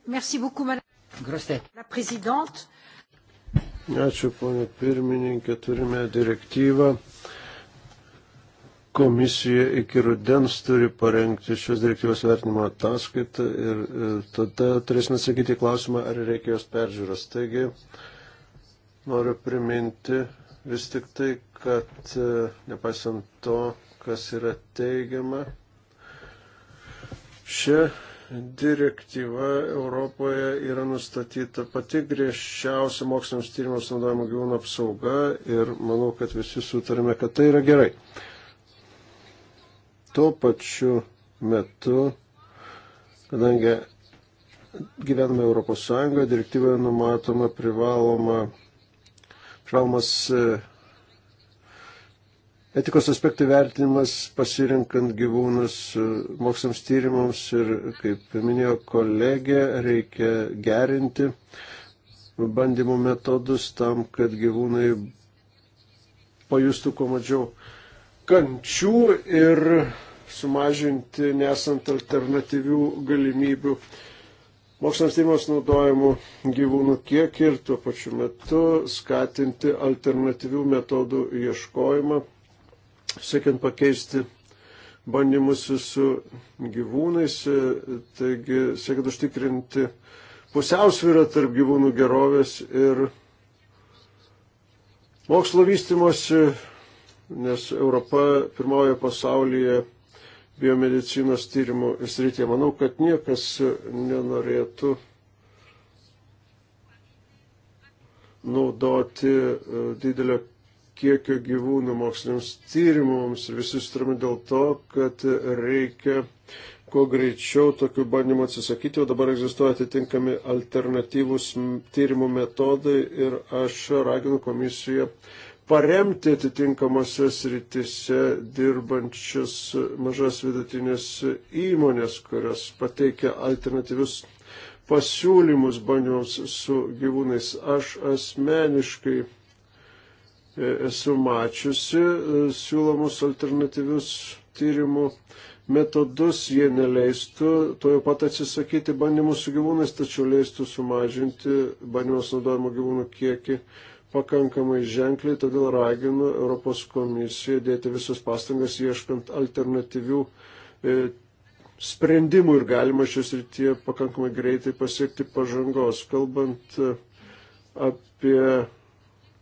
Merci beaucoup, madame. Grosė. La présidente. Ačiū, ponė pirmininkė, turime direktyvą. Komisija iki rudens turi parengti šios direktyvos vertinimo ataskaitą ir e, tada turėsime atsakyti klausimą, ar reikia jos peržiūros. Taigi, noriu priminti vis tik tai, kad e, nepaisant to, kas yra teigiama, šia direktyva Europoje yra nustatyta pati griežčiausia moksliniams tyrimams naudojama gyvūnų apsauga ir manau, kad visi sutarime, kad tai yra gerai. Tuo pačiu metu, kadangi gyvename Europos Sąjungoje, direktyvoje numatoma privaloma, privalomas etikos aspektų vertinimas pasirinkant gyvūnus e, mokslams tyrimams ir, kaip minėjo kolegė, reikia gerinti bandymų metodus tam, kad gyvūnai pajustų kuo mažiau kančių ir sumažinti nesant alternatyvių galimybių mokslams tyrimams naudojamų gyvūnų kiekį ir tuo pačiu metu skatinti alternatyvių metodų ieškojimą siekiant pakeisti bandymus su gyvūnais, e, taigi siekiant užtikrinti pusiausvyrą tarp gyvūnų gerovės ir mokslo vystimosi, nes Europa pirmojo pasaulyje biomedicinos tyrimų srityje. Manau, kad niekas nenorėtų naudoti e, didelio kiekio gyvūnų moksliniams tyrimams ir visi sutarėme dėl to, kad reikia kuo greičiau tokių bandymų atsisakyti, o dabar egzistuoja atitinkami alternatyvūs tyrimų metodai ir aš raginu komisiją paremti atitinkamose sritise dirbančias mažas vidutinės įmonės, kurios pateikia alternatyvius pasiūlymus bandymams su gyvūnais. Aš asmeniškai esu mačiusi e, siūlomus alternatyvius tyrimų metodus, jie neleistų to jau pat atsisakyti bandymų su gyvūnais, tačiau leistų sumažinti bandymus naudojimo gyvūnų kiekį pakankamai ženkliai, todėl raginu Europos komisiją dėti visas pastangas ieškant alternatyvių e, sprendimų ir galima šios rytie pakankamai greitai pasiekti pažangos. Kalbant e, apie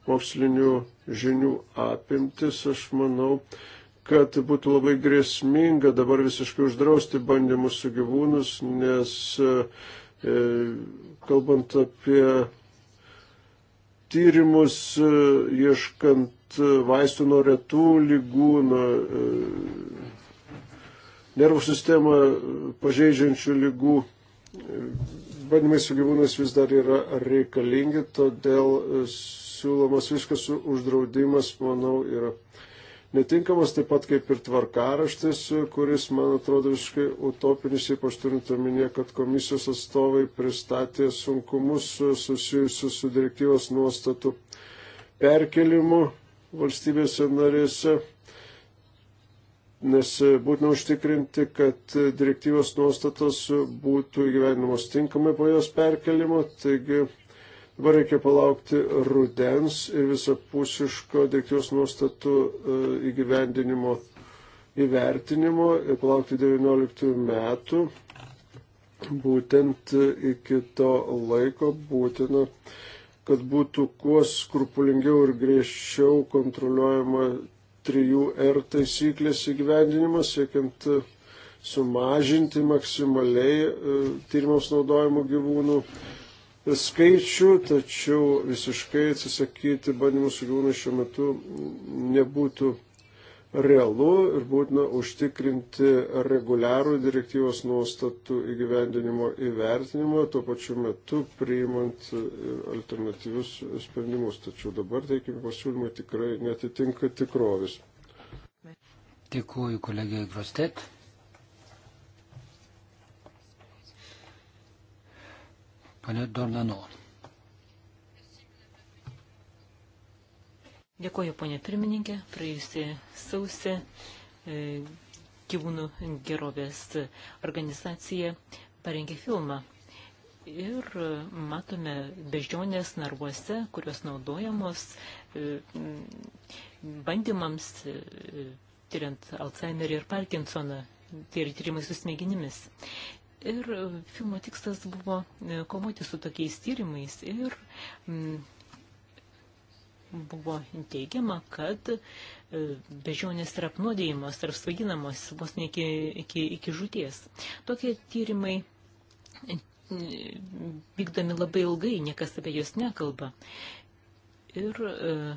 mokslinių žinių apimtis, aš manau, kad būtų labai grėsminga dabar visiškai uždrausti bandymus su gyvūnus, nes e, kalbant apie tyrimus, e, ieškant vaistų nuo retų lygų, nuo e, nervų sistemą pažeidžiančių lygų, e, bandymai su gyvūnais vis dar yra reikalingi, todėl siūlomas viskas uždraudimas, manau, yra netinkamas, taip pat kaip ir tvarkaraštis, kuris, man atrodo, visiškai utopinis, ypač turint omenyje, kad komisijos atstovai pristatė sunkumus susijusius su direktyvos nuostatų perkelimu valstybėse narėse, nes būtina užtikrinti, kad direktyvos nuostatos būtų įgyvenimos tinkamai po jos perkelimo, taigi Dabar reikia palaukti rudens ir visapusiško dėktios nuostatų e, įgyvendinimo įvertinimo ir palaukti 19 metų. Būtent e, iki to laiko būtina, kad būtų kuo skrupulingiau ir griežčiau kontroliuojama 3R taisyklės įgyvendinimas, siekiant e, sumažinti maksimaliai tyrimams naudojimų gyvūnų skaičių, tačiau visiškai atsisakyti bandymų su gyvūnais šiuo metu nebūtų realu ir būtina užtikrinti reguliarų direktyvos nuostatų įgyvendinimo įvertinimą, tuo pačiu metu priimant alternatyvius sprendimus. Tačiau dabar teikimi pasiūlymai tikrai netitinka tikrovės. Dėkuoju kolegijai Grostet. Pane Dornano. Dėkuoju, ponė pirmininkė. Praėjusį sausį e, gyvūnų gerovės organizacija parengė filmą. Ir matome beždžionės narvuose, kurios naudojamos e, bandymams e, tyriant Alzheimerį ir Parkinsoną, tai ir tyrimai su smegenimis. Ir filmo tikslas buvo e, komuoti su tokiais tyrimais ir m, buvo teigiama, kad e, bežionės yra apnuodėjimas ar svaiginamos vos ne iki, iki, iki žūties. Tokie tyrimai e, vykdomi labai ilgai, niekas apie juos nekalba. Ir e,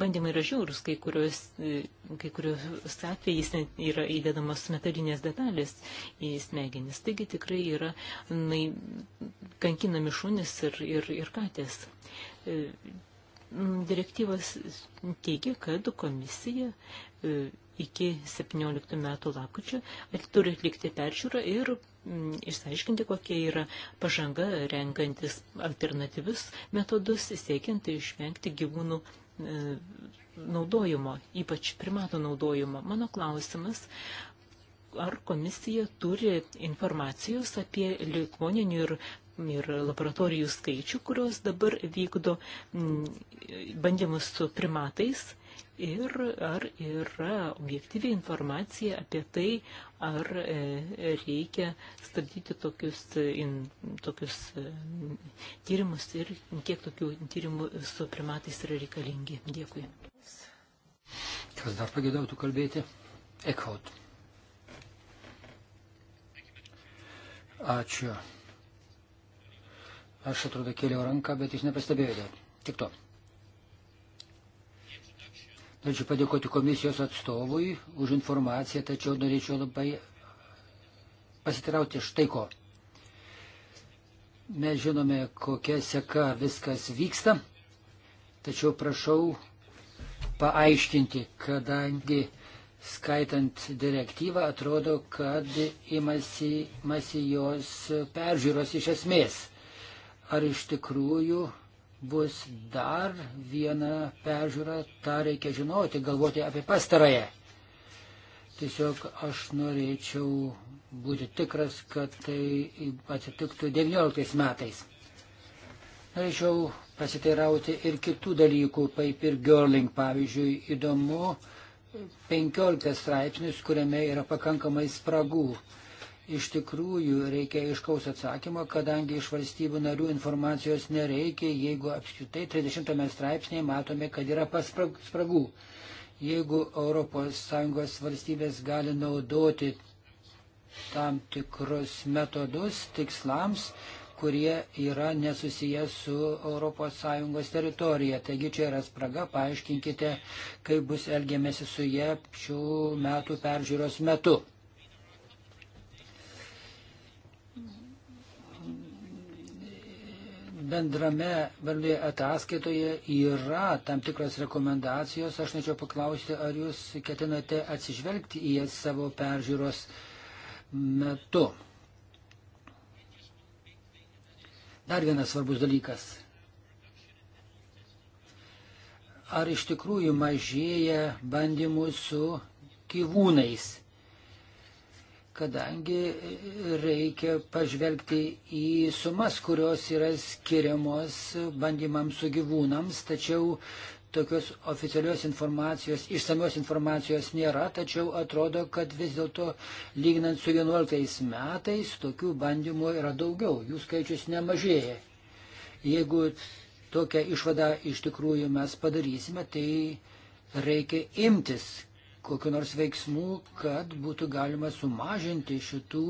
bandymai yra žiaurus, kai kurios, e, kai kurios atvejais yra įdedamos metalinės detalės į smegenis. Taigi tikrai yra nai, kankinami šunis ir, ir, ir katės. E, direktyvas teigia, kad komisija e, iki 17 metų lapkričio turi atlikti peržiūrą ir m, mm, išsiaiškinti, kokia yra pažanga renkantis alternatyvius metodus, siekiant išvengti gyvūnų e, naudojimo, ypač primato naudojimo. Mano klausimas, ar komisija turi informacijos apie ligoninių ir ir laboratorijų skaičių, kurios dabar vykdo mm, bandymus su primatais ir ar yra objektyvi informacija apie tai, ar e, reikia stabdyti tokius, e, in, tokius e, tyrimus ir kiek tokių tyrimų su primatais yra reikalingi. Dėkui. Kas dar pagėdautų kalbėti? Ekhaut. Ačiū. Aš atrodo kėliau ranką, bet jūs nepastebėjote. Tik to. Norėčiau padėkoti komisijos atstovui už informaciją, tačiau norėčiau labai pasitrauti štai ko. Mes žinome, kokia seka viskas vyksta, tačiau prašau paaiškinti, kadangi skaitant direktyvą atrodo, kad imasi, imasi jos peržiūros iš esmės. Ar iš tikrųjų bus dar viena peržiūra, tą reikia žinoti, galvoti apie pastarąją. Tiesiog aš norėčiau būti tikras, kad tai atsitiktų 19 metais. Norėčiau pasiteirauti ir kitų dalykų, kaip ir Görling, pavyzdžiui, įdomu 15 straipsnis, kuriame yra pakankamai spragų iš tikrųjų reikia iškaus atsakymo, kadangi iš valstybių narių informacijos nereikia, jeigu apskritai 30 straipsnėje matome, kad yra spragų. Jeigu ES valstybės gali naudoti tam tikrus metodus tikslams, kurie yra nesusiję su ES teritorija. Taigi čia yra spraga, paaiškinkite, kaip bus elgiamėsi su jie šių metų peržiūros metu. bendrame valdyje ataskaitoje yra tam tikros rekomendacijos. Aš norėčiau paklausti, ar jūs ketinate atsižvelgti į jas savo peržiūros metu. Dar vienas svarbus dalykas. Ar iš tikrųjų mažėja bandymų su gyvūnais? kadangi reikia pažvelgti į sumas, kurios yra skiriamos bandymams su gyvūnams, tačiau tokios oficialios informacijos, išsamios informacijos nėra, tačiau atrodo, kad vis dėlto lyginant su 11 metais tokių bandymų yra daugiau, jų skaičius nemažėja. Jeigu tokią išvadą iš tikrųjų mes padarysime, tai reikia imtis kokiu nors veiksmu, kad būtų galima sumažinti šitų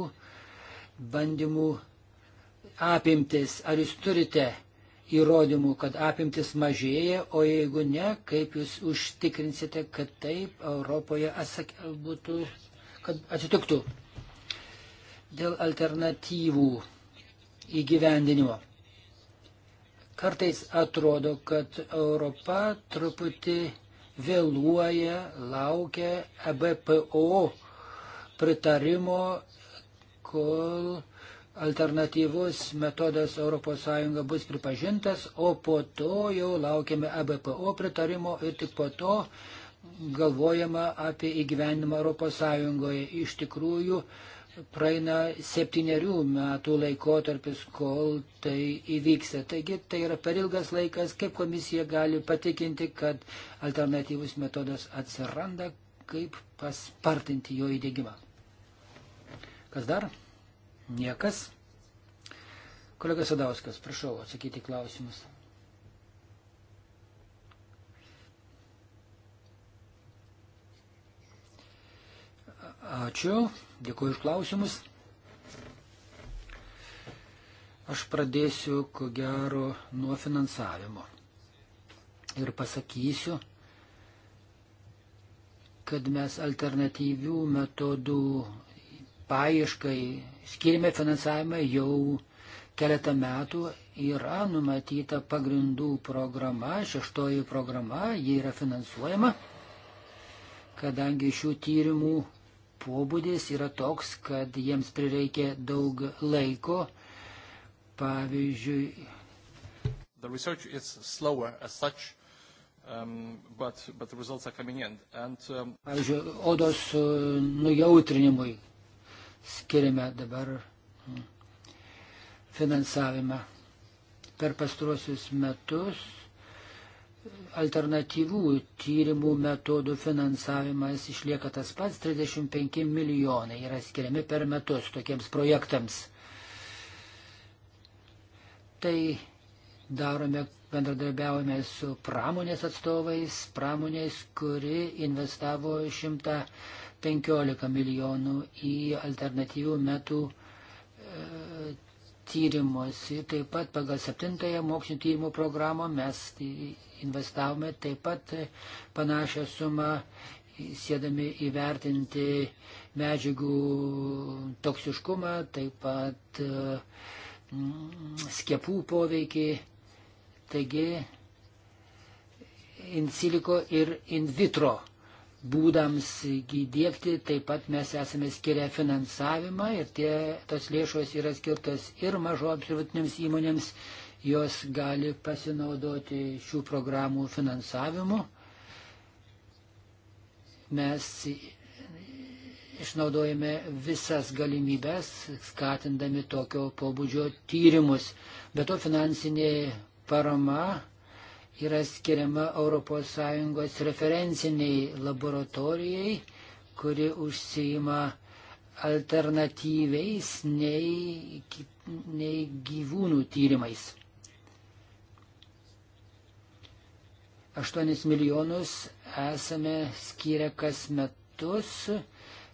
bandymų apimtis. Ar jūs turite įrodymų, kad apimtis mažėja, o jeigu ne, kaip jūs užtikrinsite, kad taip Europoje atsak... būtų, kad atsitiktų dėl alternatyvų įgyvendinimo. Kartais atrodo, kad Europa truputį vėluoja, laukia ABPO e pritarimo, kol alternatyvus metodas ES bus pripažintas, o po to jau laukiame ABPO e pritarimo ir tik po to galvojama apie įgyvenimą ES. Iš tikrųjų, praeina septyniarių metų laikotarpis, kol tai įvyksta. Taigi tai yra per ilgas laikas, kaip komisija gali patikinti, kad alternatyvus metodas atsiranda, kaip paspartinti jo įdėgymą. Kas dar? Niekas. Kolega Sadauskas, prašau atsakyti klausimus. Ačiū, dėkuoju už klausimus. Aš pradėsiu, ko gero, nuo finansavimo. Ir pasakysiu, kad mes alternatyvių metodų paieškai skirime finansavimą jau keletą metų. Yra numatyta pagrindų programa, šeštoji programa, ji yra finansuojama, kadangi šių tyrimų pobūdis yra toks, kad jiems prireikė daug laiko. Pavyzdžiui, The research is slower as such, um, but, but the results are coming in. And, um... Pavyzdžiui, odos uh, nujautrinimui skiriame dabar uh, finansavimą. Per pastruosius metus alternatyvių tyrimų metodų finansavimas išlieka tas pats, 35 milijonai yra skiriami per metus tokiems projektams. Tai darome, bendradarbiaujame su pramonės atstovais, pramonės, kuri investavo 115 milijonų į alternatyvių metų, tyrimus. Taip pat pagal septintąją mokslinio tyrimo programą mes investavome taip pat panašią sumą, siedami įvertinti medžiagų toksiškumą, taip pat mm, skiepų poveikį. Taigi, in silico ir in vitro būdams įdėkti, taip pat mes esame skiria finansavimą ir tie, tos lėšos yra skirtos ir mažo apsirūtinėms įmonėms, jos gali pasinaudoti šių programų finansavimu. Mes išnaudojame visas galimybės, skatindami tokio pobūdžio tyrimus. Be to finansinė parama yra skiriama ES referenciniai laboratorijai, kuri užsijima alternatyviais nei, nei gyvūnų tyrimais. 8 milijonus esame skyrę kas metus.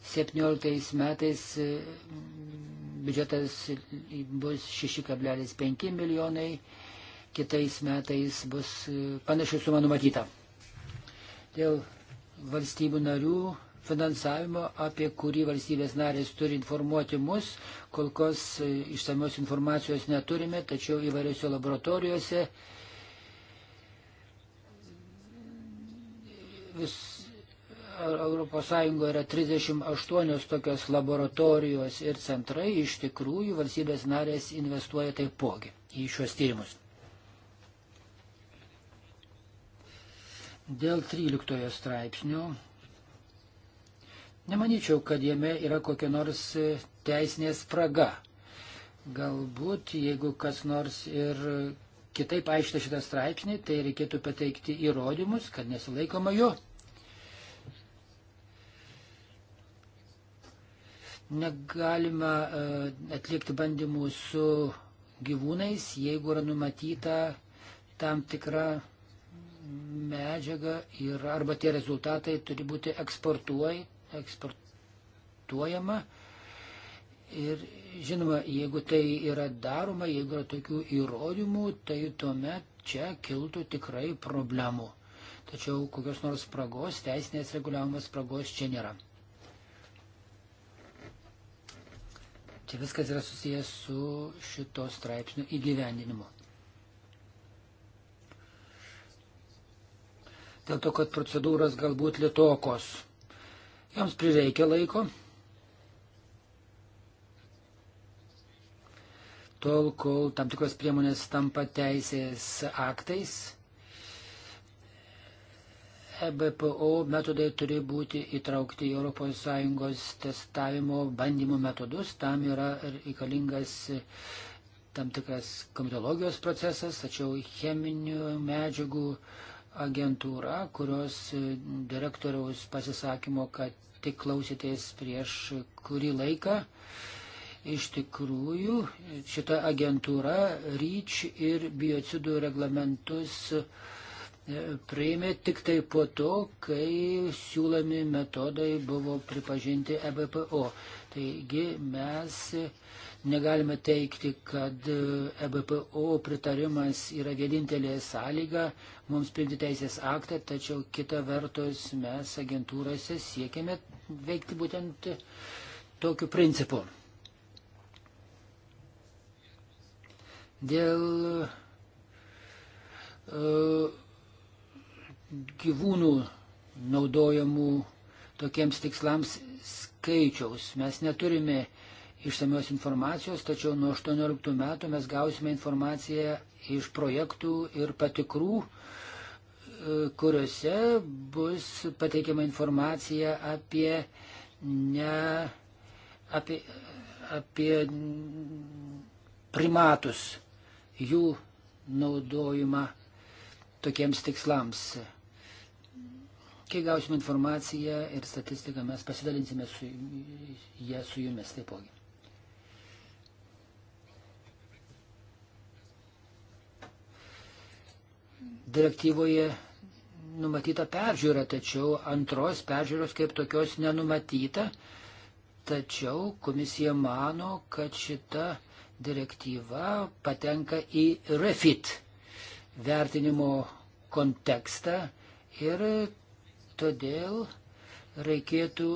17 metais biudžetas bus 6,5 milijonai, kitais metais bus e, panaši suma numatyta. Dėl valstybių narių finansavimo, apie kurį valstybės narės turi informuoti mus. Kol kas e, išsamios informacijos neturime, tačiau įvairiose laboratorijose vis ES yra 38 tokios laboratorijos ir centrai, iš tikrųjų valstybės narės investuoja taipogi į šios tyrimus. Dėl 13 straipsnio nemanyčiau, kad jame yra kokia nors teisinė spraga. Galbūt, jeigu kas nors ir kitaip aiškina šitą straipsnį, tai reikėtų pateikti įrodymus, kad nesilaikoma jo. Negalima e, atlikti bandymų su gyvūnais, jeigu yra numatyta tam tikra medžiaga ir arba tie rezultatai turi būti eksportuoj, eksportuojama. Ir žinoma, jeigu tai yra daroma, jeigu yra tokių įrodymų, tai tuomet čia kiltų tikrai problemų. Tačiau kokios nors spragos, teisinės reguliavimas spragos čia nėra. Čia viskas yra susijęs su šito straipsnio įgyvendinimu. dėl to, kad procedūros galbūt lietokos. Joms prireikia laiko. Tol, kol tam tikros priemonės tampa teisės aktais, EBPO metodai turi būti įtraukti į ES testavimo bandymų metodus. Tam yra reikalingas tam tikras komitologijos procesas, tačiau cheminių medžiagų uh, agentūra, kurios e, direktoriaus pasisakymo, kad tik klausytės prieš kurį laiką. Iš tikrųjų, šita agentūra REACH ir biocidų reglamentus e, priėmė tik tai po to, kai siūlomi metodai buvo pripažinti EBPO. Taigi mes Negalime teikti, kad EBPO e pritarimas yra vienintelė sąlyga mums priimti teisės aktą, tačiau kita vertus mes agentūrose siekiame veikti būtent tokiu principu. Dėl uh, gyvūnų naudojamų tokiems tikslams skaičiaus mes neturime išsamios informacijos, tačiau nuo 18 metų mes gausime informaciją iš projektų ir patikrų, e, kuriuose bus pateikiama informacija apie, ne, apie, apie primatus, jų naudojimą tokiems tikslams. Kai gausime informaciją ir statistiką, mes pasidalinsime su, ją su jumis taipogi. direktyvoje numatyta peržiūra, tačiau antros peržiūros kaip tokios nenumatyta. Tačiau komisija mano, kad šita direktyva patenka į refit vertinimo kontekstą ir todėl reikėtų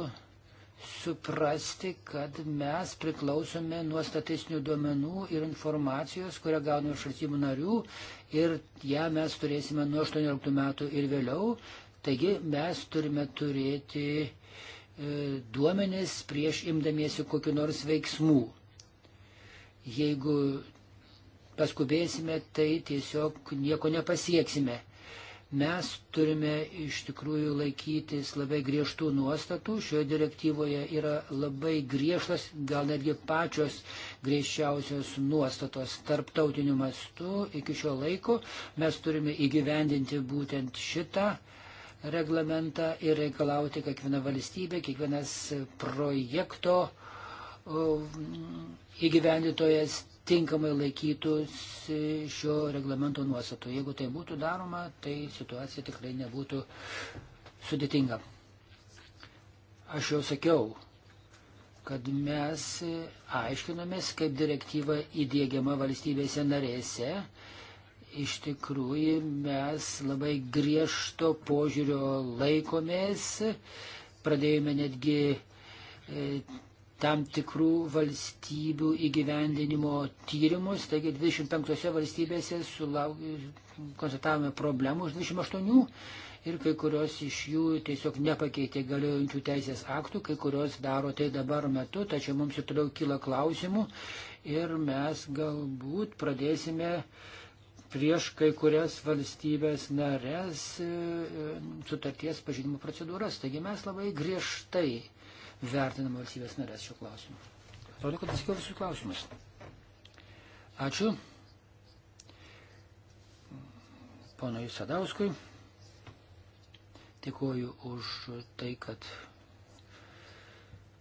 suprasti, kad mes priklausome nuo statistinių duomenų ir informacijos, kurią gauname iš valstybių narių ir ją mes turėsime nuo 18 metų ir vėliau. Taigi mes turime turėti e, duomenis prieš imdamiesi kokiu nors veiksmų. Jeigu paskubėsime, tai tiesiog nieko nepasieksime. Mes turime iš tikrųjų laikytis labai griežtų nuostatų. Šioje direktyvoje yra labai griežtas, gal netgi pačios griežčiausios nuostatos tarptautiniu mastu iki šio laiko. Mes turime įgyvendinti būtent šitą reglamentą ir reikalauti kiekvieną valstybę, kiekvienas projekto um, įgyvendintojas tinkamai laikytųsi šio reglamento nuostatų. Jeigu tai būtų daroma, tai situacija tikrai nebūtų sudėtinga. Aš jau sakiau, kad mes aiškinomės, kaip direktyva įdėgiama valstybėse narėse. Iš tikrųjų, mes labai griežto požiūrio laikomės, pradėjome netgi e, tam tikrų valstybių įgyvendinimo tyrimus, taigi 25 valstybėse sulau, konstatavome problemų iš 28 ir kai kurios iš jų tiesiog nepakeitė galiojančių teisės aktų, kai kurios daro tai dabar metu, tačiau mums ir toliau kyla klausimų ir mes galbūt pradėsime prieš kai kurias valstybės narės e, e, sutarties pažinimo procedūras. Taigi mes labai griežtai vertinama valstybės narės šiuo klausimu. Atrodo, kad atsakiau visus klausimus. Ačiū. Ponui Sadauskui. Dėkuoju už tai, kad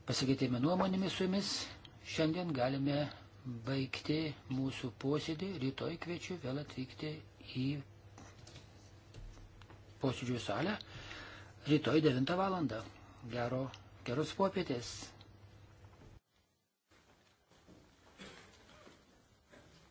pasikeitėme nuomonėmis su jumis. Šiandien galime baigti mūsų posėdį. Rytoj kviečiu vėl atvykti į posėdžių salę rytoj 9 val. Gero Geros popietės.